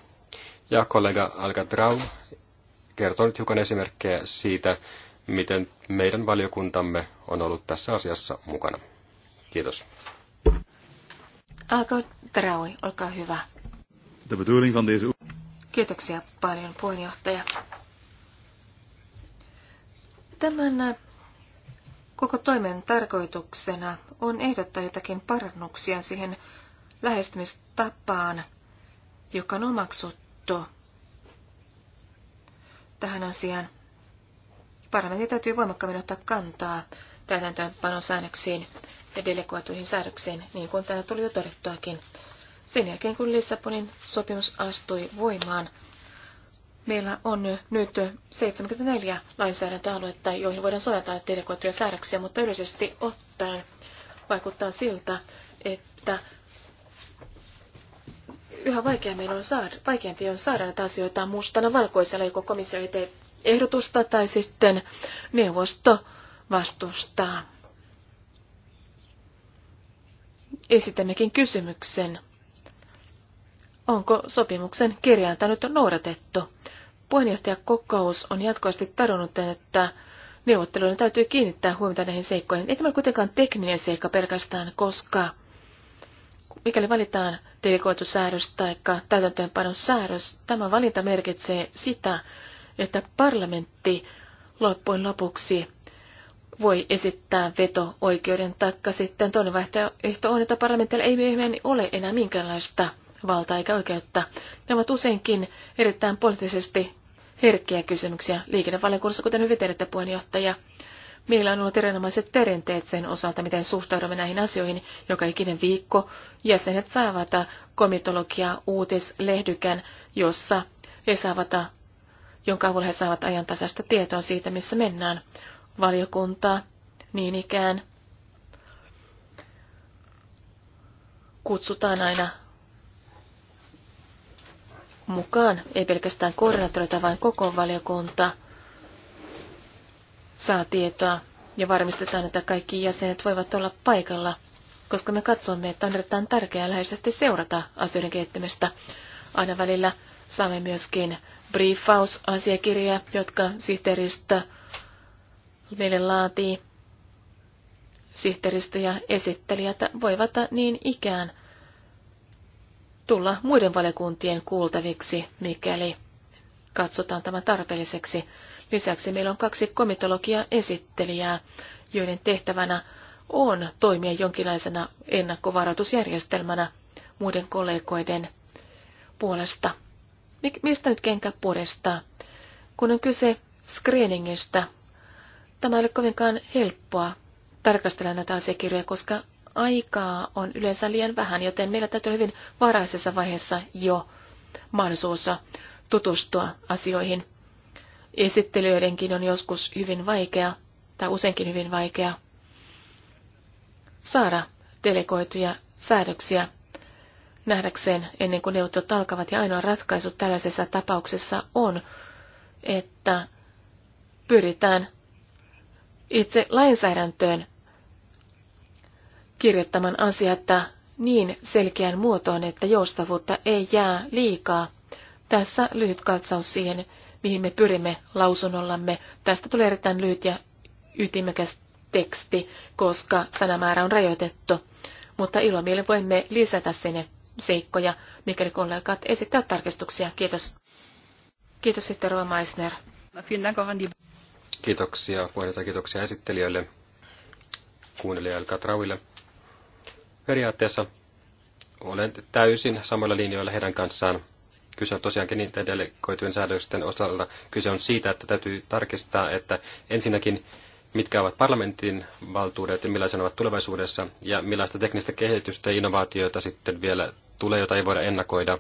Ja kollega Alka Drau kertoo nyt hiukan esimerkkejä siitä, miten meidän valiokuntamme on ollut tässä asiassa mukana. Kiitos. Alka Draui, olkaa hyvä. Kiitoksia paljon puheenjohtaja. Tämän äh, koko toimen tarkoituksena on ehdottaa jotakin parannuksia siihen lähestymistapaan, joka on omaksuttu tähän asiaan. Parlamentin täytyy voimakkaammin ottaa kantaa säännöksiin ja delegoituihin säädöksiin, niin kuin täällä tuli jo todettuakin. Sen jälkeen, kun Lissabonin sopimus astui voimaan, Meillä on nyt 74 lainsäädäntöaluetta, joihin voidaan soveltaa delegoituja säädöksiä, mutta yleisesti ottaen vaikuttaa siltä, että yhä vaikeammin on saada, vaikeampi on saada näitä asioita mustana valkoisella, joko komissio ei tee ehdotusta tai sitten neuvosto vastustaa. Esitämmekin kysymyksen Onko sopimuksen kirjainta nyt noudatettu? Kokkaus on jatkuvasti tarjonnut, että neuvotteluiden täytyy kiinnittää huomiota näihin seikkoihin. Ei tämä kuitenkaan tekninen seikka pelkästään, koska mikäli valitaan delegoitusäädös tai täytäntöönpanon säädös, tämä valinta merkitsee sitä, että parlamentti loppujen lopuksi voi esittää veto-oikeuden, taikka sitten toinen vaihtoehto on, että parlamentilla ei myöhemmin ole enää minkäänlaista valtaa eikä oikeutta. Ne ovat useinkin erittäin poliittisesti herkkiä kysymyksiä liikennevaliokunnassa, kuten hyvin tiedätte puheenjohtaja. Meillä on ollut erinomaiset perinteet sen osalta, miten suhtaudumme näihin asioihin joka ikinen viikko. Jäsenet saavat komitologia uutislehdykän, jossa he saavat, jonka avulla he saavat ajantasaista tietoa siitä, missä mennään. Valiokunta niin ikään kutsutaan aina mukaan, ei pelkästään koordinaattoreita, vaan koko valiokunta saa tietoa ja varmistetaan, että kaikki jäsenet voivat olla paikalla, koska me katsomme, että on erittäin tärkeää läheisesti seurata asioiden kehittymistä. Aina välillä saamme myöskin briefaus-asiakirjaa, jotka sihteeristö meille laatii. Sihteeristö ja esittelijät voivat niin ikään – tulla muiden valiokuntien kuultaviksi, mikäli katsotaan tämä tarpeelliseksi. Lisäksi meillä on kaksi komitologia esittelijää, joiden tehtävänä on toimia jonkinlaisena ennakkovaroitusjärjestelmänä muiden kollegoiden puolesta. Mik, mistä nyt kenkä puristaa? Kun on kyse screeningistä, tämä ei ole kovinkaan helppoa tarkastella näitä asiakirjoja, koska aikaa on yleensä liian vähän, joten meillä täytyy olla hyvin varaisessa vaiheessa jo mahdollisuus tutustua asioihin. Esittelyidenkin on joskus hyvin vaikea, tai useinkin hyvin vaikea, saada delegoituja säädöksiä nähdäkseen ennen kuin neuvottelut alkavat. Ja ainoa ratkaisu tällaisessa tapauksessa on, että pyritään itse lainsäädäntöön kirjoittaman asiat niin selkeän muotoon, että joustavuutta ei jää liikaa. Tässä lyhyt katsaus siihen, mihin me pyrimme lausunnollamme. Tästä tulee erittäin lyhyt ja ytimekäs teksti, koska sanamäärä on rajoitettu. Mutta ilomielle voimme lisätä sinne seikkoja, mikäli kollegat esittää tarkistuksia. Kiitos. Kiitos sitten Rova Meissner. Kiitoksia puheenjohtaja, kiitoksia esittelijöille, kuunnelijalle Katrauille. Periaatteessa olen täysin samoilla linjoilla heidän kanssaan. Kyse on tosiaankin niitä delegoitujen säädösten osalta. Kyse on siitä, että täytyy tarkistaa, että ensinnäkin mitkä ovat parlamentin valtuudet ja millaisia ne ovat tulevaisuudessa ja millaista teknistä kehitystä ja innovaatioita sitten vielä tulee, jota ei voida ennakoida.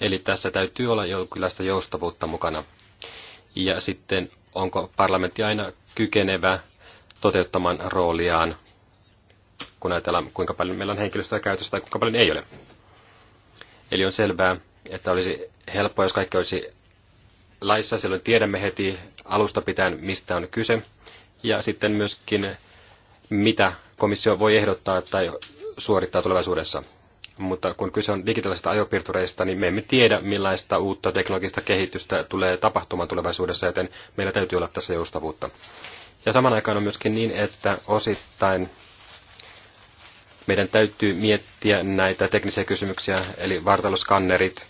Eli tässä täytyy olla jonkinlaista joustavuutta mukana. Ja sitten onko parlamentti aina kykenevä toteuttamaan rooliaan kun ajatellaan kuinka paljon meillä on henkilöstöä käytössä tai kuinka paljon ei ole. Eli on selvää, että olisi helppoa, jos kaikki olisi laissa, silloin tiedämme heti alusta pitäen, mistä on kyse, ja sitten myöskin mitä komissio voi ehdottaa tai suorittaa tulevaisuudessa. Mutta kun kyse on digitaalisista ajopiirtureista, niin me emme tiedä, millaista uutta teknologista kehitystä tulee tapahtumaan tulevaisuudessa, joten meillä täytyy olla tässä joustavuutta. Ja saman aikaan on myöskin niin, että osittain meidän täytyy miettiä näitä teknisiä kysymyksiä, eli vartaloskannerit.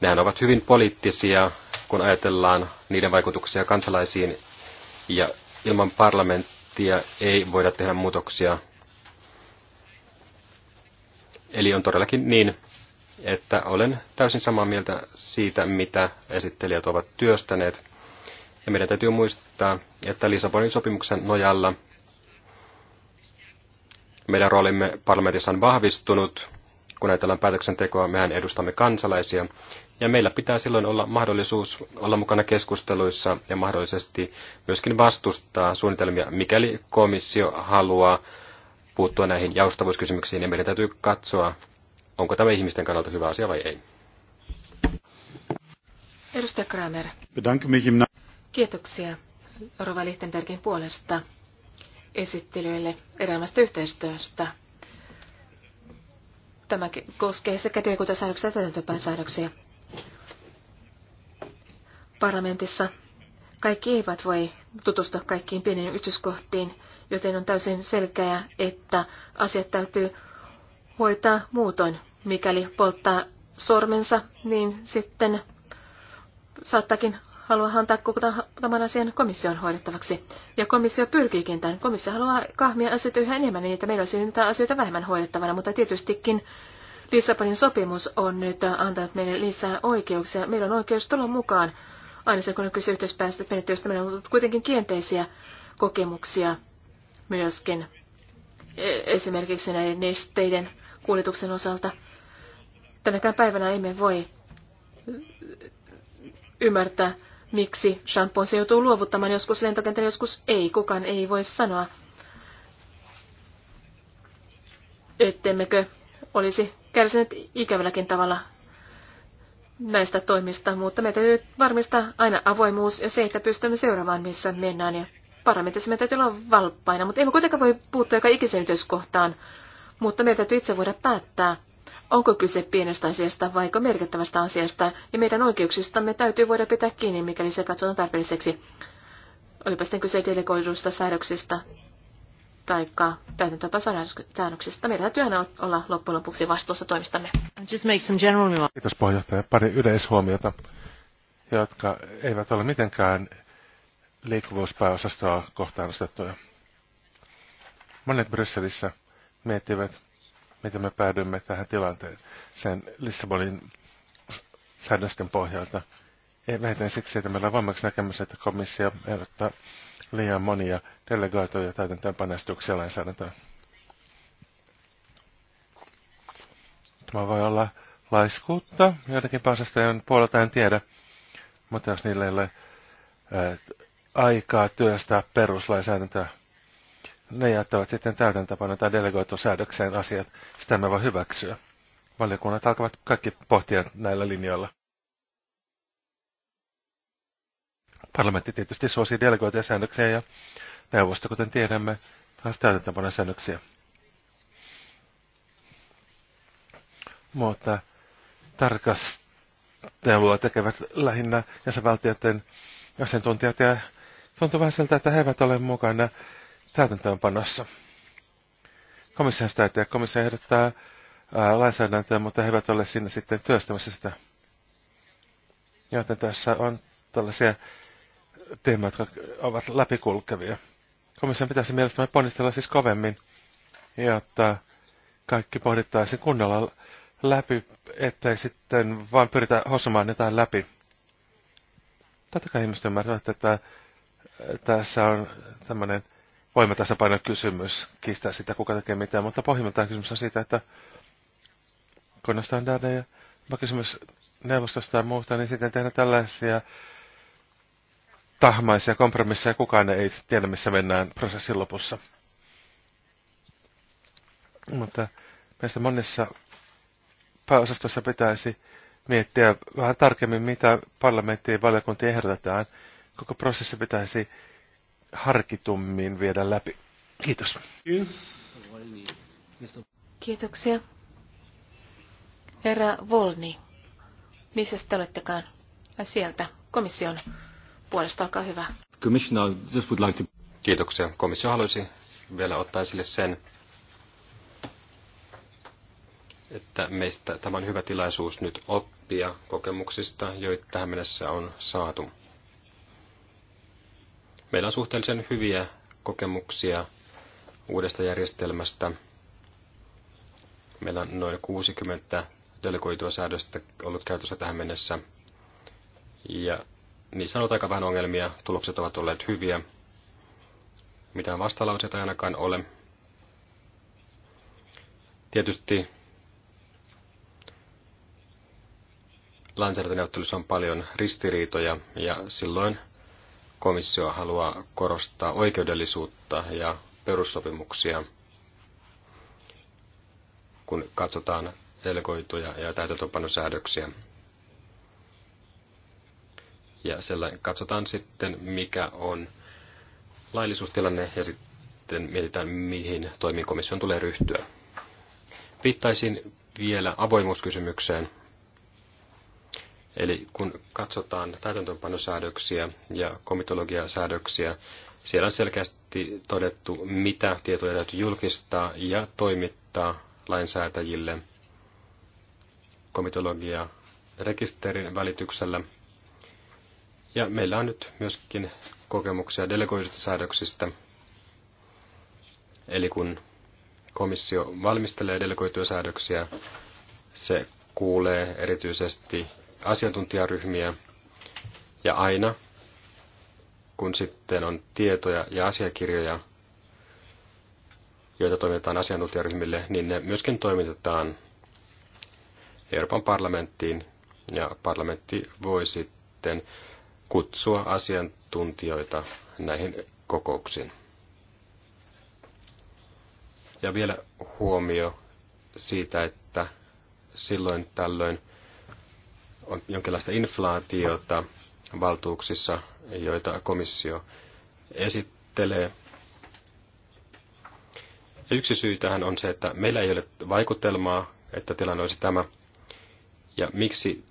Nehän ovat hyvin poliittisia, kun ajatellaan niiden vaikutuksia kansalaisiin, ja ilman parlamenttia ei voida tehdä muutoksia. Eli on todellakin niin, että olen täysin samaa mieltä siitä, mitä esittelijät ovat työstäneet. Ja meidän täytyy muistaa, että Lissabonin sopimuksen nojalla – meidän roolimme parlamentissa on vahvistunut, kun ajatellaan päätöksentekoa, mehän edustamme kansalaisia, ja meillä pitää silloin olla mahdollisuus olla mukana keskusteluissa ja mahdollisesti myöskin vastustaa suunnitelmia, mikäli komissio haluaa puuttua näihin joustavuuskysymyksiin, ja meidän täytyy katsoa, onko tämä ihmisten kannalta hyvä asia vai ei. Edustaja Kramer. Kiitoksia Rova Lichtenbergin puolesta esittelyille erilaisesta yhteistyöstä. Tämä koskee sekä työkuntasäädöksiä että täytäntöpäinsäädöksiä. Parlamentissa kaikki eivät voi tutustua kaikkiin pieniin yksityiskohtiin, joten on täysin selkeää, että asiat täytyy hoitaa muutoin. Mikäli polttaa sormensa, niin sitten saattakin haluaa antaa koko tämän asian komission hoidettavaksi. Ja komissio pyrkiikin tämän. Komissio haluaa kahmia asioita yhä enemmän, niin että meillä olisi niitä asioita vähemmän hoidettavana, mutta tietystikin Lissabonin sopimus on nyt antanut meille lisää oikeuksia. Meillä on oikeus tulla mukaan, aina sen, kun on kyse yhteispäästä menettelystä. Meillä on ollut kuitenkin kielteisiä kokemuksia myöskin, e, esimerkiksi näiden nesteiden kuljetuksen osalta. Tänäkään päivänä emme voi ymmärtää miksi shampoo se joutuu luovuttamaan joskus lentokentän, joskus ei. Kukaan ei voi sanoa, ettemmekö olisi kärsineet ikävälläkin tavalla näistä toimista, mutta meidän täytyy varmistaa aina avoimuus ja se, että pystymme seuraamaan, missä mennään. Ja parametissa meidän täytyy olla valppaina, mutta emme kuitenkaan voi puuttua joka ikisen yhteiskohtaan, mutta meidän täytyy itse voida päättää, Onko kyse pienestä asiasta vai merkittävästä asiasta, ja meidän oikeuksistamme täytyy voida pitää kiinni, mikäli se katsotaan tarpeelliseksi. Olipa sitten kyse delegoiduista säädöksistä tai täytäntöönpasäännöksistä. Meidän täytyy aina olla loppujen lopuksi vastuussa toimistamme. Just make some general Kiitos puheenjohtaja. Pari yleishuomiota, jotka eivät ole mitenkään liikkuvuuspääosastoa kohtaan ostettuja. Monet Brysselissä miettivät, miten me päädymme tähän tilanteeseen Lissabonin säädösten pohjalta. Ei siksi, että meillä on vammaksi näkemys, että komissio ehdottaa liian monia delegaatoja täytäntöönpanestuksia lainsäädäntöön. Tämä voi olla laiskuutta, joidenkin pääosastojen puolelta en tiedä, mutta jos niille ei ole ää, aikaa työstää peruslainsäädäntöä, ne jättävät sitten täytäntöpano tai delegoitun säädökseen asiat. Sitä me voi hyväksyä. Valiokunnat alkavat kaikki pohtia näillä linjoilla. Parlamentti tietysti suosi delegoituja säännöksiä ja neuvosto, kuten tiedämme, taas täytäntöpano säännöksiä. Mutta tarkastelua tekevät lähinnä jäsenvaltioiden asiantuntijat ja tuntuu vähän siltä, että he eivät ole mukana täytäntöönpanossa. Komission sitä, että komissio ehdottaa lainsäädäntöä, mutta he eivät ole siinä sitten työstämässä sitä. Joten tässä on tällaisia teemoja, jotka ovat läpikulkevia. Komission pitäisi mielestäni ponnistella siis kovemmin, jotta kaikki pohdittaisiin kunnolla läpi, ettei sitten vain pyritä hosumaan jotain läpi. Totta kai ihmiset ymmärtävät, että tässä on tämmöinen voimme tässä painaa kysymys, kiistää sitä, kuka tekee mitään, mutta pohjimmiltaan kysymys on siitä, että kun on ja mä kysymys neuvostosta ja muusta, niin sitten tehdään tällaisia tahmaisia kompromisseja, kukaan ei tiedä, missä mennään prosessin lopussa. Mutta meistä monissa pääosastossa pitäisi miettiä vähän tarkemmin, mitä parlamenttiin valiokuntiin ehdotetaan. Koko prosessi pitäisi harkitummin viedä läpi. Kiitos. Kiitoksia. Herra Volni, missä te olettekaan? Sieltä komission puolesta, olkaa hyvä. Kiitoksia. Komissio haluaisi vielä ottaa esille sen, että meistä tämä on hyvä tilaisuus nyt oppia kokemuksista, joita tähän mennessä on saatu. Meillä on suhteellisen hyviä kokemuksia uudesta järjestelmästä. Meillä on noin 60 delegoitua säädöstä ollut käytössä tähän mennessä. Ja niissä on ollut aika vähän ongelmia. Tulokset ovat olleet hyviä. Mitään vastalauseita ei ainakaan ole. Tietysti lainsäädäntöneuvottelussa on paljon ristiriitoja ja silloin komissio haluaa korostaa oikeudellisuutta ja perussopimuksia, kun katsotaan delegoituja ja täytäntöpanosäädöksiä. Ja siellä katsotaan sitten, mikä on laillisuustilanne ja sitten mietitään, mihin komission tulee ryhtyä. Viittaisin vielä avoimuuskysymykseen. Eli kun katsotaan täytäntöönpanosäädöksiä ja komitologiasäädöksiä, siellä on selkeästi todettu, mitä tietoja täytyy julkistaa ja toimittaa lainsäätäjille komitologia rekisterin välityksellä. Ja meillä on nyt myöskin kokemuksia delegoidusta säädöksistä. Eli kun komissio valmistelee delegoituja säädöksiä, se kuulee erityisesti asiantuntijaryhmiä ja aina, kun sitten on tietoja ja asiakirjoja, joita toimitetaan asiantuntijaryhmille, niin ne myöskin toimitetaan Euroopan parlamenttiin ja parlamentti voi sitten kutsua asiantuntijoita näihin kokouksiin. Ja vielä huomio siitä, että silloin tällöin on jonkinlaista inflaatiota valtuuksissa, joita komissio esittelee. yksi syy tähän on se, että meillä ei ole vaikutelmaa, että tilanne olisi tämä. Ja miksi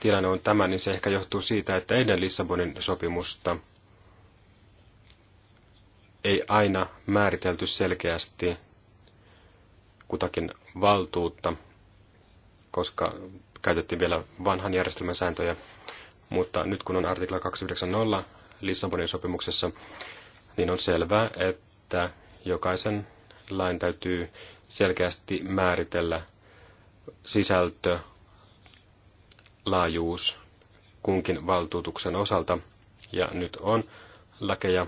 tilanne on tämä, niin se ehkä johtuu siitä, että ennen Lissabonin sopimusta ei aina määritelty selkeästi kutakin valtuutta – koska käytettiin vielä vanhan järjestelmän sääntöjä. Mutta nyt kun on artikla 290 Lissabonin sopimuksessa, niin on selvää, että jokaisen lain täytyy selkeästi määritellä sisältö, laajuus kunkin valtuutuksen osalta. Ja nyt on lakeja,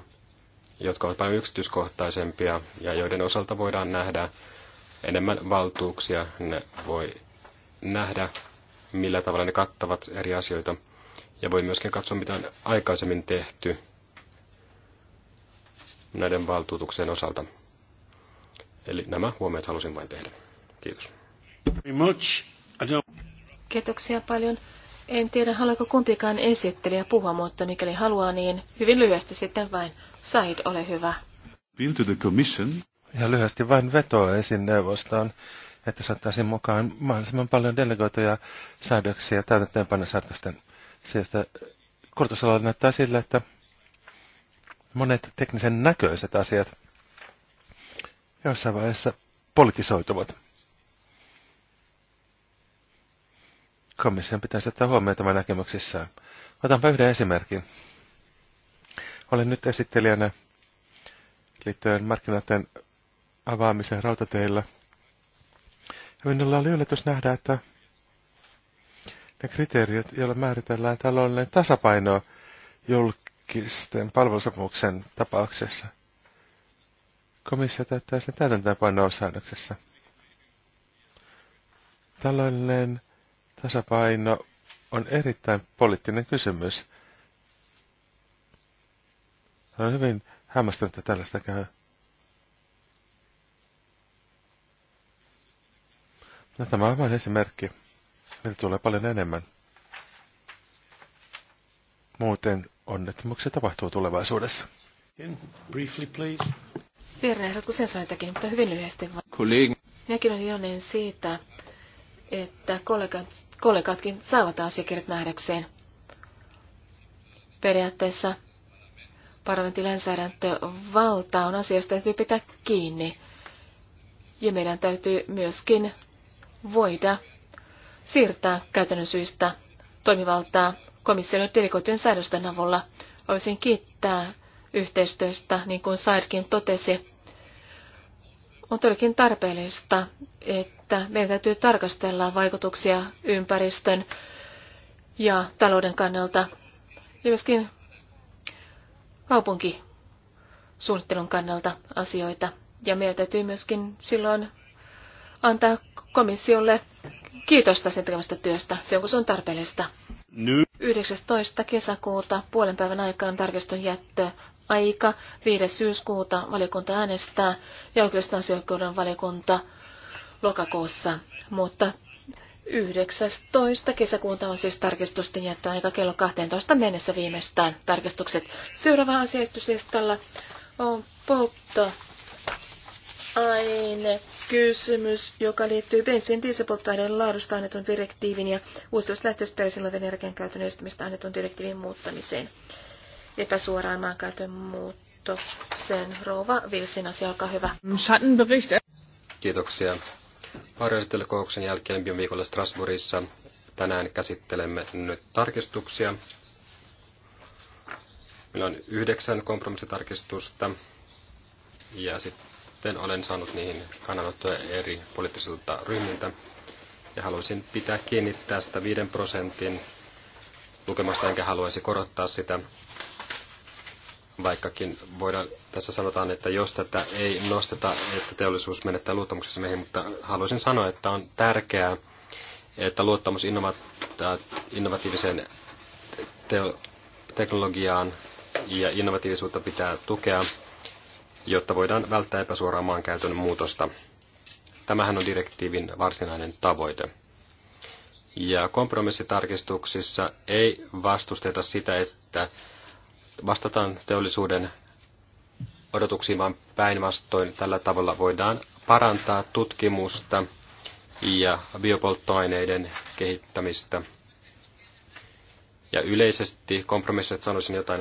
jotka ovat paljon yksityiskohtaisempia ja joiden osalta voidaan nähdä enemmän valtuuksia. Ne voi nähdä, millä tavalla ne kattavat eri asioita. Ja voi myöskin katsoa, mitä on aikaisemmin tehty näiden valtuutuksen osalta. Eli nämä huomiot halusin vain tehdä. Kiitos. Kiitoksia paljon. En tiedä, haluaako kumpikaan esittelijä puhua, mutta mikäli haluaa, niin hyvin lyhyesti sitten vain. Said, ole hyvä. Ja lyhyesti vain vetoa esiin neuvostoon että saattaisiin mukaan mahdollisimman paljon delegoituja säädöksiä täytäntöönpanosäädösten sijasta. Kurtusalla näyttää sillä, että monet teknisen näköiset asiat jossain vaiheessa politisoituvat. Komission pitäisi ottaa huomioon tämän näkemyksissään. Otanpa yhden esimerkin. Olen nyt esittelijänä liittyen markkinoiden avaamiseen rautateillä – Minulla oli yllätys nähdä, että ne kriteerit, joilla määritellään taloudellinen tasapaino julkisten palvelusopimuksen tapauksessa, komissio täyttää sen täytäntöönpano-säännöksessä. Taloudellinen tasapaino on erittäin poliittinen kysymys. Olen hyvin hämmästynyt, että tällaista käy. No, tämä on vain esimerkki. Niitä tulee paljon enemmän. Muuten onnettomuuksia tapahtuu tulevaisuudessa. In briefly, please. Virnehdotko sen mutta hyvin lyhyesti vaan. Kollegi. Minäkin olen iloinen siitä, että kollegat, kollegatkin saavat asiakirjat nähdäkseen. Periaatteessa parlamentin lainsäädäntövalta on asiasta, täytyy pitää kiinni. Ja meidän täytyy myöskin voida siirtää käytännön syistä toimivaltaa komission delegoitujen säädösten avulla. Voisin kiittää yhteistyöstä, niin kuin Saidkin totesi. On todellakin tarpeellista, että meidän täytyy tarkastella vaikutuksia ympäristön ja talouden kannalta ja myöskin kaupunkisuunnittelun kannalta asioita. Ja meidän täytyy myöskin silloin antaa komissiolle kiitosta sen tekemästä työstä, se on kun se on tarpeellista. Nyt. 19. kesäkuuta puolen päivän aikaan tarkistun jättö aika 5. syyskuuta valiokunta äänestää ja oikeustasioikeuden valiokunta lokakuussa, mutta 19. kesäkuuta on siis tarkistusten jättöaika kello 12 mennessä viimeistään tarkistukset. Seuraava asiaistuslistalla on polttoaine kysymys, joka liittyy bensiin dieselpolttoaineiden laadusta annetun direktiivin ja uusiutuvasta lähteestä peräisin energian käytön estämistä annetun direktiivin muuttamiseen. Epäsuoraan maankäytön muuttoksen. Rouva Vilsin asia, olkaa hyvä. Kiitoksia. Harjoittelukouksen jälkeen viikolla Strasbourgissa tänään käsittelemme nyt tarkistuksia. Meillä on yhdeksän kompromissitarkistusta ja sitten sitten olen saanut niihin kannanottoja eri poliittisilta ryhmiltä. Ja haluaisin pitää kiinni tästä 5 prosentin lukemasta, enkä haluaisi korottaa sitä. Vaikkakin voidaan, tässä sanotaan, että jos tätä ei nosteta, että teollisuus menettää luottamuksessa meihin, mutta haluaisin sanoa, että on tärkeää, että luottamus innovatiiviseen teknologiaan ja innovatiivisuutta pitää tukea jotta voidaan välttää epäsuoraa maankäytön muutosta. Tämähän on direktiivin varsinainen tavoite. Ja kompromissitarkistuksissa ei vastusteta sitä, että vastataan teollisuuden odotuksiin, vaan päinvastoin tällä tavalla voidaan parantaa tutkimusta ja biopolttoaineiden kehittämistä. Ja yleisesti kompromissit sanoisin jotain.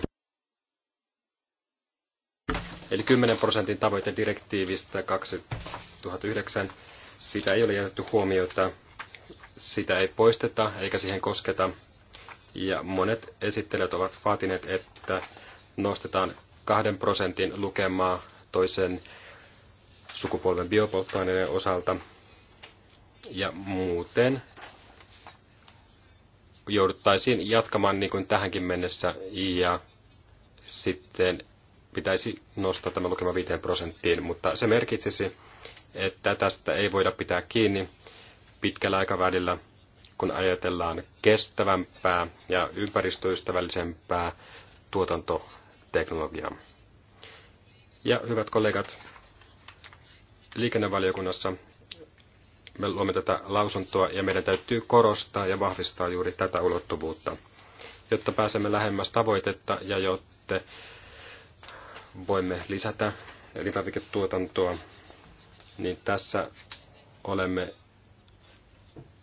Eli 10 prosentin tavoite direktiivistä 2009, sitä ei ole jätetty huomiota, sitä ei poisteta eikä siihen kosketa. Ja monet esittelijät ovat vaatineet, että nostetaan kahden prosentin lukemaa toisen sukupolven biopolttoaineiden osalta. Ja muuten jouduttaisiin jatkamaan niin kuin tähänkin mennessä ja sitten pitäisi nostaa tämä lukema 5 prosenttiin, mutta se merkitsisi, että tästä ei voida pitää kiinni pitkällä aikavälillä, kun ajatellaan kestävämpää ja ympäristöystävällisempää tuotantoteknologiaa. Ja hyvät kollegat, liikennevaliokunnassa me luomme tätä lausuntoa ja meidän täytyy korostaa ja vahvistaa juuri tätä ulottuvuutta, jotta pääsemme lähemmäs tavoitetta ja jotta voimme lisätä elintarviketuotantoa, niin tässä olemme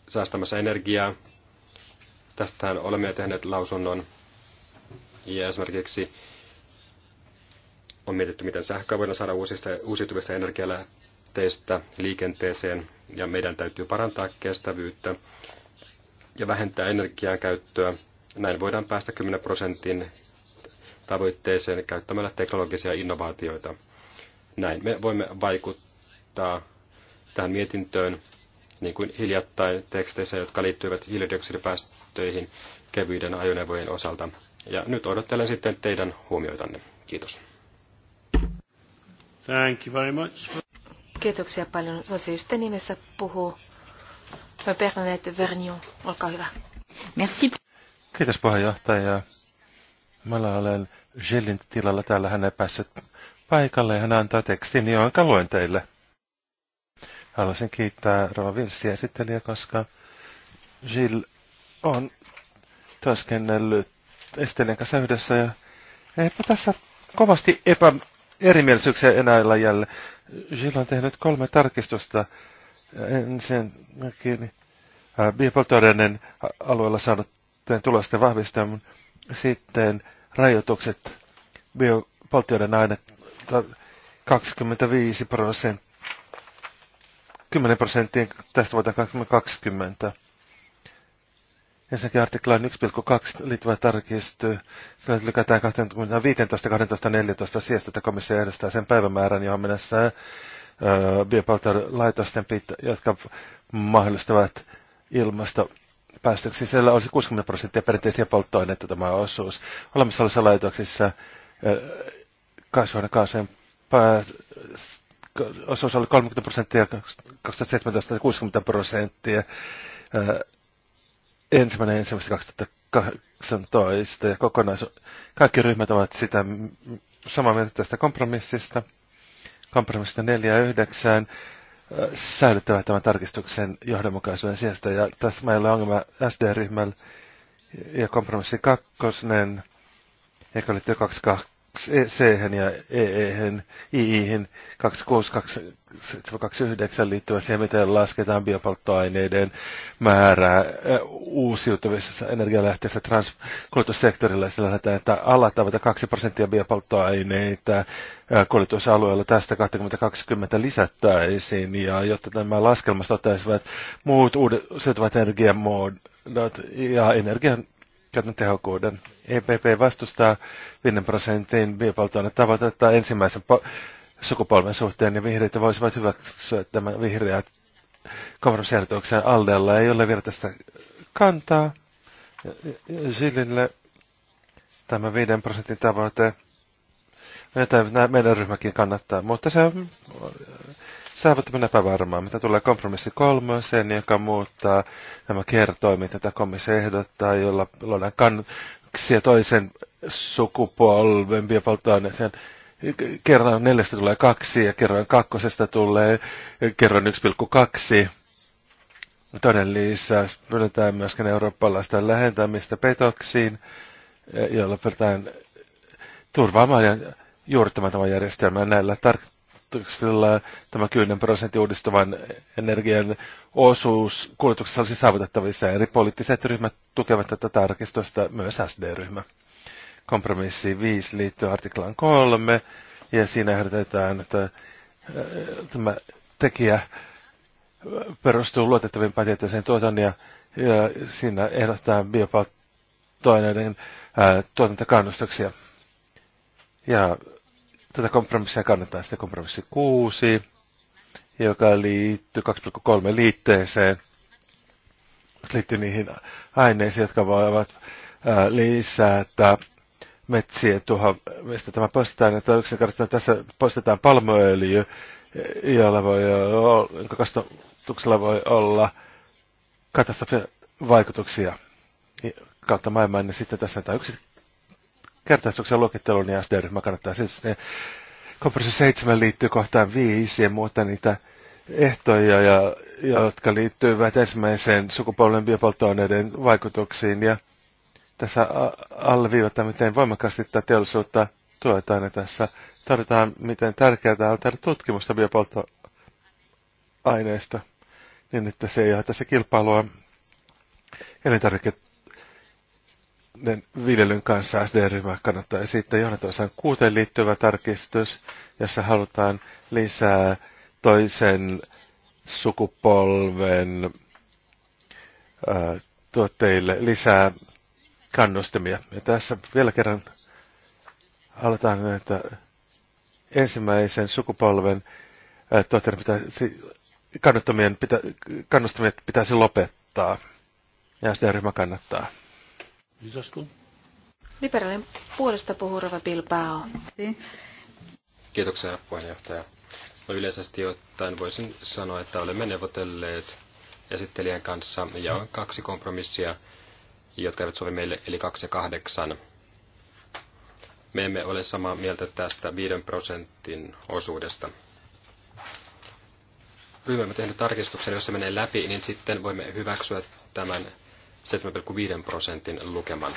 säästämässä energiaa. Tästähän olemme tehneet lausunnon ja esimerkiksi on mietitty, miten sähköä voidaan saada uusista, uusiutuvista energialähteistä liikenteeseen ja meidän täytyy parantaa kestävyyttä ja vähentää energian käyttöä. Näin voidaan päästä 10 prosentin tavoitteeseen käyttämällä teknologisia innovaatioita. Näin me voimme vaikuttaa tähän mietintöön, niin kuin hiljattain teksteissä, jotka liittyvät hiilidioksidipäästöihin kevyiden ajoneuvojen osalta. Ja nyt odottelen sitten teidän huomioitanne. Kiitos. Thank you very much. Kiitoksia paljon. Sosiaalisten nimessä puhuu Bernadette Vernion. Olkaa hyvä. Merci. Kiitos puheenjohtaja. Mä olen Jellin tilalla täällä, hän päässyt paikalle ja hän antaa tekstin, niin jonka luen teille. Haluaisin kiittää Rova Vilsiä esittelijä, koska Jill on työskennellyt esittelijän kanssa yhdessä ja eipä tässä kovasti epä erimielisyyksiä enää olla jälle. Jill on tehnyt kolme tarkistusta. Ensinnäkin äh, biopolttoaineiden alueella saanut tulosten vahvistamun, sitten rajoitukset biopoltioiden aine 25 prosenttia. 10 prosenttia, tästä vuoteen 2020. Ensinnäkin artiklaan 1,2 liittyvä tarkistuu. Sillä lykätään 15, 12, 14 sijasta, että komissio järjestää sen päivämäärän, johon mennessä biopoltioiden laitosten, jotka mahdollistavat ilmasto päästöksi siellä olisi 60 prosenttia perinteisiä polttoaineita tämä osuus. Olemassa olevissa laitoksissa kasvihuonekaasujen osuus oli 30 prosenttia 2017 60 prosenttia ensimmäinen ensimmäistä 2018 ja kokonais- Kaikki ryhmät ovat sitä samaa mieltä tästä kompromissista. Kompromissista 4 ja 9 säilyttävät tämän tarkistuksen johdonmukaisuuden sijasta. Ja tässä meillä on ongelma SD-ryhmällä ja kompromissi kakkosnen joka liittyy 22 E c ja EE-hen, II-hen 26229 liittyvä siihen, miten lasketaan biopolttoaineiden määrää uusiutuvissa energialähteissä transkulutussektorilla. Sillä lähdetään, että alla tavoita 2 prosenttia biopolttoaineita kulutusalueella tästä 2020 lisättäisiin, ja jotta nämä laskelmat ottaisivat muut uudet energiamuodot ja energian käytön tehokkuuden. EPP vastustaa 5 prosentin tavoitetta ensimmäisen sukupolven suhteen, ja vihreitä voisivat hyväksyä tämän vihreät kompromissiehdotuksen Aldella. Ei ole vielä tästä kantaa. Sillille tämä 5 prosentin tavoite, jota meidän ryhmäkin kannattaa, mutta se on saavutamme epävarmaa, mitä tulee kompromissi kolmoseen, joka muuttaa nämä kertoimet, joita komissio ehdottaa, jolla luodaan kannuksia toisen sukupolven biopolttoaineeseen. Kerran neljästä tulee kaksi ja kerran kakkosesta tulee kerran 1,2. Toinen lisäys pyydetään myöskin eurooppalaista lähentämistä petoksiin, jolla pyritään turvaamaan ja juurittamaan tämän järjestelmän näillä tar- kuljetuksilla tämä 10 prosentin uudistuvan energian osuus kuljetuksessa olisi saavutettavissa. Eri poliittiset ryhmät tukevat tätä tarkistusta, myös SD-ryhmä. Kompromissi 5 liittyy artiklaan 3, ja siinä ehdotetaan, että äh, tämä tekijä perustuu luotettavimpaan tietoiseen tuotannon, ja, ja siinä ehdotetaan biopalttoaineiden äh, tuotantokannustuksia. Ja Tätä kompromissia kannattaa sitten kompromissi 6, joka liittyy 2,3 liitteeseen. Liittyy niihin aineisiin, jotka voivat lisätä metsien mistä Tämä poistetaan, että yksinkertaisesti tässä poistetaan palmoöljy, jolla voi olla, jonka kastuksella voi olla vaikutuksia kautta maailmaa. niin sitten tässä on yksi kertaistuksen luokittelu, niin SD-ryhmä kannattaa siis ne 7 liittyy kohtaan 5 ja muuta niitä ehtoja, ja, jotka liittyvät ensimmäiseen sukupolven biopolttoaineiden vaikutuksiin. Ja tässä alleviivataan, miten voimakkaasti tätä teollisuutta tuetaan ja niin tässä tarvitaan, miten tärkeää on tehdä tutkimusta biopolttoaineista, niin että se ei ole tässä kilpailua elintarvike viljelyn kanssa SD-ryhmä kannattaa esittää johdantosan kuuteen liittyvä tarkistus, jossa halutaan lisää toisen sukupolven ää, tuotteille lisää kannustimia. Ja tässä vielä kerran halutaan, että ensimmäisen sukupolven tuotteiden pitäisi, kannustamien pitä, kannustimet pitäisi lopettaa. Ja SD-ryhmä kannattaa. Lisäsku. Liberaalin puolesta puhuu Rova Bilbao. Kiitoksia puheenjohtaja. No yleisesti ottaen voisin sanoa, että olemme neuvotelleet esittelijän kanssa ja on kaksi kompromissia, jotka eivät sovi meille, eli kaksi ja kahdeksan. Me emme ole samaa mieltä tästä viiden prosentin osuudesta. Ryhmämme tehnyt tarkistuksen, jos se menee läpi, niin sitten voimme hyväksyä tämän 7,5 prosentin lukeman.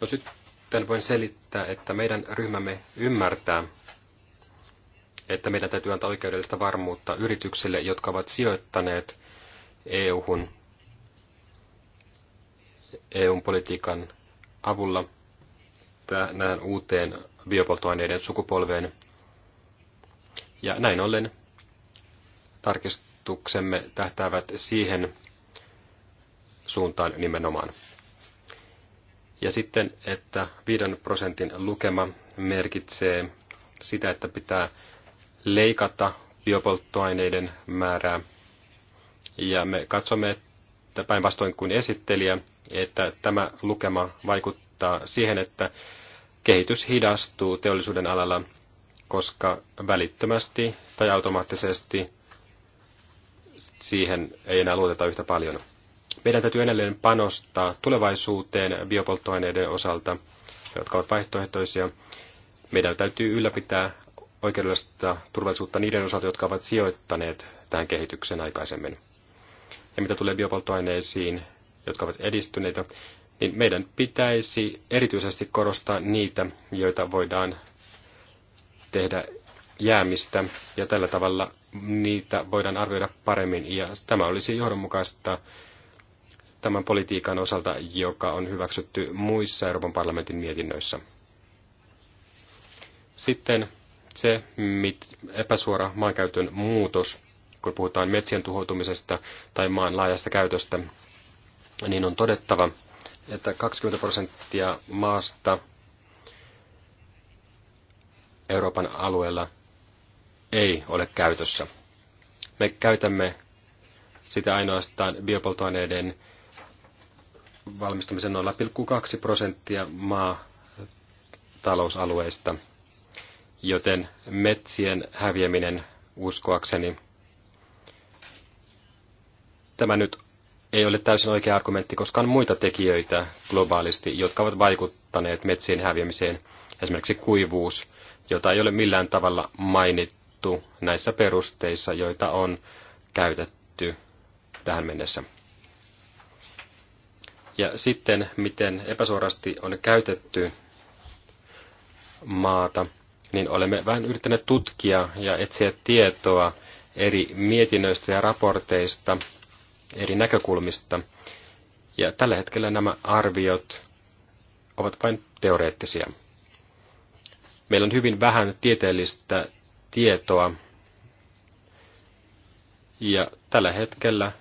No sitten voin selittää, että meidän ryhmämme ymmärtää, että meidän täytyy antaa oikeudellista varmuutta yrityksille, jotka ovat sijoittaneet EU-hun EU-politiikan avulla tähän uuteen biopolttoaineiden sukupolveen. Ja näin ollen tarkist- ehdotuksemme tähtäävät siihen suuntaan nimenomaan. Ja sitten, että 5 prosentin lukema merkitsee sitä, että pitää leikata biopolttoaineiden määrää. Ja me katsomme, että päinvastoin kuin esittelijä, että tämä lukema vaikuttaa siihen, että kehitys hidastuu teollisuuden alalla, koska välittömästi tai automaattisesti siihen ei enää luoteta yhtä paljon. Meidän täytyy edelleen panostaa tulevaisuuteen biopolttoaineiden osalta, jotka ovat vaihtoehtoisia. Meidän täytyy ylläpitää oikeudellista turvallisuutta niiden osalta, jotka ovat sijoittaneet tähän kehitykseen aikaisemmin. Ja mitä tulee biopolttoaineisiin, jotka ovat edistyneitä, niin meidän pitäisi erityisesti korostaa niitä, joita voidaan tehdä jäämistä, ja tällä tavalla niitä voidaan arvioida paremmin. Ja tämä olisi johdonmukaista tämän politiikan osalta, joka on hyväksytty muissa Euroopan parlamentin mietinnöissä. Sitten se mit, epäsuora maankäytön muutos, kun puhutaan metsien tuhoutumisesta tai maan laajasta käytöstä, niin on todettava, että 20 prosenttia maasta Euroopan alueella – ei ole käytössä. Me käytämme sitä ainoastaan biopolttoaineiden valmistamisen 0,2 prosenttia maatalousalueista, joten metsien häviäminen uskoakseni tämä nyt ei ole täysin oikea argumentti, koska on muita tekijöitä globaalisti, jotka ovat vaikuttaneet metsien häviämiseen, esimerkiksi kuivuus, jota ei ole millään tavalla mainittu katettu näissä perusteissa, joita on käytetty tähän mennessä. Ja sitten, miten epäsuorasti on käytetty maata, niin olemme vähän yrittäneet tutkia ja etsiä tietoa eri mietinnöistä ja raporteista, eri näkökulmista. Ja tällä hetkellä nämä arviot ovat vain teoreettisia. Meillä on hyvin vähän tieteellistä tietoa. Ja tällä hetkellä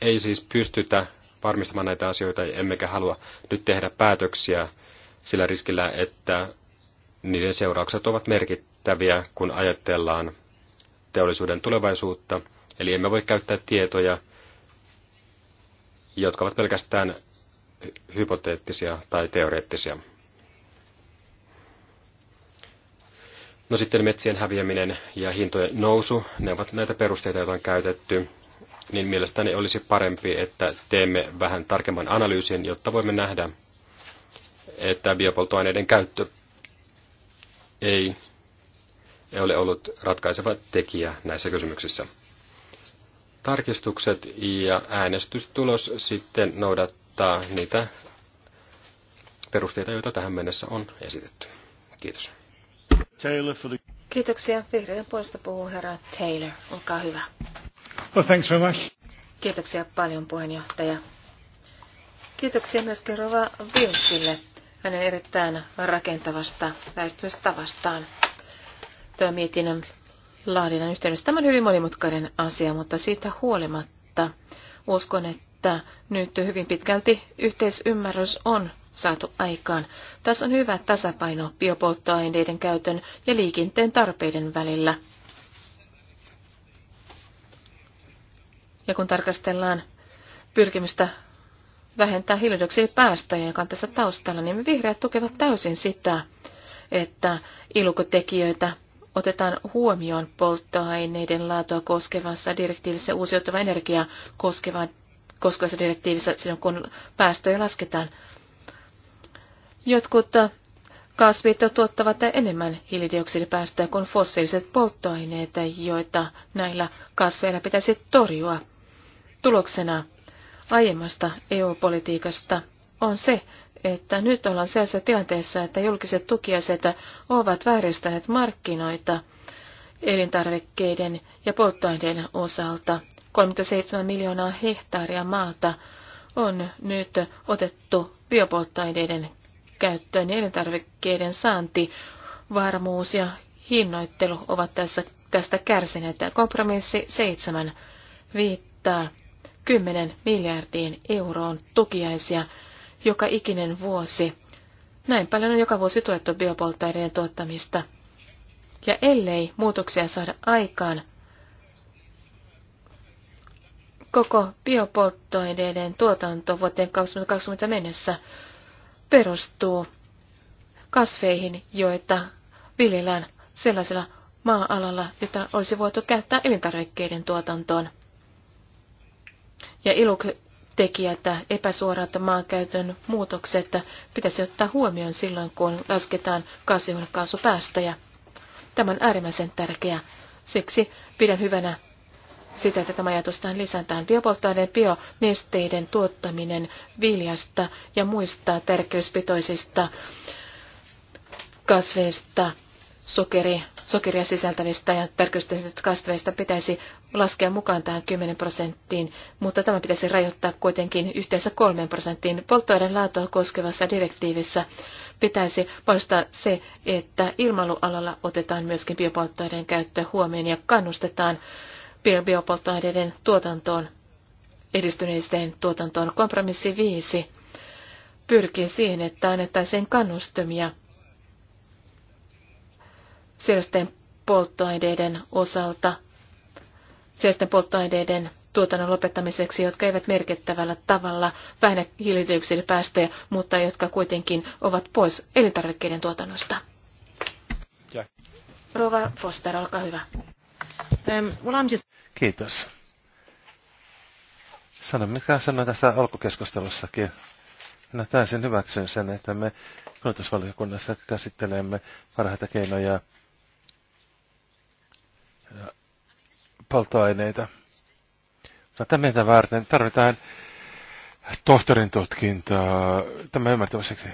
ei siis pystytä varmistamaan näitä asioita, emmekä halua nyt tehdä päätöksiä sillä riskillä, että niiden seuraukset ovat merkittäviä, kun ajatellaan teollisuuden tulevaisuutta. Eli emme voi käyttää tietoja, jotka ovat pelkästään hypoteettisia tai teoreettisia. No sitten metsien häviäminen ja hintojen nousu, ne ovat näitä perusteita, joita on käytetty. Niin mielestäni olisi parempi, että teemme vähän tarkemman analyysin, jotta voimme nähdä, että biopoltoaineiden käyttö ei, ei ole ollut ratkaiseva tekijä näissä kysymyksissä. Tarkistukset ja äänestystulos sitten noudattaa niitä perusteita, joita tähän mennessä on esitetty. Kiitos. Taylor for the... Kiitoksia. Vihreiden puolesta puhuu herra Taylor. Olkaa hyvä. Well, thanks very much. Kiitoksia paljon puheenjohtaja. Kiitoksia myöskin Rova Vilsille hänen erittäin rakentavasta lähestymistavastaan. Tämä mietinnön laadinnan yhteydessä tämä on hyvin monimutkainen asia, mutta siitä huolimatta uskon, että nyt hyvin pitkälti yhteisymmärrys on saatu aikaan. Tässä on hyvä tasapaino biopolttoaineiden käytön ja liikenteen tarpeiden välillä. Ja kun tarkastellaan pyrkimystä vähentää hiilidioksidipäästöjä, joka on tässä taustalla, niin me vihreät tukevat täysin sitä, että ilukotekijöitä otetaan huomioon polttoaineiden laatua koskevassa direktiivissä uusiutuva energia koskeva, koskevassa direktiivissä silloin, kun päästöjä lasketaan. Jotkut kasvit tuottavat enemmän hiilidioksidipäästöjä kuin fossiiliset polttoaineet, joita näillä kasveilla pitäisi torjua. Tuloksena aiemmasta EU-politiikasta on se, että nyt ollaan sellaisessa tilanteessa, että julkiset tukiaset ovat vääristäneet markkinoita elintarvikkeiden ja polttoaineiden osalta. 37 miljoonaa hehtaaria maata on nyt otettu biopolttoaineiden käyttöön ja niin elintarvikkeiden saanti, varmuus ja hinnoittelu ovat tässä, tästä kärsineet. Kompromissi 7 viittaa 10 miljardiin euroon tukiaisia joka ikinen vuosi. Näin paljon on joka vuosi tuettu biopolttoaineiden tuottamista. Ja ellei muutoksia saada aikaan, koko biopolttoaineiden tuotanto vuoteen 2020 mennessä perustuu kasveihin, joita viljellään sellaisella maa-alalla, jota olisi voitu käyttää elintarvikkeiden tuotantoon. Ja että epäsuorat maankäytön muutokset pitäisi ottaa huomioon silloin, kun lasketaan kasvihuonekaasupäästöjä. Tämä on äärimmäisen tärkeä Siksi pidän hyvänä sitä, että tämä ajatustaan lisätään. biopolttoaineen bionesteiden tuottaminen viljasta ja muista tärkeyspitoisista kasveista, sokeri, sokeria sisältävistä ja tärkeyspitoisista kasveista pitäisi laskea mukaan tähän 10 prosenttiin, mutta tämä pitäisi rajoittaa kuitenkin yhteensä 3 prosenttiin. Polttoaineen laatua koskevassa direktiivissä pitäisi poistaa se, että ilmailualalla otetaan myöskin biopolttoaineen käyttö huomioon ja kannustetaan biopolttoaineiden tuotantoon, edistyneisten tuotantoon. Kompromissi 5 pyrkii siihen, että annettaisiin kannustumia sellaisten polttoaineiden osalta, sellaisten polttoaineiden tuotannon lopettamiseksi, jotka eivät merkittävällä tavalla vähennä hiilidioksidipäästöjä, mutta jotka kuitenkin ovat pois elintarvikkeiden tuotannosta. Ja. Rova Foster, olkaa hyvä. Um, well, I'm just... Kiitos. Sano, mikä sanoin tässä alkukeskustelussakin. Minä täysin hyväksyn sen, että me kulutusvaliokunnassa käsittelemme parhaita keinoja ja polttoaineita. Mutta meitä varten tarvitaan tohtorin tutkintaa tämä ymmärtämiseksi.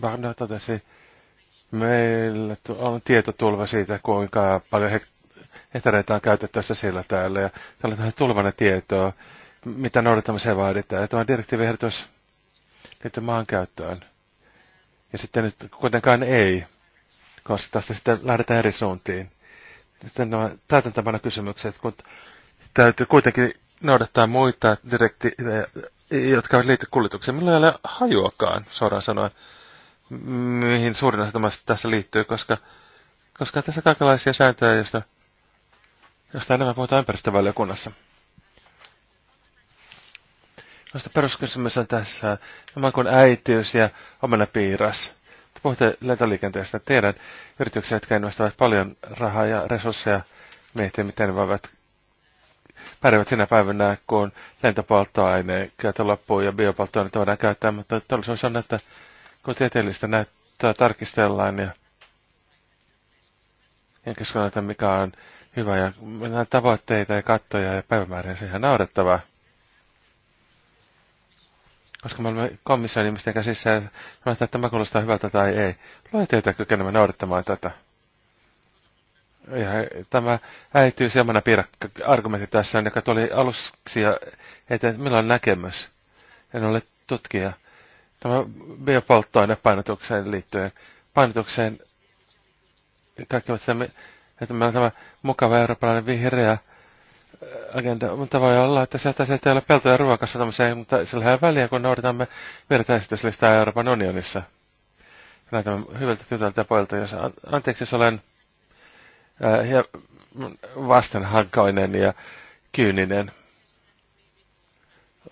Varmaan totesi, meillä on tietotulva siitä, kuinka paljon hek- etäreitä on käytettävissä sillä täällä ja täällä on tulvana tietoa, mitä noudattamiseen vaaditaan. Ja tämä direktiiviehdotus liittyy maankäyttöön. Ja sitten nyt kuitenkaan ei, koska tästä sitten lähdetään eri suuntiin. Sitten nämä täytäntämänä kysymykset, kun täytyy kuitenkin noudattaa muita direktiivejä, jotka eivät liity kuljetukseen. Millä ei ole hajuakaan, suoraan sanoen, mihin suurin osa tässä liittyy, koska, koska tässä kaikenlaisia sääntöjä, joista josta enemmän puhutaan ympäristövaliokunnassa. Noista peruskysymys on tässä, oman kuin äitiys ja omenapiiras. Te puhutte lentoliikenteestä. Tiedän yrityksiä, jotka investoivat paljon rahaa ja resursseja miettiä, miten ne voivat pärjäävät sinä päivänä, kun lentopolttoaineen käytö loppuu ja biopolttoaineita voidaan käyttää, mutta todellisuus on, että kun tieteellistä näyttää tarkistellaan ja en keskustellaan, mikä on hyvä. Ja mennään tavoitteita ja kattoja ja päivämääriä, se on ihan naurettavaa. Koska me olemme komission ihmisten käsissä ja sanotaan, että tämä kuulostaa hyvältä tai ei. Lue teitä kykenemme noudattamaan tätä. Ja tämä äityy semmoinen piirakka argumentti tässä, joka tuli aluksi ja eteen, milloin on näkemys. En ole tutkija. Tämä biopolttoainepainotukseen liittyen. Painotukseen kaikki ovat sitä että meillä on tämä mukava eurooppalainen vihreä äh, agenda, mutta voi olla, että sieltä se ei ole peltoja ruokakasvattamiseen, mutta sillä ei väliä, kun noudatamme virtaesityslistaa Euroopan unionissa. Näytämme hyvältä tytöltä ja poilta, jos an, anteeksi, jos olen äh, vastenhankoinen ja kyyninen.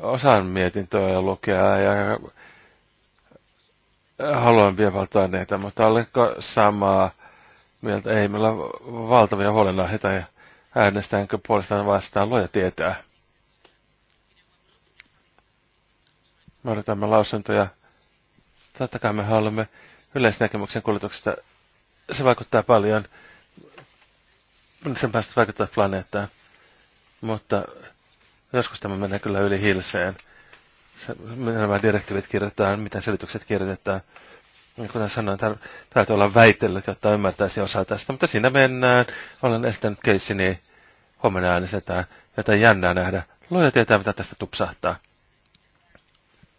Osaan mietintöä lukea ja haluan vievaltaa valtoa mutta oliko samaa mieltä. Ei, meillä on valtavia huolenaiheita ja äänestäänkö puolestaan vastaan, loja tietää. Me odotamme lausuntoja. Totta kai me haluamme yleisnäkemyksen kuljetuksesta. Se vaikuttaa paljon. Sen päästä vaikuttaa planeettaan. Mutta joskus tämä menee kyllä yli hilseen. Se, nämä direktiivit kirjoitetaan, mitä selitykset kirjoitetaan. Niin kuten sanoin, tar- täytyy olla väitellyt, jotta ymmärtäisi osaa tästä, mutta siinä mennään. Olen estänyt keissini, huomenna äänestetään, Jotain jännää nähdä. Luoja tietää, mitä tästä tupsahtaa.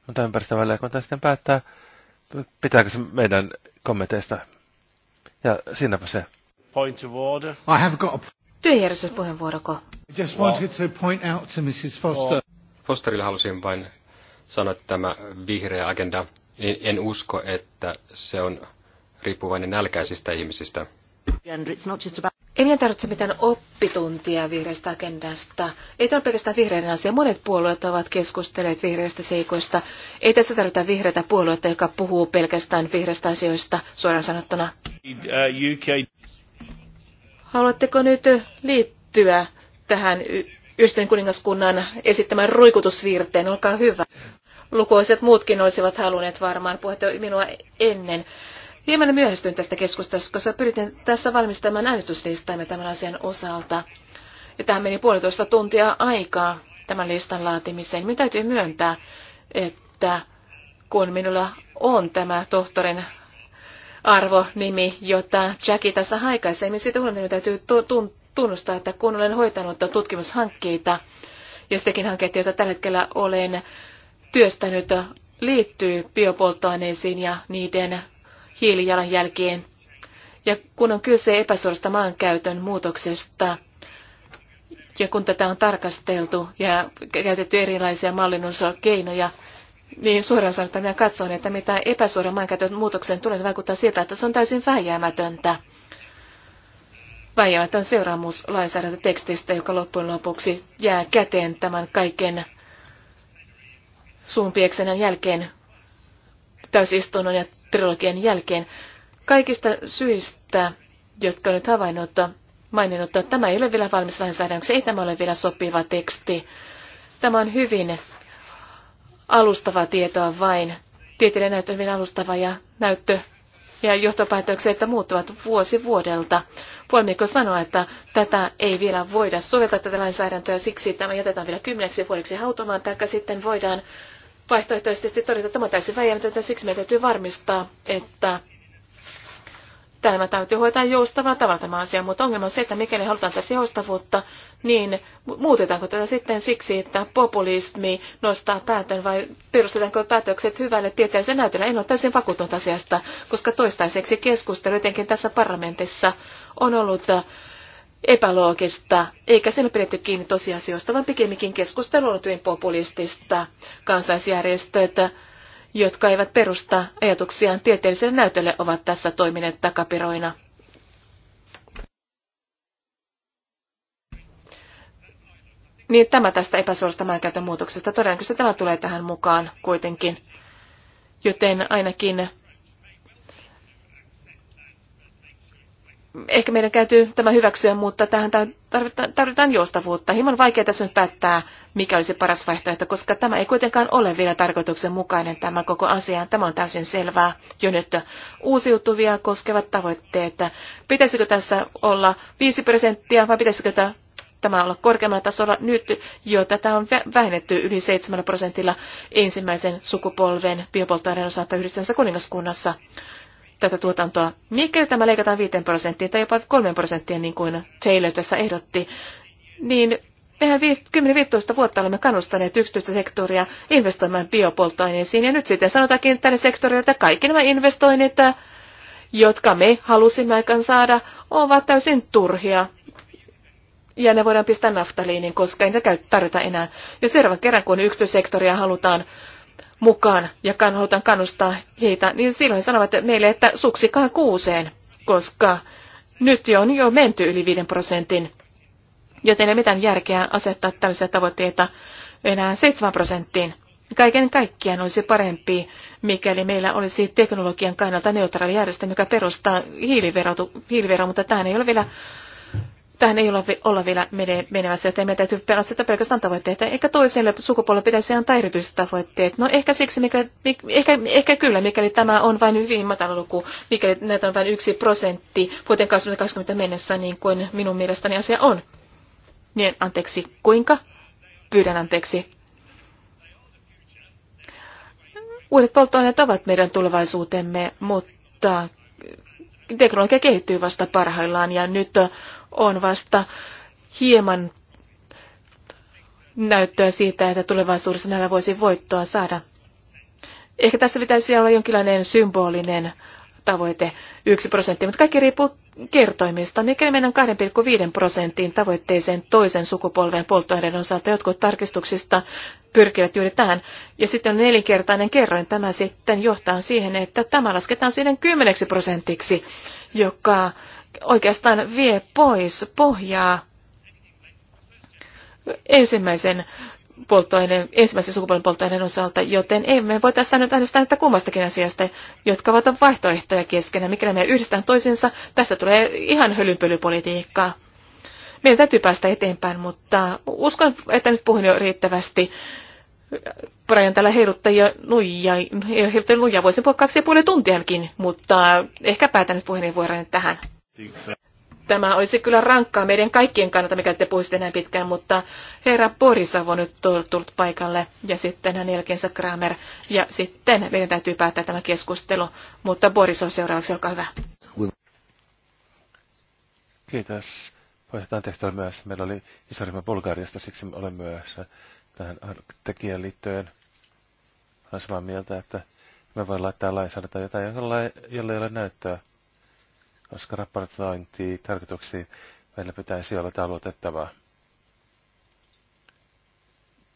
Mutta ympäristövaliokunta sitten päättää, pitääkö se meidän kommenteista. Ja siinäpä se. Point of order. I have got a... Työjärjestyspuheenvuoroko? I Just wanted to point out to Mrs. Foster. Fosterille halusin vain sanoa, että tämä vihreä agenda niin en usko, että se on riippuvainen nälkäisistä ihmisistä. Ei meidän tarvitse mitään oppituntia vihreästä agendasta. Ei tämä ole pelkästään vihreän asia. Monet puolueet ovat keskustelleet vihreistä seikoista. Ei tässä tarvita vihreätä puolueita, joka puhuu pelkästään vihreistä asioista suoraan sanottuna. Haluatteko nyt liittyä tähän ystävän kuningaskunnan esittämään ruikutusviirteen? Olkaa hyvä lukuiset muutkin olisivat halunneet varmaan puhua minua ennen. Hieman myöhästyn tästä keskustelusta, koska pyritin tässä valmistamaan äänestyslistamme tämän asian osalta. Ja tähän meni puolitoista tuntia aikaa tämän listan laatimiseen. Minun täytyy myöntää, että kun minulla on tämä tohtorin nimi, jota Jackie tässä aikaisemmin, siitä huolimatta minun täytyy tunnustaa, että kun olen hoitanut tutkimushankkeita ja sitäkin hankkeita, joita tällä hetkellä olen työstänyt liittyy biopolttoaineisiin ja niiden hiilijalanjälkeen. Ja kun on kyse epäsuorasta maankäytön muutoksesta, ja kun tätä on tarkasteltu ja käytetty erilaisia mallinnuskeinoja, niin suoraan sanottuna minä katson, että mitä epäsuora maankäytön muutokseen tulee, niin vaikuttaa siltä, että se on täysin vääjäämätöntä. Vääjäämätön seuraamus lainsäädäntötekstistä, joka loppujen lopuksi jää käteen tämän kaiken suunpieksenän jälkeen, täysistunnon ja trilogian jälkeen, kaikista syistä, jotka nyt havainnut, maininnut, että tämä ei ole vielä valmis lainsäädännöksi, ei tämä ole vielä sopiva teksti. Tämä on hyvin alustavaa tietoa vain. Tieteellinen näyttö on hyvin alustava ja näyttö ja että muuttuvat vuosi vuodelta. Voimmeko sanoa, että tätä ei vielä voida soveltaa tätä lainsäädäntöä, siksi tämä jätetään vielä kymmeneksi vuodeksi hautumaan, taikka sitten voidaan vaihtoehtoisesti todeta, että tämä on täysin väijämätöntä, siksi meidän täytyy varmistaa, että tämä täytyy hoitaa joustavalla tavalla tämä asia, mutta ongelma on se, että mikäli halutaan tässä joustavuutta, niin muutetaanko tätä sitten siksi, että populismi nostaa päätön vai perustetaanko päätökset hyvälle tieteelliselle näytölle? En ole täysin vakuuttunut asiasta, koska toistaiseksi keskustelu jotenkin tässä parlamentissa on ollut äh, epäloogista, eikä sen pidetty kiinni tosiasioista, vaan pikemminkin keskustelu on hyvin populistista. kansaisjärjestöitä, jotka eivät perusta ajatuksiaan tieteelliselle näytölle, ovat tässä toimineet takapiroina. Niin tämä tästä epäsuorasta maankäytön muutoksesta. Todennäköisesti tämä tulee tähän mukaan kuitenkin. Joten ainakin ehkä meidän täytyy tämä hyväksyä, mutta tähän tarvitaan, tarvitaan joustavuutta. Hieman vaikea tässä nyt päättää, mikä olisi paras vaihtoehto, koska tämä ei kuitenkaan ole vielä tarkoituksenmukainen tämä koko asia. Tämä on täysin selvää jo nyt. Uusiutuvia koskevat tavoitteet. Pitäisikö tässä olla 5 prosenttia vai pitäisikö tämä olla korkeammalla tasolla nyt, jo tätä on vähennetty yli 7 prosentilla ensimmäisen sukupolven biopolttoaineen osalta yhdistyneessä kuningaskunnassa tätä tuotantoa. Mikäli tämä leikataan 5 prosenttiin tai jopa 3 prosenttiin, niin kuin Taylor tässä ehdotti, niin mehän 10-15 vuotta olemme kannustaneet yksityistä sektoria investoimaan biopolttoaineisiin, ja nyt sitten sanotaankin tälle sektorille, että kaikki nämä investoinnit, jotka me halusimme aikaan saada, ovat täysin turhia. Ja ne voidaan pistää naftaliiniin, koska ei niitä tarvita enää. Ja seuraavan kerran, kun yksityissektoria halutaan mukaan ja halutaan kannustaa heitä, niin silloin sanovat meille, että suksikaa kuuseen, koska nyt jo on jo menty yli 5 prosentin, joten ei mitään järkeä asettaa tällaisia tavoitteita enää 7 prosenttiin. Kaiken kaikkiaan olisi parempi, mikäli meillä olisi teknologian kannalta neutraali järjestelmä, joka perustaa hiiliveroa, mutta tämä ei ole vielä tähän ei ole, olla vielä menemässä, joten meidän täytyy sitä pelkästään tavoitteita, eikä toiselle sukupuolelle pitäisi antaa tavoitteet. No ehkä siksi, mikäli, ehkä, ehkä kyllä, mikäli tämä on vain hyvin matala luku, mikäli näitä on vain yksi prosentti vuoteen 2020 mennessä, niin kuin minun mielestäni asia on. Niin, anteeksi, kuinka? Pyydän anteeksi. Uudet polttoaineet ovat meidän tulevaisuutemme, mutta teknologia kehittyy vasta parhaillaan ja nyt on vasta hieman näyttöä siitä, että tulevaisuudessa näillä voisi voittoa saada. Ehkä tässä pitäisi olla jonkinlainen symbolinen tavoite 1 prosentti, mutta kaikki riippuu kertoimista. Mikäli mennään 2,5 prosenttiin tavoitteeseen toisen sukupolven polttoaineiden osalta, jotkut tarkistuksista pyrkivät juuri tähän. Ja sitten on nelinkertainen kerroin. Tämä sitten johtaa siihen, että tämä lasketaan siihen 10 prosentiksi, joka oikeastaan vie pois pohjaa ensimmäisen polttoaineen, ensimmäisen sukupolven polttoaineen osalta, joten emme voi tässä nyt äänestää näitä kummastakin asiasta, jotka ovat vaihtoehtoja keskenään. Mikäli me yhdistetään toisiinsa, tästä tulee ihan hölynpölypolitiikkaa. Meidän täytyy päästä eteenpäin, mutta uskon, että nyt puhun jo riittävästi. Brian täällä heiluttajia nuija, heiluttajia nuija voisin puhua kaksi ja puoli tuntiakin, mutta ehkä päätän nyt puheenvuoroni tähän. Tämä olisi kyllä rankkaa meidän kaikkien kannalta, mikä te puhuisitte näin pitkään, mutta herra Borisov on nyt tullut paikalle ja sitten hän jälkeensä Kramer ja sitten meidän täytyy päättää tämä keskustelu, mutta Borisov seuraavaksi, olkaa hyvä. Kiitos. Pohjataan tehtävä myös. Meillä oli iso ryhmä Bulgariasta, siksi olen myös tähän tekijän liittyen. Olen samaa mieltä, että me voimme laittaa lainsäädäntöä jotain, jolla ei ole näyttöä koska raportointi tarkoituksiin meillä pitäisi olla luotettavaa.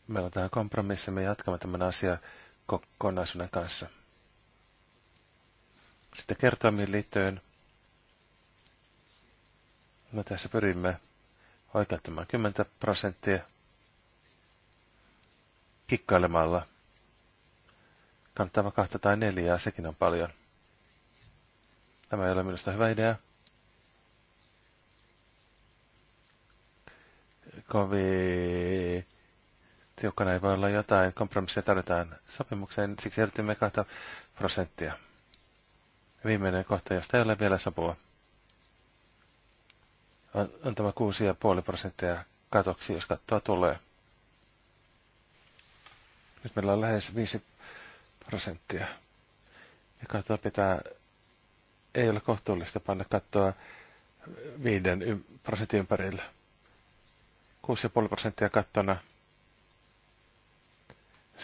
Meillä on tähän kompromissi, me jatkamme tämän asian kokonaisuuden kanssa. Sitten kertoimiin liittyen. Me no, tässä pyrimme oikeuttamaan 10 prosenttia kikkailemalla. Kannattaa kahta tai neljää, sekin on paljon. Tämä ei ole minusta hyvä idea. Kovin tiukkana ei voi olla jotain. Kompromissia tarvitaan sopimukseen, siksi ehdotimme kahta prosenttia. Viimeinen kohta, josta ei ole vielä sopua, on, on tämä 6,5 prosenttia katoksi, jos kattoa tulee. Nyt meillä on lähes 5 prosenttia. Ja kattoa pitää ei ole kohtuullista panna kattoa viiden prosentin ympärillä. 6,5 prosenttia kattona.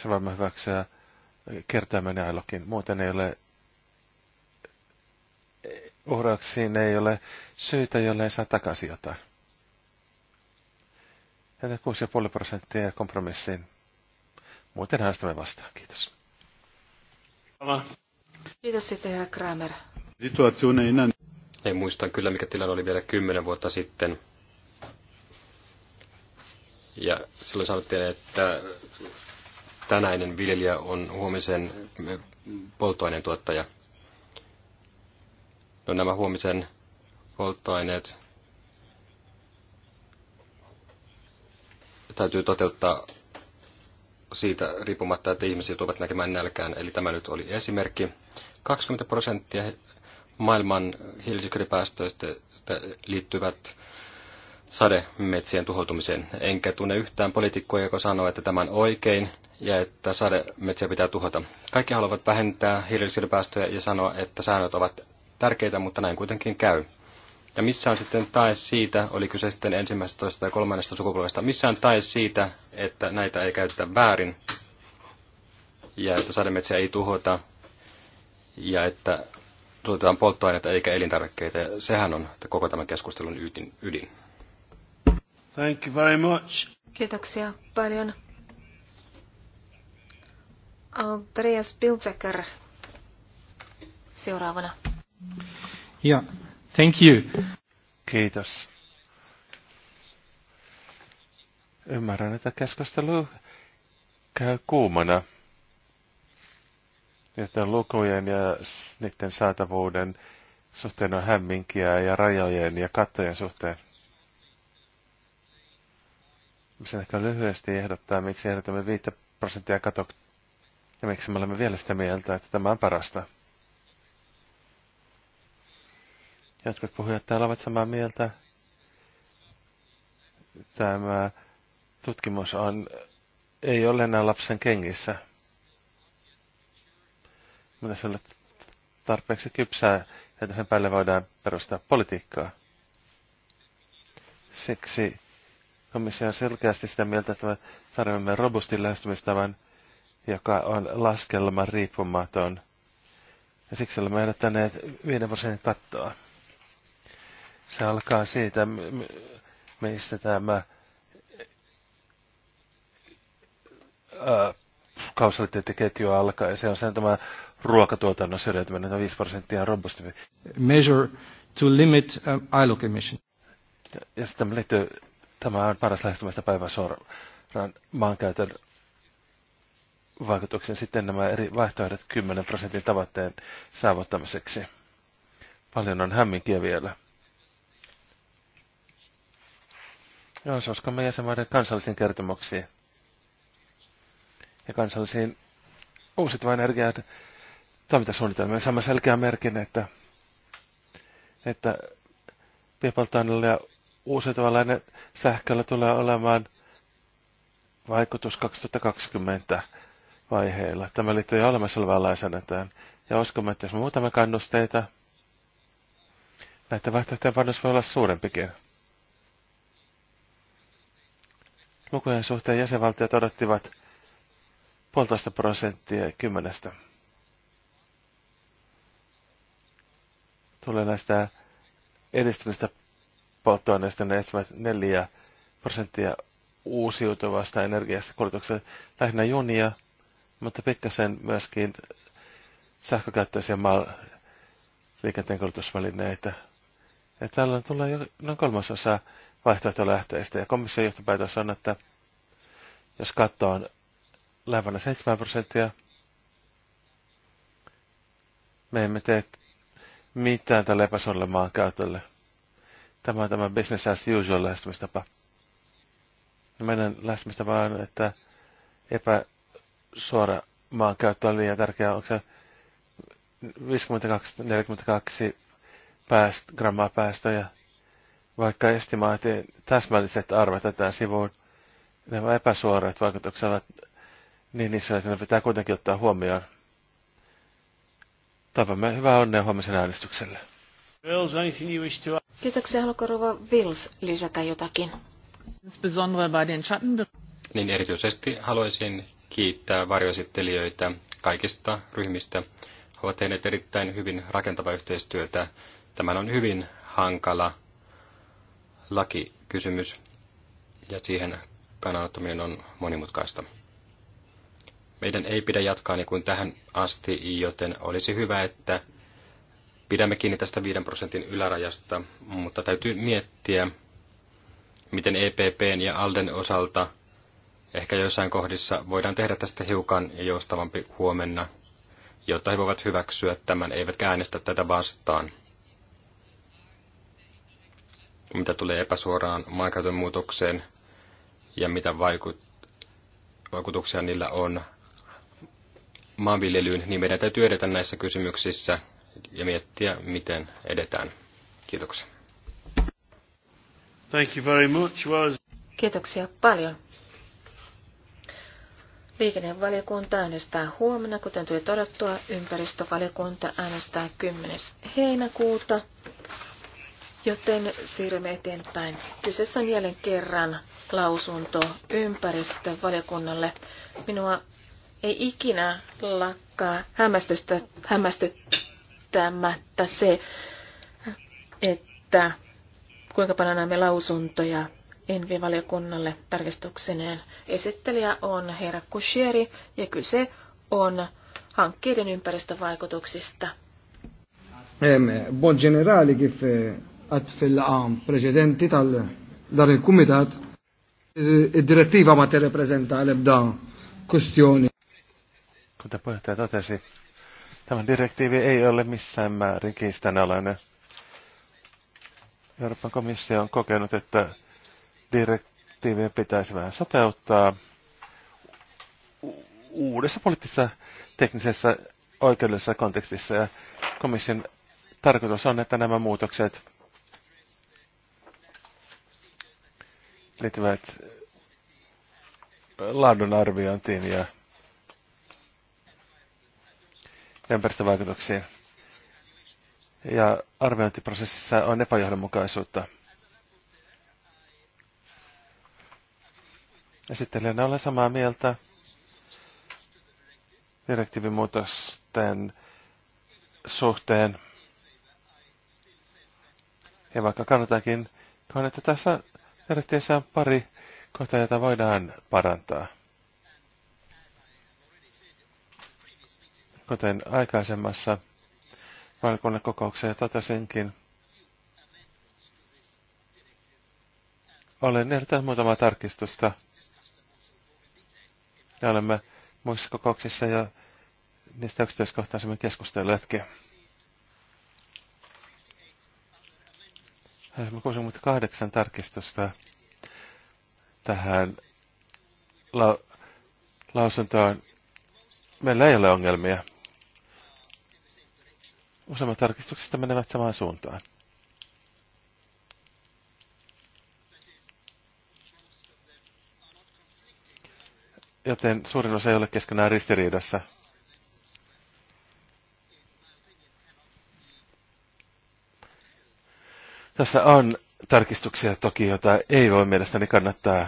Se voimme hyväksyä kertaimen ailokin. Muuten ei ole uhrauksiin ei ole syytä, ei saa takaisin jotain. Ja 6,5 prosenttia kompromissiin. Muuten haastamme vastaan. Kiitos. Kiitos sitten, herra Kramer. Ei muista kyllä, mikä tilanne oli vielä kymmenen vuotta sitten. Ja silloin sanottiin, että tänäinen viljelijä on huomisen mm, polttoaineen tuottaja. No nämä huomisen polttoaineet täytyy toteuttaa siitä riippumatta, että ihmiset tulevat näkemään nälkään. Eli tämä nyt oli esimerkki. 20 prosenttia maailman hiilidioksidipäästöistä liittyvät sademetsien tuhoutumiseen. Enkä tunne yhtään poliitikkoa, joka sanoo, että tämä on oikein ja että sademetsiä pitää tuhota. Kaikki haluavat vähentää hiilidioksidipäästöjä ja sanoa, että säännöt ovat tärkeitä, mutta näin kuitenkin käy. Ja missä on sitten tae siitä, oli kyse sitten ensimmäisestä, toista tai kolmannesta sukupolvesta, missä on tae siitä, että näitä ei käytetä väärin ja että sademetsiä ei tuhota ja että tuotetaan polttoaineita eikä elintarvikkeita. Ja sehän on koko tämän keskustelun ydin. Thank you very much. Kiitoksia paljon. Andreas Pilzeker, seuraavana. Yeah, thank you. Kiitos. Ymmärrän, että keskustelu käy kuumana että lukujen ja niiden saatavuuden suhteen on hämminkiä ja rajojen ja kattojen suhteen. Sen ehkä lyhyesti ehdottaa, miksi ehdotamme 5 prosenttia kato ja miksi me olemme vielä sitä mieltä, että tämä on parasta. Jotkut puhujat täällä ovat samaa mieltä. Tämä tutkimus on, ei ole enää lapsen kengissä. Mutta se on tarpeeksi kypsää, että sen päälle voidaan perustaa politiikkaa. Siksi komissio on selkeästi sitä mieltä, että me tarvitsemme robustin lähestymistavan, joka on laskelma riippumaton. Ja siksi olemme ehdottaneet 5 prosentin kattoa. Se alkaa siitä, mistä tämä kausaliteettiketju alkaa, ja se on sen tämä ruokatuotannon syrjäytyminen, on 5 prosenttia robustimpi. Measure to limit uh, ILOC emission. Ja, ja sitten liittyy, tämä on paras lähtömästä päivän suoraan maankäytön vaikutuksen sitten nämä eri vaihtoehdot 10 prosentin tavoitteen saavuttamiseksi. Paljon on hämminkiä vielä. Jos meidän jäsenmaiden kansallisiin kertomuksiin, ja kansallisiin uusiutuvan energian toimintasuunnitelmiin. sama selkeä merkin, että, että biopolttoaineella ja uusiutuvalla sähköllä tulee olemaan vaikutus 2020 vaiheilla. Tämä liittyy jo olemassa olevaan lainsäädäntöön. Ja uskomme, että jos me muutamme kannusteita, näiden vaihtoehtojen panos voi olla suurempikin. Lukujen suhteen jäsenvaltiot odottivat puolitoista prosenttia kymmenestä. Tulee näistä edistyneistä polttoaineista neljä prosenttia uusiutuvasta energiasta kulutuksessa lähinnä junia, mutta pikkasen myöskin sähkökäyttöisiä maal- liikenteen kuljetusvälineitä. Ja täällä tulee jo noin kolmasosa vaihtoehtolähteistä. Ja komission johtopäätös on, että jos katsoo lävänä 7 prosenttia. Me emme tee mitään tälle epäsuunnille maankäytölle. Tämä on tämä business as usual lähestymistapa. Meidän lähestymistapa on, että epäsuora maankäyttö on liian tärkeää. Onko se 52-42 pääst, grammaa päästöjä, vaikka estimaatin täsmälliset arvet tätä sivuun, nämä epäsuorat vaikutukset ovat niin iso, niin että ne pitää kuitenkin ottaa huomioon. Toivomme hyvää onnea huomisen äänestykselle. Kiitoksia. Haluatko Rova Wills lisätä jotakin? Niin erityisesti haluaisin kiittää varjoesittelijöitä kaikista ryhmistä. He ovat tehneet erittäin hyvin rakentavaa yhteistyötä. Tämä on hyvin hankala lakikysymys ja siihen kannanottaminen on monimutkaista meidän ei pidä jatkaa niin kuin tähän asti, joten olisi hyvä, että pidämme kiinni tästä 5 prosentin ylärajasta, mutta täytyy miettiä, miten EPPn ja ALDEn osalta ehkä joissain kohdissa voidaan tehdä tästä hiukan joustavampi huomenna, jotta he voivat hyväksyä tämän, eivätkä äänestä tätä vastaan. Mitä tulee epäsuoraan maankäytön muutokseen ja mitä vaikut- vaikutuksia niillä on maanviljelyyn, niin meidän täytyy edetä näissä kysymyksissä ja miettiä, miten edetään. Kiitoksia. Thank you very much. Kiitoksia paljon. Liikennevaliokunta äänestää huomenna, kuten tuli todettua, ympäristövaliokunta äänestää 10. heinäkuuta, joten siirrymme eteenpäin. Kyseessä on jälleen kerran lausunto ympäristövaliokunnalle. Minua ei ikinä lakkaa hämmästystä, hämmästyttämättä se, että kuinka paljon näemme lausuntoja Envi-valiokunnalle tarkistuksineen. Esittelijä on herra Kushieri ja kyse on hankkeiden ympäristövaikutuksista. Buon generale che at fil-qam preċedenti tal-dar il-Kumitat, id-direttiva ma t-reprezenta l Kuten puheenjohtaja totesi, tämä direktiivi ei ole missään määrin kiistanalainen. Euroopan komissio on kokenut, että direktiiviä pitäisi vähän sopeuttaa uudessa poliittisessa, teknisessä, oikeudellisessa kontekstissa. Ja komission tarkoitus on, että nämä muutokset liittyvät laadun arviointiin ja ympäristövaikutuksiin. Ja arviointiprosessissa on epäjohdonmukaisuutta. Esittelijänä olen samaa mieltä direktiivimuutosten suhteen. Ja vaikka kannatakin, kannattaa tässä direktiivissä on pari kohtaa, jota voidaan parantaa. Kuten aikaisemmassa valkoinen kokouksessa totesinkin, olen ehdottanut muutamaa tarkistusta. Ja olemme muissa kokouksissa jo niistä yksityiskohtaisemmin keskustelleetkin. 68 tarkistusta tähän la- lausuntoon. Meillä ei ole ongelmia useammat tarkistuksista menevät samaan suuntaan. Joten suurin osa ei ole keskenään ristiriidassa. Tässä on tarkistuksia toki, joita ei voi mielestäni kannattaa,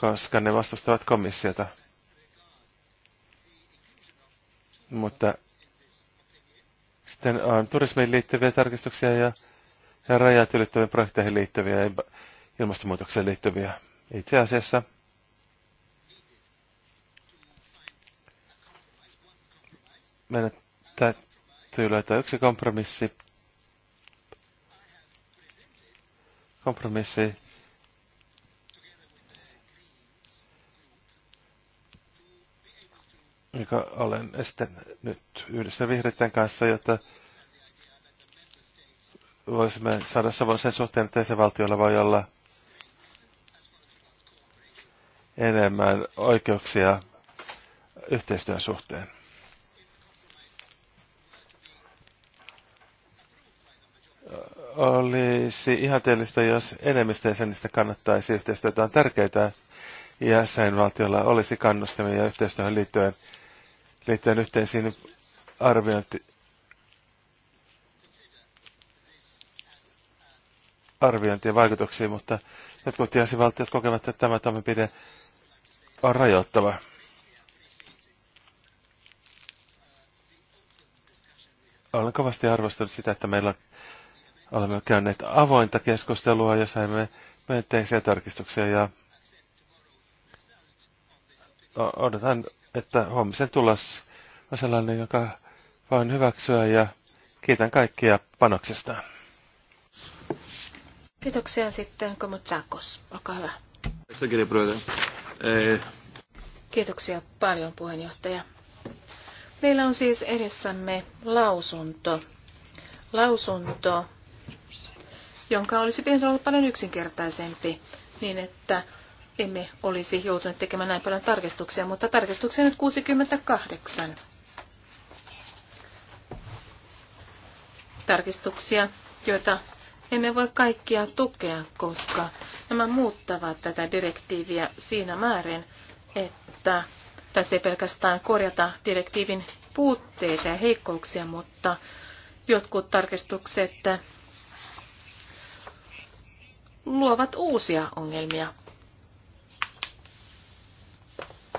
koska ne vastustavat komissiota. Mutta sitten on ähm, turismiin liittyviä tarkistuksia ja, ja rajat ylittäviin projekteihin liittyviä ja ilmastonmuutokseen liittyviä. Itse asiassa meidän täytyy löytää yksi kompromissi. Kompromissi joka olen nyt yhdessä vihreiden kanssa, jotta voisimme saada Savon sen suhteen, että se valtiolla voi olla enemmän oikeuksia yhteistyön suhteen. Olisi ihanteellista, jos enemmistö jäsenistä kannattaisi yhteistyötä. On tärkeää jäsenvaltiolla olisi kannustamia yhteistyöhön liittyen liittyen siinä arviointi, arviointien vaikutuksiin, mutta jotkut jäsenvaltiot kokevat, että tämä toimenpide on rajoittava. Olen kovasti arvostanut sitä, että meillä olemme käyneet avointa keskustelua ja saimme myönteisiä tarkistuksia ja odotan että huomisen tulos on sellainen, joka voin hyväksyä ja kiitän kaikkia panoksesta. Kiitoksia sitten Komotsakos, olkaa hyvä. Kiitoksia paljon puheenjohtaja. Meillä on siis edessämme lausunto. Lausunto, jonka olisi pitänyt olla paljon yksinkertaisempi, niin että emme olisi joutuneet tekemään näin paljon tarkistuksia, mutta tarkistuksia nyt 68. Tarkistuksia, joita emme voi kaikkia tukea, koska nämä muuttavat tätä direktiiviä siinä määrin, että tässä ei pelkästään korjata direktiivin puutteita ja heikkouksia, mutta jotkut tarkistukset luovat uusia ongelmia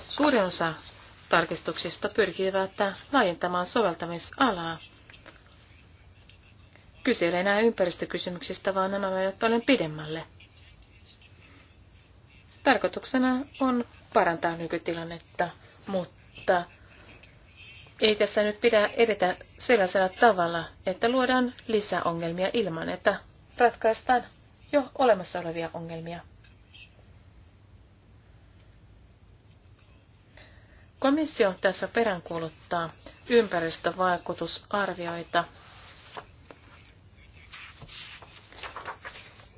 Suuri osa tarkistuksista pyrkivät laajentamaan soveltamisalaa. Kyse ei ole enää ympäristökysymyksistä, vaan nämä menevät paljon pidemmälle. Tarkoituksena on parantaa nykytilannetta, mutta ei tässä nyt pidä edetä sellaisella tavalla, että luodaan lisäongelmia ilman, että ratkaistaan jo olemassa olevia ongelmia. Komissio tässä peräänkuuluttaa ympäristövaikutusarvioita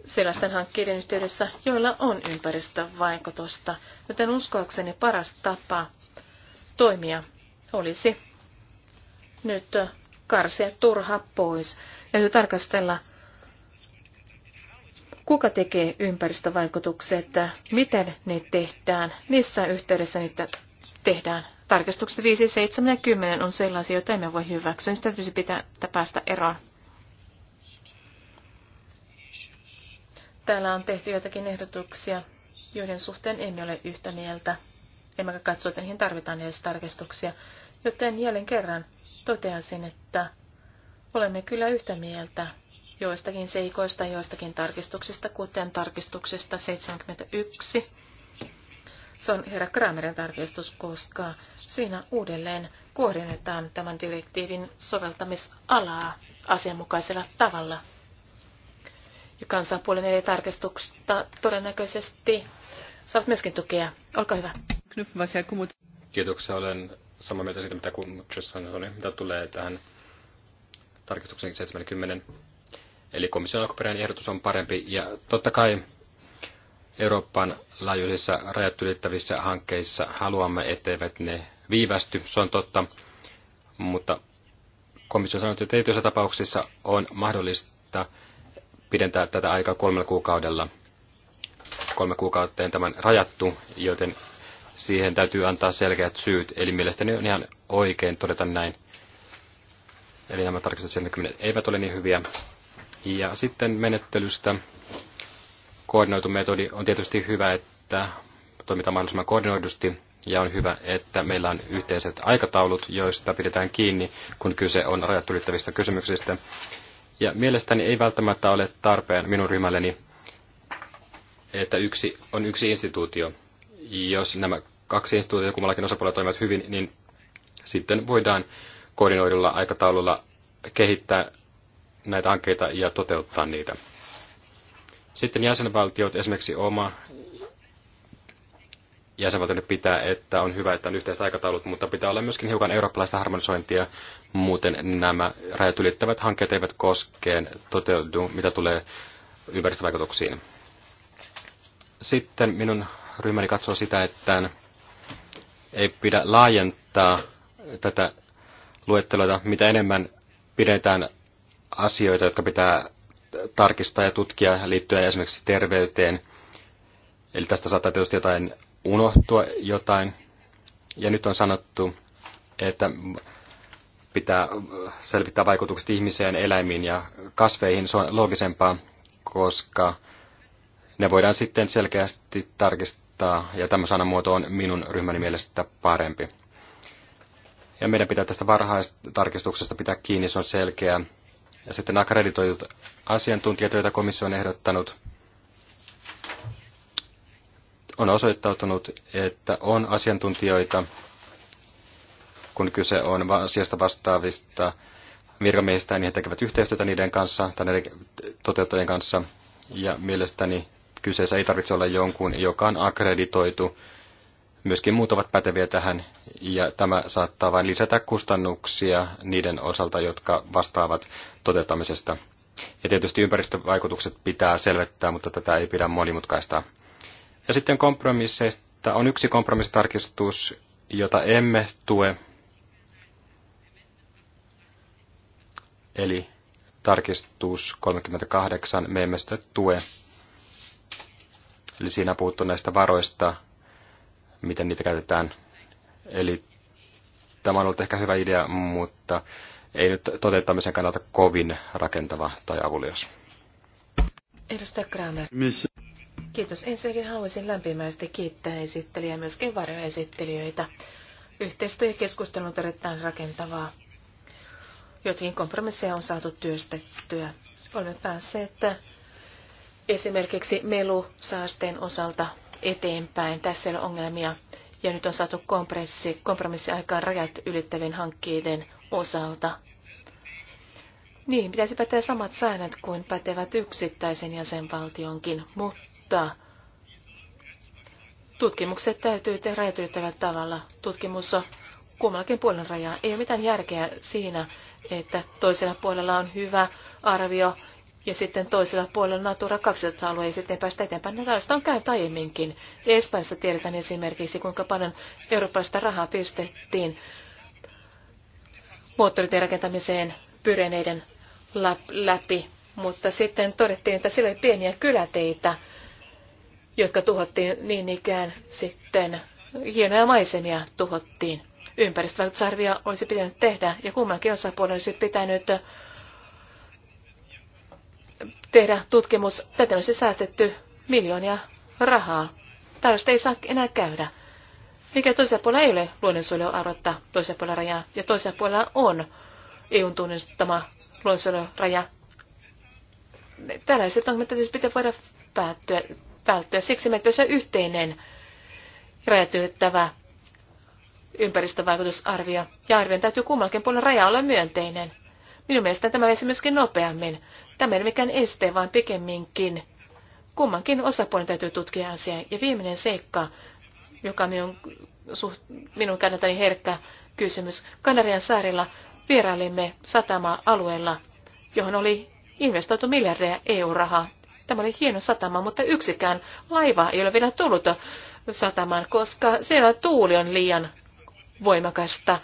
sellaisten hankkeiden yhteydessä, joilla on ympäristövaikutusta, joten uskoakseni paras tapa toimia olisi nyt karsia turha pois ja tarkastella, kuka tekee ympäristövaikutukset, miten ne tehdään, missä yhteydessä niitä tehdään. Tarkastukset 5, 7 ja 10 on sellaisia, joita emme voi hyväksyä. Sitä täytyisi pitää päästä eroon. Täällä on tehty joitakin ehdotuksia, joiden suhteen emme ole yhtä mieltä. Emmekä katso, että niihin tarvitaan edes tarkistuksia. Joten jälleen kerran toteaisin, että olemme kyllä yhtä mieltä joistakin seikoista, joistakin tarkistuksista, kuten tarkistuksista 71 se on herra Kramerin tarkistus, koska siinä uudelleen kohdennetaan tämän direktiivin soveltamisalaa asianmukaisella tavalla. Ja kansanpuolen eri tarkistuksista todennäköisesti saat myöskin tukea. Olkaa hyvä. Kiitoksia. Olen samaa mieltä siitä, mitä Kumutsus sanoi, mitä tulee tähän tarkistuksen 70. Eli komission alkuperäinen ehdotus on parempi. Ja totta kai Euroopan laajuisissa rajat ylittävissä hankkeissa haluamme, etteivät ne viivästy, se on totta, mutta komissio sanoi, että tietyissä tapauksissa on mahdollista pidentää tätä aikaa kolmella kuukaudella. Kolme kuukautta tämän rajattu, joten siihen täytyy antaa selkeät syyt, eli mielestäni on ihan oikein todeta näin. Eli nämä tarkistukset eivät ole niin hyviä. Ja sitten menettelystä koordinoitu metodi on tietysti hyvä, että toimitaan mahdollisimman koordinoidusti ja on hyvä, että meillä on yhteiset aikataulut, joista pidetään kiinni, kun kyse on rajat ylittävistä kysymyksistä. Ja mielestäni ei välttämättä ole tarpeen minun ryhmälleni, että yksi, on yksi instituutio. Jos nämä kaksi instituutiota kummallakin osapuolella toimivat hyvin, niin sitten voidaan koordinoidulla aikataululla kehittää näitä hankkeita ja toteuttaa niitä. Sitten jäsenvaltiot, esimerkiksi oma jäsenvaltio pitää, että on hyvä, että on yhteiset aikataulut, mutta pitää olla myöskin hiukan eurooppalaista harmonisointia. Muuten nämä rajat ylittävät hankkeet eivät koskeen toteudu, mitä tulee ympäristövaikutuksiin. Sitten minun ryhmäni katsoo sitä, että ei pidä laajentaa tätä luettelota, mitä enemmän pidetään asioita, jotka pitää tarkistaa ja tutkia liittyen esimerkiksi terveyteen. Eli tästä saattaa tietysti jotain unohtua jotain. Ja nyt on sanottu, että pitää selvittää vaikutukset ihmiseen, eläimiin ja kasveihin. Se on loogisempaa, koska ne voidaan sitten selkeästi tarkistaa, ja tämä sanamuoto on minun ryhmäni mielestä parempi. Ja meidän pitää tästä varhaistarkistuksesta pitää kiinni, se on selkeä. Ja sitten akkreditoidut asiantuntijat, joita komissio on ehdottanut, on osoittautunut, että on asiantuntijoita, kun kyse on asiasta vastaavista virkamiehistä, niin he tekevät yhteistyötä niiden kanssa tai näiden toteuttajien kanssa. Ja mielestäni kyseessä ei tarvitse olla jonkun, joka on akkreditoitu myöskin muut ovat päteviä tähän, ja tämä saattaa vain lisätä kustannuksia niiden osalta, jotka vastaavat toteuttamisesta. Ja tietysti ympäristövaikutukset pitää selvittää, mutta tätä ei pidä monimutkaistaa. Ja sitten kompromisseista on yksi kompromissitarkistus, jota emme tue, eli tarkistus 38, me emme sitä tue. Eli siinä puuttuu näistä varoista, miten niitä käytetään. Eli tämä on ollut ehkä hyvä idea, mutta ei nyt toteuttamisen kannalta kovin rakentava tai avulias. Edustaja Kramer. Missä? Kiitos. Ensinnäkin haluaisin lämpimästi kiittää esittelijä ja myöskin varjoesittelijöitä. Yhteistyö ja keskustelu on erittäin rakentavaa. Jotkin kompromisseja on saatu työstettyä. Olemme päässeet että esimerkiksi melusaasteen osalta eteenpäin. Tässä ei ole ongelmia. Ja nyt on saatu kompromissi, kompromissi aikaan rajat ylittävien hankkeiden osalta. Niihin pitäisi päteä samat säännöt kuin pätevät yksittäisen jäsenvaltionkin, mutta tutkimukset täytyy tehdä rajat ylittävällä tavalla. Tutkimus on kummallakin puolen rajaa. Ei ole mitään järkeä siinä, että toisella puolella on hyvä arvio ja sitten toisella puolella Natura 200-alue ja sitten päästä eteenpäin. No, tällaista on käynyt aiemminkin. Espanjassa tiedetään esimerkiksi, kuinka paljon eurooppalaista rahaa pistettiin moottoriteen rakentamiseen pyreneiden läpi, mutta sitten todettiin, että sillä oli pieniä kyläteitä, jotka tuhottiin niin ikään sitten hienoja maisemia tuhottiin. Ympäristövaikutusarvia olisi pitänyt tehdä ja kummankin osapuolen olisi pitänyt tehdä tutkimus. tätä olisi säästetty miljoonia rahaa. Tällaista ei saa enää käydä. Mikä toisella puolella ei ole luonnonsuojeluarvotta toisella puolella rajaa, ja toisella puolella on EUn tunnistama luonnonsuojeluraja. Tällaiset ongelmat tietysti pitää voida päättyä, välttyä. Siksi me pitäisi yhteinen rajatyydyttävä ympäristövaikutusarvio, ja arvion täytyy kummallakin puolella raja olla myönteinen. Minun mielestä tämä veisi myöskin nopeammin. Tämä ei ole mikään este, vaan pikemminkin kummankin osapuolen täytyy tutkia asiaa. Ja viimeinen seikka, joka on minun, suht, minun kannaltani herkkä kysymys. Kanarian saarilla vierailimme satama-alueella, johon oli investoitu miljardeja EU-rahaa. Tämä oli hieno satama, mutta yksikään laiva ei ole vielä tullut satamaan, koska siellä tuuli on liian voimakasta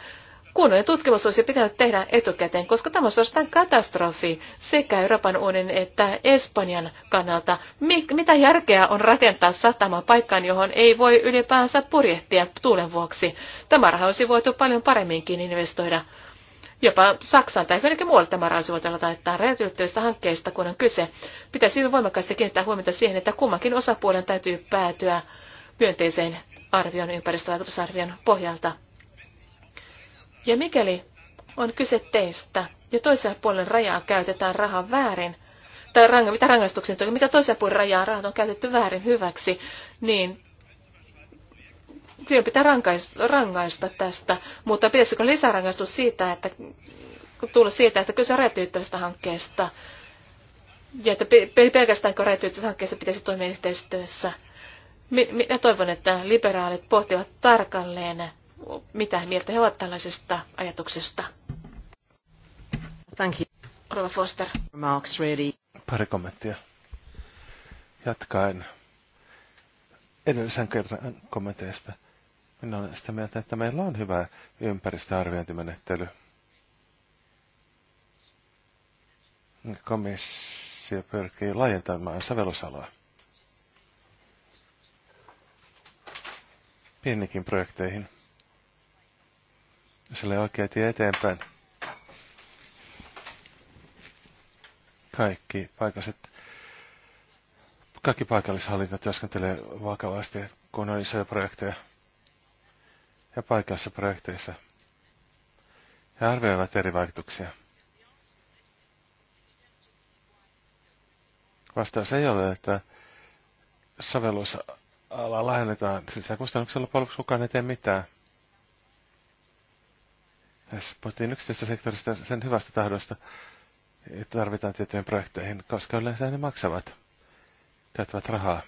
Kunnollinen tutkimus olisi pitänyt tehdä etukäteen, koska tämä olisi suorastaan katastrofi sekä Euroopan unionin että Espanjan kannalta. Mik, mitä järkeä on rakentaa satama paikkaan, johon ei voi ylipäänsä purjehtia tuulen vuoksi? Tämä raha olisi voitu paljon paremminkin investoida. Jopa Saksaan tai jonnekin muualle tämä raha olisi voitu laittaa rajatylittävistä hankkeista, kun on kyse. Pitäisi hyvin voimakkaasti kiinnittää huomiota siihen, että kummankin osapuolen täytyy päätyä myönteiseen arvion, ympäristövaikutusarvion pohjalta. Ja mikäli on kyse teistä ja toisella puolen rajaa käytetään rahaa väärin, tai ranga, mitä rangaistuksen tuli, mitä toisella puolen rajaa rahat on käytetty väärin hyväksi, niin siinä pitää rankaista, rangaista tästä. Mutta pitäisikö lisärangaistus siitä, että tulla siitä, että kyse on hankkeesta, ja että pelkästään kun räätyyttävästä hankkeessa pitäisi toimia yhteistyössä. Minä toivon, että liberaalit pohtivat tarkalleen mitä mieltä he ovat tällaisesta ajatuksesta. Thank you. Rova Foster. Remarks, really. Pari kommenttia. Jatkaen edellisen kerran kommenteista. Minä olen sitä mieltä, että meillä on hyvä ympäristöarviointimenettely. Komissio pyrkii laajentamaan sävellysalaa. Pienikin projekteihin. Se oli oikea tie eteenpäin. Kaikki paikalliset, kaikki paikallishallinnot työskentelee vakavasti, kun on isoja projekteja ja paikallisissa projekteissa. He arvioivat eri vaikutuksia. Vastaus ei ole, että sovellusala lähennetaan, siis kustannuksella kukaan ei tee mitään tässä puhuttiin yksityisestä sektorista sen hyvästä tahdosta, että tarvitaan tiettyihin projekteihin, koska yleensä ne maksavat, käyttävät rahaa.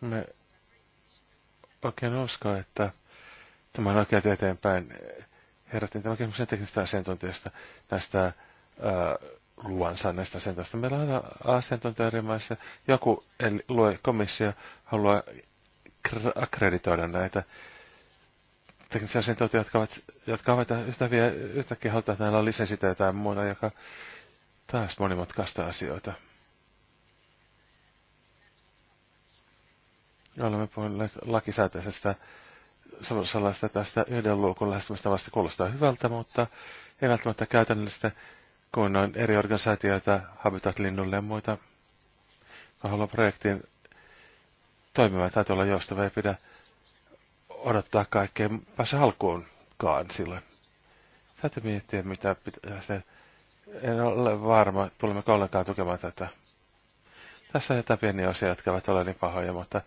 Me oikein usko, että tämä on oikea eteenpäin. Herättiin tämä kysymys teknisestä asiantuntijasta näistä ää, luvan näistä asentoista. Meillä on aina asiantuntijaryhmässä joku eli lue komissio haluaa akkreditoida näitä teknisiä asiantuntijoita, jotka ovat, jotka ovat vielä, yhtäkkiä halutaan, että näillä on lisää sitä jotain muuta, joka taas monimutkaista asioita. Olemme puhuneet lakisääteisestä sellaista tästä yhden luukun lähestymistä vasta kuulostaa hyvältä, mutta ei välttämättä käytännöllistä kun on eri organisaatioita, Habitat-linnulle ja muita. Mä haluan projektin toimiva, täytyy olla joustava, ei pidä odottaa kaikkea pääse alkuunkaan silloin. Täytyy miettiä, mitä pitää En ole varma, tulemme ollenkaan tukemaan tätä. Tässä on jotain pieniä osia, jotka ovat ole niin pahoja, mutta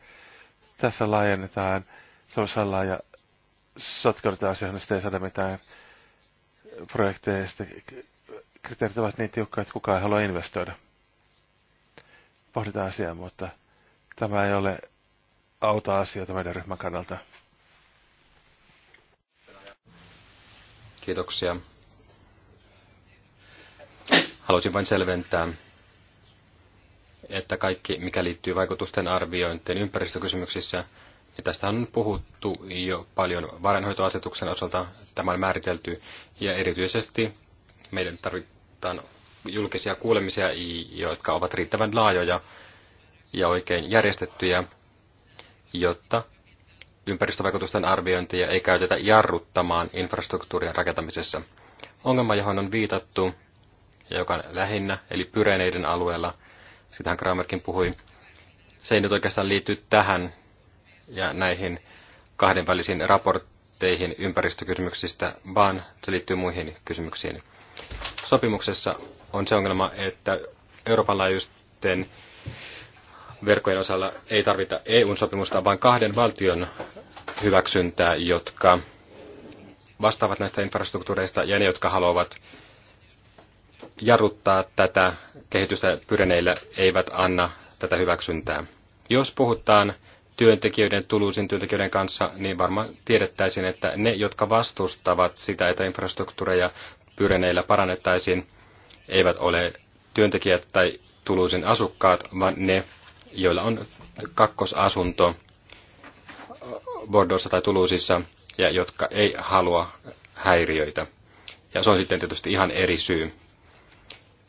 tässä laajennetaan Suomessa ja sotkeudutaan asioihin, niin ei saada mitään projekteista kriteerit ovat niin tiukkoja, että kukaan ei halua investoida. Pohditaan asiaa, mutta tämä ei ole auta asioita meidän ryhmän kannalta. Kiitoksia. Haluaisin vain selventää, että kaikki, mikä liittyy vaikutusten arviointiin ympäristökysymyksissä, niin tästä on puhuttu jo paljon varainhoitoasetuksen osalta, tämä on määritelty, ja erityisesti meidän tarvitaan julkisia kuulemisia, jotka ovat riittävän laajoja ja oikein järjestettyjä, jotta ympäristövaikutusten arviointia ei käytetä jarruttamaan infrastruktuuria rakentamisessa. Ongelma, johon on viitattu, ja joka on lähinnä, eli pyreneiden alueella, sitähän Kramerkin puhui, se ei nyt oikeastaan liity tähän ja näihin kahdenvälisiin raportteihin ympäristökysymyksistä, vaan se liittyy muihin kysymyksiin sopimuksessa on se ongelma, että Euroopan laajuisten verkkojen osalla ei tarvita EU-sopimusta, vaan kahden valtion hyväksyntää, jotka vastaavat näistä infrastruktuureista ja ne, jotka haluavat jarruttaa tätä kehitystä Pyreneillä, eivät anna tätä hyväksyntää. Jos puhutaan työntekijöiden, tuluisin työntekijöiden kanssa, niin varmaan tiedettäisiin, että ne, jotka vastustavat sitä, että infrastruktuureja Pyreneillä parannettaisiin, eivät ole työntekijät tai Tuluisin asukkaat, vaan ne, joilla on kakkosasunto Bordossa tai Tuluisissa ja jotka ei halua häiriöitä. Ja se on sitten tietysti ihan eri syy.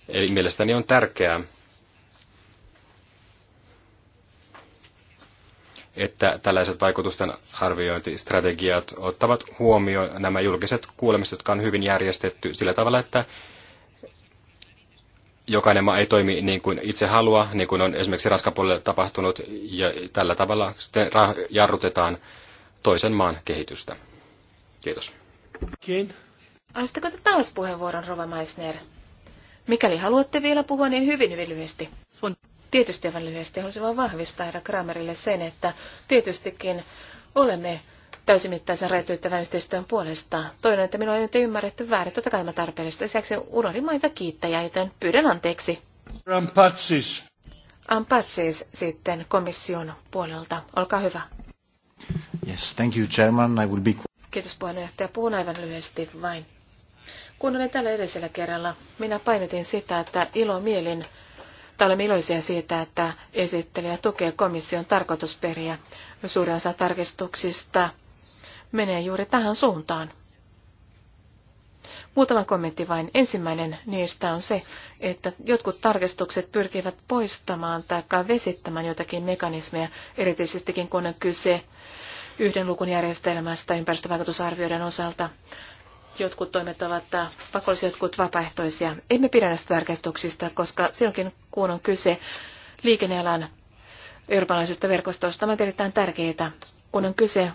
Eli mielestäni on tärkeää, että tällaiset vaikutusten arviointistrategiat ottavat huomioon nämä julkiset kuulemiset, jotka on hyvin järjestetty sillä tavalla, että jokainen maa ei toimi niin kuin itse haluaa, niin kuin on esimerkiksi raskapuolelle tapahtunut, ja tällä tavalla sitten jarrutetaan toisen maan kehitystä. Kiitos. Kiin. Aistako te taas puheenvuoron, Rova Meissner? Mikäli haluatte vielä puhua, niin hyvin, hyvin lyhyesti. Tietysti aivan lyhyesti haluaisin vain vahvistaa herra Kramerille sen, että tietystikin olemme täysimittaisen rajatyöttävän yhteistyön puolesta. Toinen, että minua ei nyt ymmärretty väärin, totta kai tämä tarpeellista. Lisäksi unohdin mainita kiittäjää, joten pyydän anteeksi. Rampatsis. Ampatsis sitten komission puolelta. Olkaa hyvä. Yes, thank you, Chairman. I will be... Kiitos puheenjohtaja. Puhun aivan lyhyesti vain. Kun olin tällä edellisellä kerralla, minä painotin sitä, että ilo mielin tai olemme iloisia siitä, että esittelijä tukee komission tarkoitusperiä. Suurin osa tarkistuksista menee juuri tähän suuntaan. Muutama kommentti vain. Ensimmäinen niistä on se, että jotkut tarkistukset pyrkivät poistamaan tai vesittämään jotakin mekanismeja, erityisestikin kun on kyse yhden lukun järjestelmästä ympäristövaikutusarvioiden osalta. Jotkut toimet ovat äh, pakollisia, jotkut vapaaehtoisia. Emme pidä näistä tarkastuksista, koska silloinkin kun on kyse liikennealan eurooppalaisesta verkostosta, on erittäin tärkeää, Kun on kyse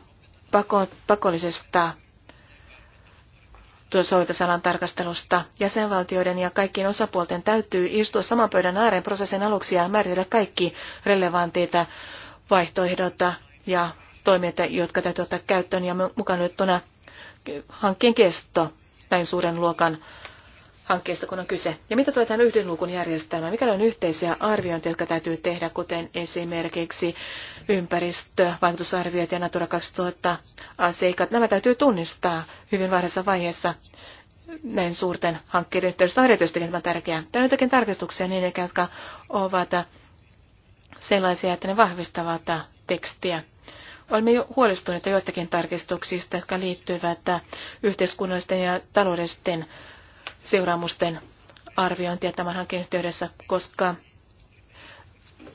pako- pakollisesta sovitusalan tarkastelusta. Jäsenvaltioiden ja kaikkien osapuolten täytyy istua saman pöydän ääreen prosessin aluksi ja määritellä kaikki relevantiita vaihtoehdot ja toimijoita, jotka täytyy ottaa käyttöön ja mukaan nyt hankkeen kesto näin suuren luokan hankkeesta, kun on kyse. Ja mitä tulee tähän yhden luukun järjestelmään? Mikä on yhteisiä arviointeja, jotka täytyy tehdä, kuten esimerkiksi ympäristö, vaikutusarviot ja Natura 2000 seikat? Nämä täytyy tunnistaa hyvin varhaisessa vaiheessa näin suurten hankkeiden yhteydessä on erityisesti tämä tärkeää. Tämä on jotakin tarkistuksia niin, jotka ovat sellaisia, että ne vahvistavat tekstiä. Olemme jo huolestuneita joistakin tarkistuksista, jotka liittyvät yhteiskunnallisten ja taloudellisten seuraamusten arviointia tämän hankkeen yhteydessä, koska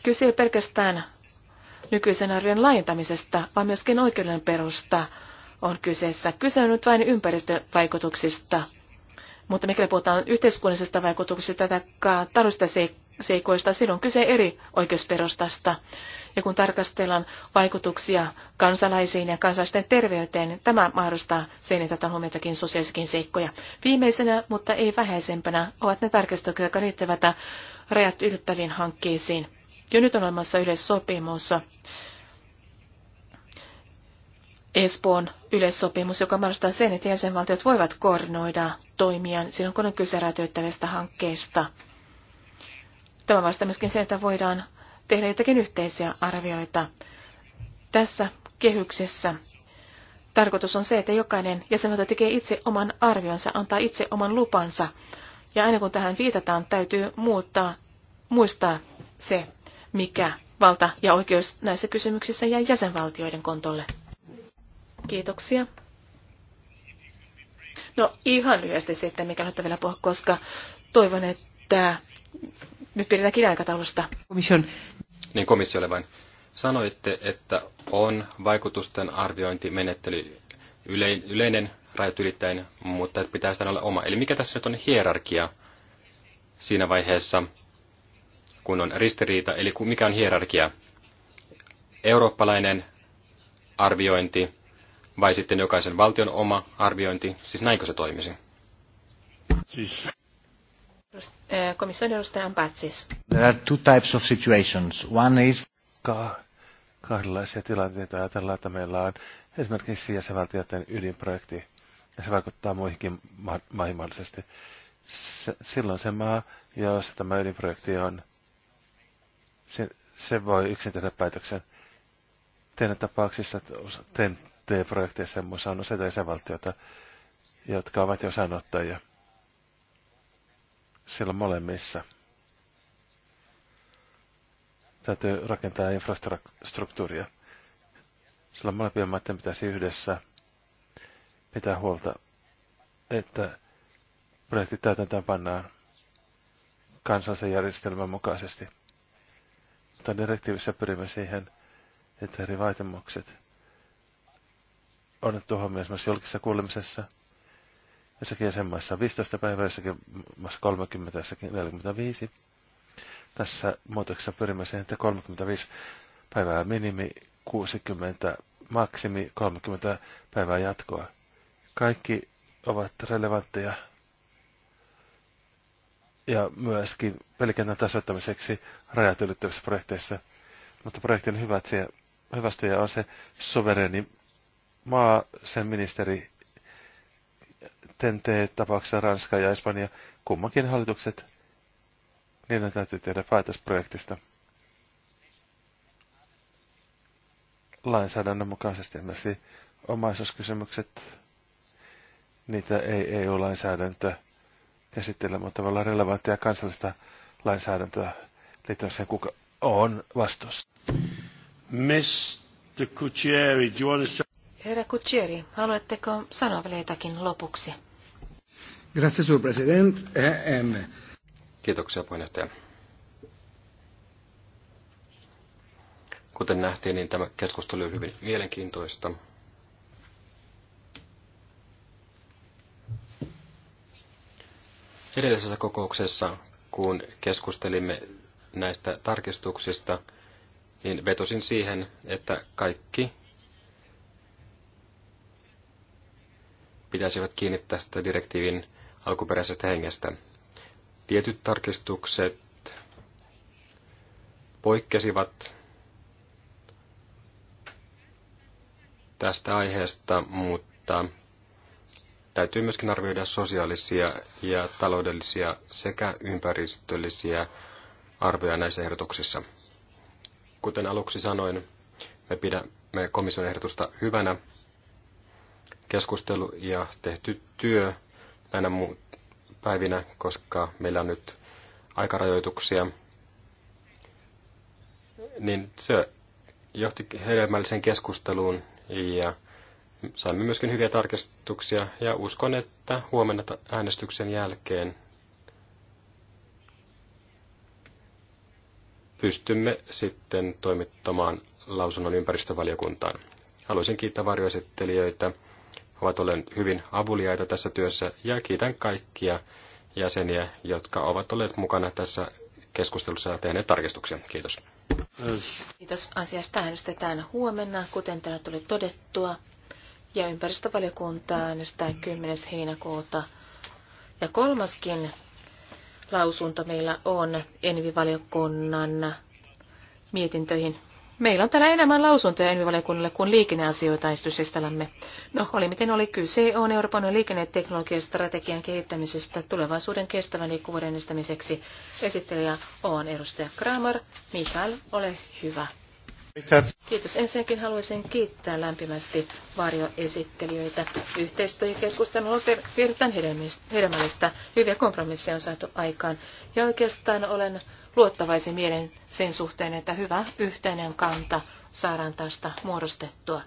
kyse ei pelkästään nykyisen arvion laajentamisesta, vaan myöskin oikeuden perusta on kyseessä. Kyse on nyt vain ympäristövaikutuksista, mutta mikäli puhutaan yhteiskunnallisista vaikutuksista tai taloudellisista seikoista, silloin kyse eri oikeusperustasta. Ja kun tarkastellaan vaikutuksia kansalaisiin ja kansalaisten terveyteen, tämä mahdollistaa sen, että otetaan huomioitakin sosiaalisikin seikkoja. Viimeisenä, mutta ei vähäisempänä, ovat ne tarkistukset, jotka liittyvät rajat ylittäviin hankkeisiin. Jo nyt on olemassa yleissopimus, Espoon yleissopimus, joka mahdollistaa sen, että jäsenvaltiot voivat koordinoida toimiaan silloin, kun on kyse räätyyttävistä hankkeista. Tämä vastaa myöskin sen, että voidaan tehdä jotakin yhteisiä arvioita. Tässä kehyksessä tarkoitus on se, että jokainen jäsenvaltio tekee itse oman arvionsa, antaa itse oman lupansa. Ja aina kun tähän viitataan, täytyy muuttaa, muistaa se, mikä valta ja oikeus näissä kysymyksissä jää jäsenvaltioiden kontolle. Kiitoksia. No ihan lyhyesti sitten, mikä nyt vielä puhua, koska toivon, että nyt pidetään kirjaikataulusta. Komission. Niin komissiolle vain. Sanoitte, että on vaikutusten arviointimenettely yleinen rajat ylittäen, mutta että pitää sitä olla oma. Eli mikä tässä nyt on hierarkia siinä vaiheessa, kun on ristiriita, eli mikä on hierarkia? Eurooppalainen arviointi vai sitten jokaisen valtion oma arviointi? Siis näinkö se toimisi? Siis There are two types of situations. One is... Ka- kahdenlaisia tilanteita. Ajatellaan, että meillä on esimerkiksi jäsenvaltioiden ydinprojekti, ja se vaikuttaa muihinkin ma- maihin mahdollisesti. silloin se maa, jossa tämä ydinprojekti on, se, se voi yksin tehdä päätöksen. Teidän tapauksissa ten projekteissa ja muissa on useita jäsenvaltioita, jotka ovat jo sanottajia siellä molemmissa. Täytyy rakentaa infrastruktuuria. Sillä molempien maiden pitäisi yhdessä pitää huolta, että projektit täytäntöön pannaan kansallisen järjestelmän mukaisesti. Mutta direktiivissä pyrimme siihen, että eri vaatimukset on otettu huomioon esimerkiksi julkisessa kuulemisessa – jossakin jäsenmaissa 15 päivää, jossakin maassa 30, jossakin 45. Tässä muutoksessa pyrimme siihen, että 35 päivää minimi, 60 maksimi, 30 päivää jatkoa. Kaikki ovat relevantteja ja myöskin pelikentän tasoittamiseksi rajat ylittävissä projekteissa. Mutta projektin hyvät hyvästä on se suvereni maa, sen ministeri TNT-tapauksessa Ranska ja Espanja, kummankin hallitukset, niiden täytyy tehdä päätös projektista. Lainsäädännön mukaisesti esimerkiksi omaisuuskysymykset, niitä ei EU-lainsäädäntö käsittele, mutta olla relevanttia kansallista lainsäädäntöä liittyen sen, kuka on vastuussa. Mr. Kucheri, do you want to Herra Kutseri, haluatteko sanoa vielä jotakin lopuksi? Grazie, signor President. Eh, ehm. Kiitoksia, puheenjohtaja. Kuten nähtiin, niin tämä keskustelu oli hyvin mielenkiintoista. Edellisessä kokouksessa, kun keskustelimme näistä tarkistuksista, niin vetosin siihen, että kaikki pitäisivät kiinni tästä direktiivin alkuperäisestä hengestä. Tietyt tarkistukset poikkesivat tästä aiheesta, mutta täytyy myöskin arvioida sosiaalisia ja taloudellisia sekä ympäristöllisiä arvoja näissä ehdotuksissa. Kuten aluksi sanoin, me pidämme komission ehdotusta hyvänä keskustelu ja tehty työ näinä päivinä, koska meillä on nyt aikarajoituksia, niin se johti hedelmälliseen keskusteluun ja saimme myöskin hyviä tarkistuksia ja uskon, että huomenna äänestyksen jälkeen pystymme sitten toimittamaan lausunnon ympäristövaliokuntaan. Haluaisin kiittää varjoesittelijöitä ovat olleet hyvin avuliaita tässä työssä ja kiitän kaikkia jäseniä, jotka ovat olleet mukana tässä keskustelussa ja tehneet tarkistuksia. Kiitos. Kiitos. Asiasta äänestetään huomenna, kuten täällä tuli todettua. Ja ympäristövaliokunta äänestää 10. heinäkuuta. Ja kolmaskin lausunto meillä on Envivaliokunnan mietintöihin Meillä on täällä enemmän lausuntoja ennivalikunnille kuin liikenneasioita esityslistallamme. No, oli miten oli kyse, on Euroopan liikenneteknologian strategian kehittämisestä tulevaisuuden kestävän liikkuvuuden edistämiseksi. Esittelijä on edustaja Kramer. Mikael, ole hyvä. Kiitos. Ensinnäkin haluaisin kiittää lämpimästi varjoesittelijöitä. Yhteistyö ja keskustelun on erittäin hedelmällistä. Hyviä kompromisseja on saatu aikaan. Ja oikeastaan olen luottavaisin mielen sen suhteen, että hyvä yhteinen kanta saadaan tästä muodostettua.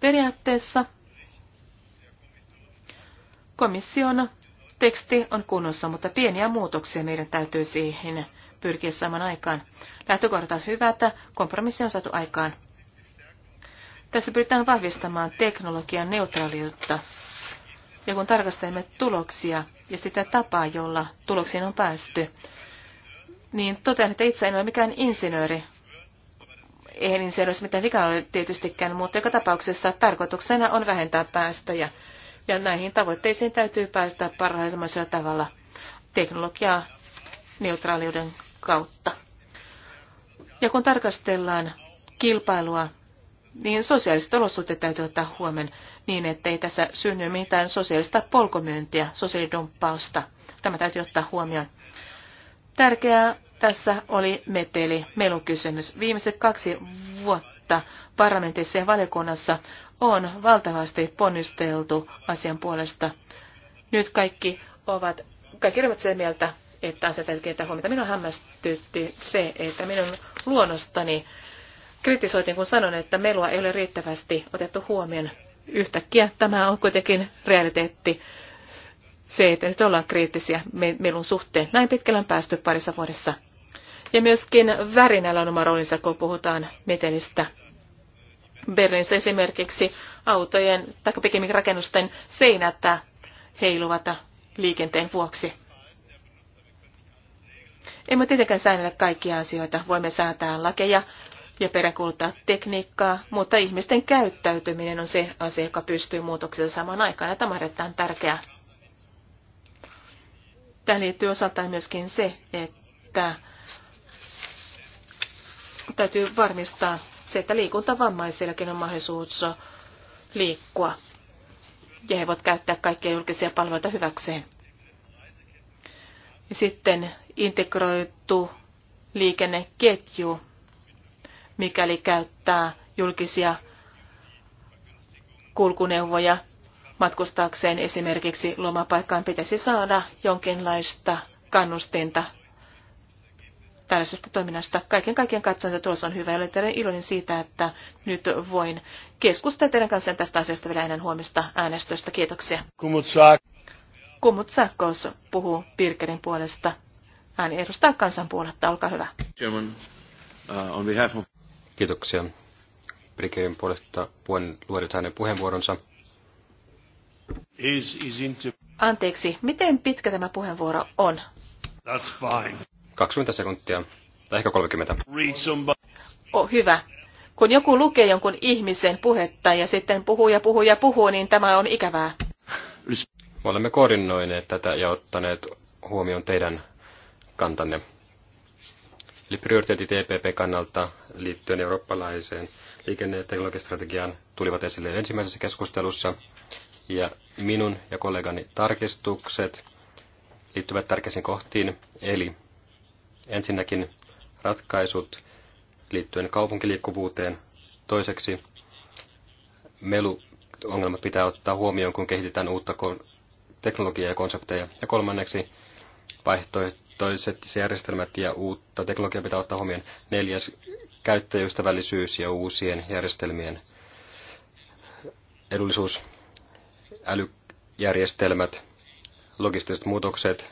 Periaatteessa komission teksti on kunnossa, mutta pieniä muutoksia meidän täytyy siihen pyrkiä saman aikaan. Lähtökohdat hyvät, kompromissi on saatu aikaan. Tässä pyritään vahvistamaan teknologian neutraaliutta. Ja kun tarkastelemme tuloksia ja sitä tapaa, jolla tuloksiin on päästy, niin totean, että itse en ole mikään insinööri. Eihän insinööri olisi mitään vikaa ole tietystikään, mutta joka tapauksessa tarkoituksena on vähentää päästöjä. Ja näihin tavoitteisiin täytyy päästä parhaimmaisella tavalla teknologiaa neutraaliuden kautta. Ja kun tarkastellaan kilpailua, niin sosiaaliset olosuhteet täytyy ottaa huomioon niin, ettei tässä synny mitään sosiaalista polkomyyntiä, sosiaalidumppausta. Tämä täytyy ottaa huomioon. Tärkeää tässä oli meteli, melukysymys. Viimeiset kaksi vuotta parlamentissa ja valiokunnassa on valtavasti ponnisteltu asian puolesta. Nyt kaikki ovat, kaikki ovat sen mieltä, että asia täytyy kiinnittää huomiota. Minua hämmästytti se, että minun luonnostani kritisoitiin, kun sanon, että melua ei ole riittävästi otettu huomioon. Yhtäkkiä tämä on kuitenkin realiteetti se, että nyt ollaan kriittisiä melun suhteen. Näin pitkällä on päästy parissa vuodessa. Ja myöskin värinällä on oma roolinsa, kun puhutaan metelistä. Berlinissä esimerkiksi autojen tai pikemmin rakennusten seinät heiluvat liikenteen vuoksi. Emme tietenkään säännellä kaikkia asioita. Voimme säätää lakeja ja peräkuluttaa tekniikkaa, mutta ihmisten käyttäytyminen on se asia, joka pystyy muutoksella samaan aikaan, ja tämä on erittäin tärkeää. Tähän liittyy osaltaan myöskin se, että täytyy varmistaa se, että liikuntavammaisillakin on mahdollisuus liikkua ja he voivat käyttää kaikkia julkisia palveluita hyväkseen. Ja sitten integroitu liikenneketju, mikäli käyttää julkisia kulkuneuvoja matkustaakseen esimerkiksi lomapaikkaan pitäisi saada jonkinlaista kannustinta tällaisesta toiminnasta. Kaiken kaiken katsoin, että tuossa on hyvä. Olen teidän iloinen siitä, että nyt voin keskustella teidän kanssa tästä asiasta vielä ennen huomista äänestystä. Kiitoksia. Kumut Sakkos puhuu Pirkerin puolesta. Hän edustaa kansan puoletta. Olkaa hyvä. German, uh, on behalf of... Kiitoksia. Pirkerin puolesta luen nyt hänen puheenvuoronsa. Anteeksi, miten pitkä tämä puheenvuoro on? That's fine. 20 sekuntia, tai ehkä 30. Read somebody. Oh, hyvä. Kun joku lukee jonkun ihmisen puhetta ja sitten puhuu ja puhuu ja puhuu, niin tämä on ikävää. Me olemme koordinoineet tätä ja ottaneet huomioon teidän kantanne. Eli prioriteetit EPP-kannalta liittyen eurooppalaiseen teknologistrategiaan tulivat esille ensimmäisessä keskustelussa. Ja minun ja kollegani tarkistukset liittyvät tärkeisiin kohtiin, eli ensinnäkin ratkaisut liittyen kaupunkiliikkuvuuteen, toiseksi meluongelma pitää ottaa huomioon, kun kehitetään uutta teknologiaa ja konsepteja, ja kolmanneksi vaihtoehtoiset järjestelmät ja uutta teknologiaa pitää ottaa huomioon, neljäs käyttäjäystävällisyys ja uusien järjestelmien edullisuus älyjärjestelmät, logistiset muutokset,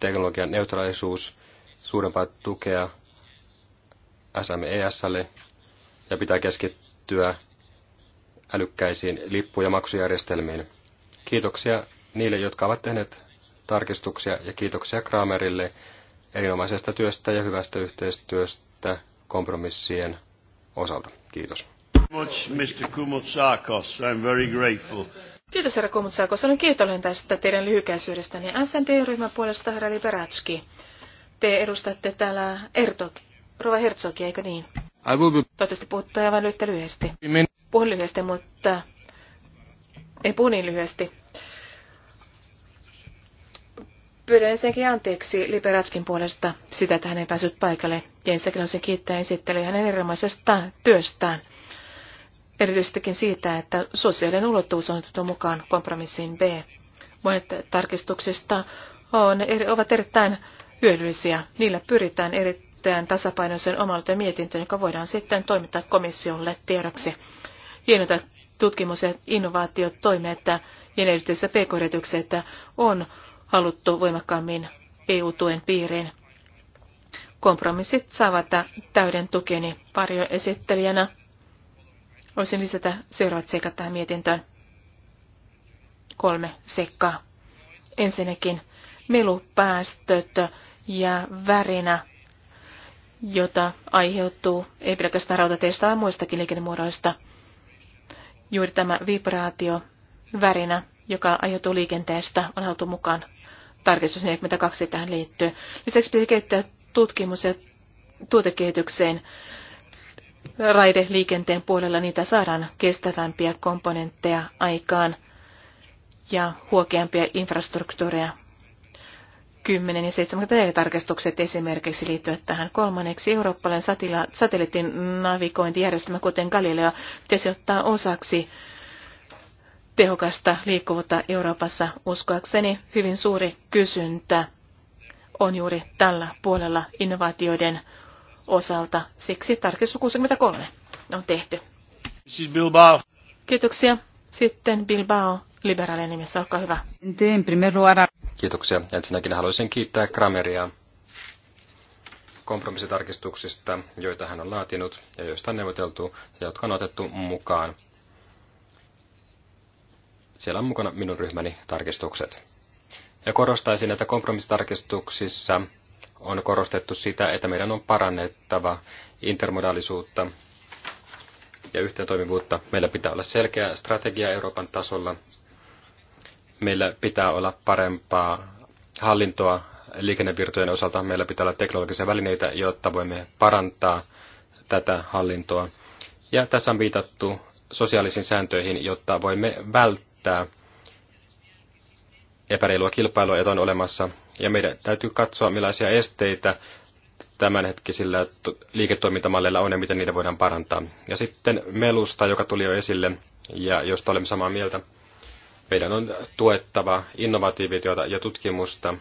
teknologian neutraalisuus, suurempaa tukea SMESlle ja pitää keskittyä älykkäisiin lippu- ja maksujärjestelmiin. Kiitoksia niille, jotka ovat tehneet tarkistuksia ja kiitoksia Kramerille erinomaisesta työstä ja hyvästä yhteistyöstä kompromissien osalta. Kiitos. Much, Mr. I'm very grateful. Kiitos herra Komutsakos, olen kiitollinen tästä teidän lyhykäisyydestäni. SND-ryhmän puolesta herra Liberatski, te edustatte täällä ertok, Rova Herzogia, eikö niin? be... Toivottavasti puhutte aivan lyhyesti lyhyesti. Puhun lyhyesti, mutta ei puhu niin lyhyesti. Pyydän ensinnäkin anteeksi Liberatskin puolesta sitä, että hän ei päässyt paikalle. Ja on se kiittää esittelyä hänen erilaisesta työstään erityisestikin siitä, että sosiaalinen ulottuvuus on otettu mukaan kompromissiin B. Monet tarkistuksista on, ovat erittäin hyödyllisiä. Niillä pyritään erittäin tasapainoisen omalta mietintöön, joka voidaan sitten toimittaa komissiolle tiedoksi. Hienoita tutkimus- ja innovaatiotoimet ja erityisessä pk että on haluttu voimakkaammin EU-tuen piiriin. Kompromissit saavat täyden tukeni varjoesittelijänä Voisin lisätä seuraavat seikat tähän mietintöön. Kolme seikkaa. Ensinnäkin melupäästöt ja värinä, jota aiheutuu ei pelkästään rautateista, vaan muistakin liikennemuodoista. Juuri tämä vibraatio värinä, joka aiheutuu liikenteestä, on haltu mukaan. Tarkistus 42 tähän liittyy. Lisäksi pitäisi kehittää tutkimus- ja tuotekehitykseen raideliikenteen puolella niitä saadaan kestävämpiä komponentteja aikaan ja huokeampia infrastruktuureja. 10 ja 74 tarkastukset esimerkiksi liittyvät tähän. Kolmanneksi eurooppalainen satelliitin navigointijärjestelmä, kuten Galileo, pitäisi ottaa osaksi tehokasta liikkuvuutta Euroopassa. Uskoakseni hyvin suuri kysyntä on juuri tällä puolella innovaatioiden osalta. Siksi tarkistus 63 on tehty. Siis Bilbao. Kiitoksia. Sitten Bilbao liberaalien nimessä, olkaa hyvä. Kiitoksia. Ensinnäkin haluaisin kiittää Krameria kompromissitarkistuksista, joita hän on laatinut ja joista on neuvoteltu ja jotka on otettu mukaan. Siellä on mukana minun ryhmäni tarkistukset. Ja korostaisin, että kompromissitarkistuksissa on korostettu sitä, että meidän on parannettava intermodaalisuutta ja yhteentoimivuutta. Meillä pitää olla selkeä strategia Euroopan tasolla. Meillä pitää olla parempaa hallintoa liikennevirtojen osalta. Meillä pitää olla teknologisia välineitä, jotta voimme parantaa tätä hallintoa. Ja tässä on viitattu sosiaalisiin sääntöihin, jotta voimme välttää epäreilua kilpailua, jota on olemassa ja meidän täytyy katsoa, millaisia esteitä tämänhetkisillä liiketoimintamalleilla on ja miten niitä voidaan parantaa. Ja sitten melusta, joka tuli jo esille ja josta olemme samaa mieltä. Meidän on tuettava innovatiivitiota ja tutkimusta,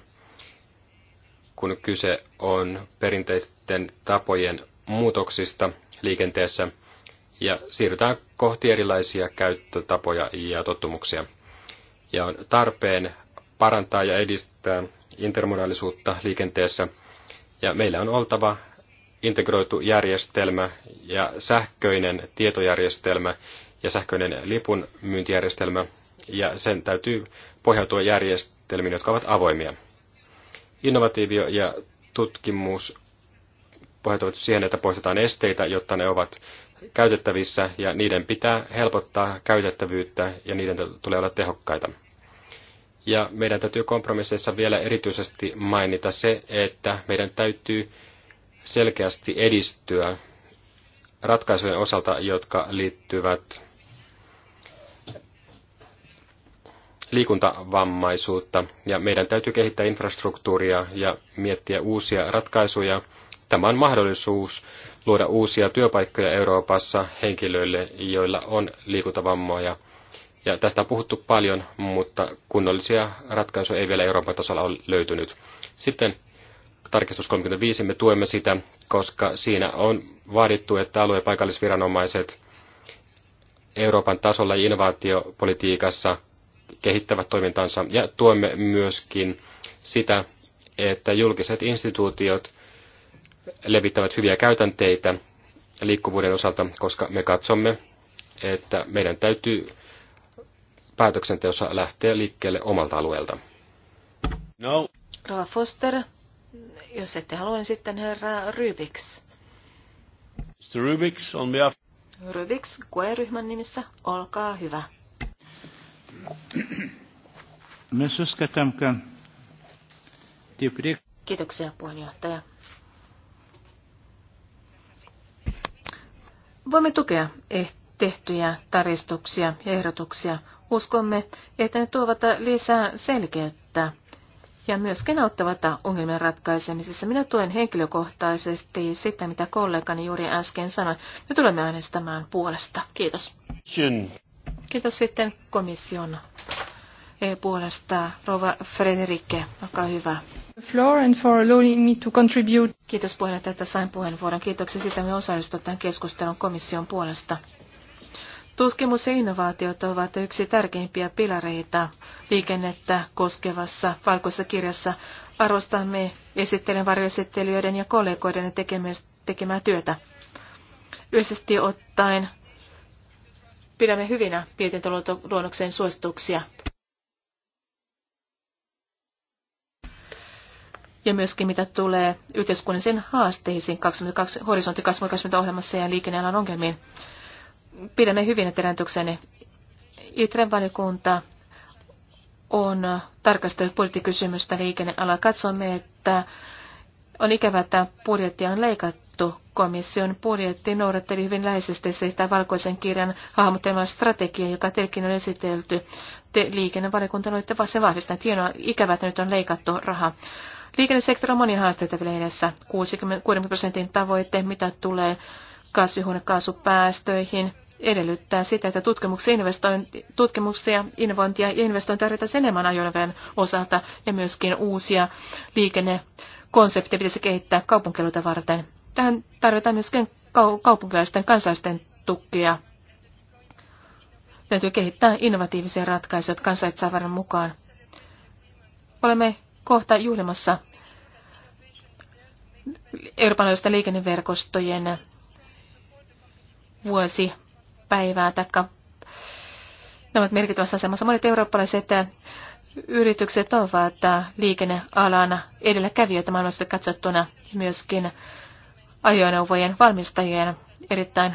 kun kyse on perinteisten tapojen muutoksista liikenteessä ja siirrytään kohti erilaisia käyttötapoja ja tottumuksia. Ja on tarpeen parantaa ja edistää intermodaalisuutta liikenteessä. Ja meillä on oltava integroitu järjestelmä ja sähköinen tietojärjestelmä ja sähköinen lipun myyntijärjestelmä, ja sen täytyy pohjautua järjestelmiin, jotka ovat avoimia. Innovatiivio ja tutkimus pohjautuvat siihen, että poistetaan esteitä, jotta ne ovat käytettävissä, ja niiden pitää helpottaa käytettävyyttä, ja niiden tulee olla tehokkaita. Ja meidän täytyy kompromisseissa vielä erityisesti mainita se, että meidän täytyy selkeästi edistyä ratkaisujen osalta, jotka liittyvät liikuntavammaisuutta. Ja meidän täytyy kehittää infrastruktuuria ja miettiä uusia ratkaisuja. Tämä on mahdollisuus luoda uusia työpaikkoja Euroopassa henkilöille, joilla on liikuntavammoja – ja tästä on puhuttu paljon, mutta kunnollisia ratkaisuja ei vielä Euroopan tasolla ole löytynyt. Sitten tarkistus 35, me tuemme sitä, koska siinä on vaadittu, että alue- ja paikallisviranomaiset Euroopan tasolla ja innovaatiopolitiikassa kehittävät toimintansa ja tuemme myöskin sitä, että julkiset instituutiot levittävät hyviä käytänteitä liikkuvuuden osalta, koska me katsomme, että meidän täytyy päätöksenteossa lähtee liikkeelle omalta alueelta. No. Rova Foster, jos ette halua, niin sitten herra Rubix. Mr. Rubiks on behalf... Rubiks, koeryhmän nimissä, olkaa hyvä. Kiitoksia puheenjohtaja. Voimme tukea eh- tehtyjä tarkistuksia ja ehdotuksia. Uskomme, että ne tuovat lisää selkeyttä ja myöskin auttavat ongelmien ratkaisemisessa. Minä tuen henkilökohtaisesti sitä, mitä kollegani juuri äsken sanoi. Me tulemme äänestämään puolesta. Kiitos. Kiitos sitten komission eh, puolesta. Rova Frederike, olkaa hyvä. Floor and for allowing me to contribute. Kiitos puheenjohtaja, että sain puheenvuoron. Kiitoksia siitä, me osallistutaan tämän keskustelun komission puolesta. Tutkimus ja innovaatiot ovat yksi tärkeimpiä pilareita liikennettä koskevassa valkoisessa kirjassa. Arvostamme esittelen varjoesittelijöiden ja kollegoiden tekemää työtä. Yleisesti ottaen pidämme hyvinä mietintöluonnoksen suosituksia. ja myöskin mitä tulee yhteiskunnallisiin haasteisiin 22, horisontti 2020 ohjelmassa ja liikennealan ongelmiin pidämme hyvin teidän Itren valikunta on tarkastellut budjettikysymystä liikennealalla. Katsomme, että on ikävää, että budjettia on leikattu. Komission budjetti noudatteli hyvin läheisesti sitä valkoisen kirjan hahmottelemalla strategia, joka teilläkin on esitelty. Te liikennevaliokunta olette se vahvistaneet. Hienoa, ikävää, että nyt on leikattu rahaa. Liikennesektori on monia haasteita vielä edessä. 60 prosentin tavoite, mitä tulee kasvihuonekaasupäästöihin, edellyttää sitä, että tutkimuksia, investointi, innovointia ja investointia tarvitaan enemmän ajoneuvojen osalta ja myöskin uusia liikennekonsepteja pitäisi kehittää kaupunkiluita varten. Tähän tarvitaan myöskin kaupunkilaisten kansalaisten tukia. Täytyy kehittää innovatiivisia ratkaisuja, jotka kansalaiset mukaan. Olemme kohta juhlimassa Euroopan liikenneverkostojen vuosi päivää, taikka ne ovat merkittävässä asemassa. Monet eurooppalaiset yritykset ovat liikennealan edelläkävijöitä maailmasta katsottuna myöskin ajoneuvojen valmistajien erittäin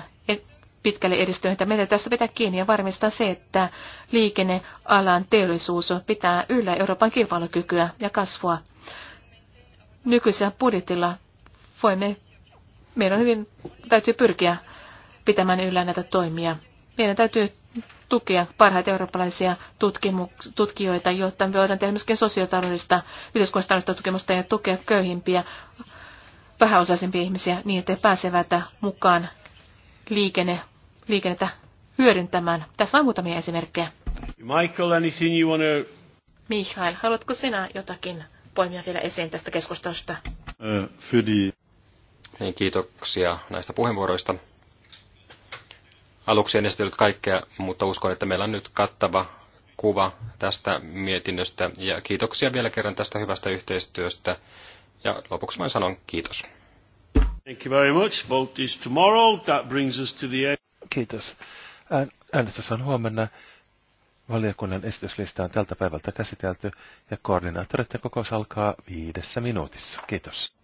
pitkälle edistyneitä. Meidän tässä pitää kiinni ja varmistaa se, että liikennealan teollisuus pitää yllä Euroopan kilpailukykyä ja kasvua. Nykyisellä budjetilla voimme, meidän on hyvin, täytyy pyrkiä pitämään yllä näitä toimia. Meidän täytyy tukea parhaita eurooppalaisia tutkijoita, jotta me voidaan tehdä myöskin sosiaalitaloudellista, yhteiskunnallista tutkimusta ja tukea köyhimpiä, vähäosaisempia ihmisiä niin, että he pääsevät mukaan liikenne, liikennettä hyödyntämään. Tässä on muutamia esimerkkejä. Michael, anything you wanna... Michael, haluatko sinä jotakin poimia vielä esiin tästä keskustelusta? Uh, Kiitoksia näistä puheenvuoroista. Aluksi en esitellyt kaikkea, mutta uskon, että meillä on nyt kattava kuva tästä mietinnöstä. Ja kiitoksia vielä kerran tästä hyvästä yhteistyöstä. Ja lopuksi vain sanon kiitos. Thank you very much. Vote is tomorrow. That brings us to the end. Kiitos. Äänestys on huomenna. Valiokunnan esityslista on tältä päivältä käsitelty ja ja kokous alkaa viidessä minuutissa. Kiitos.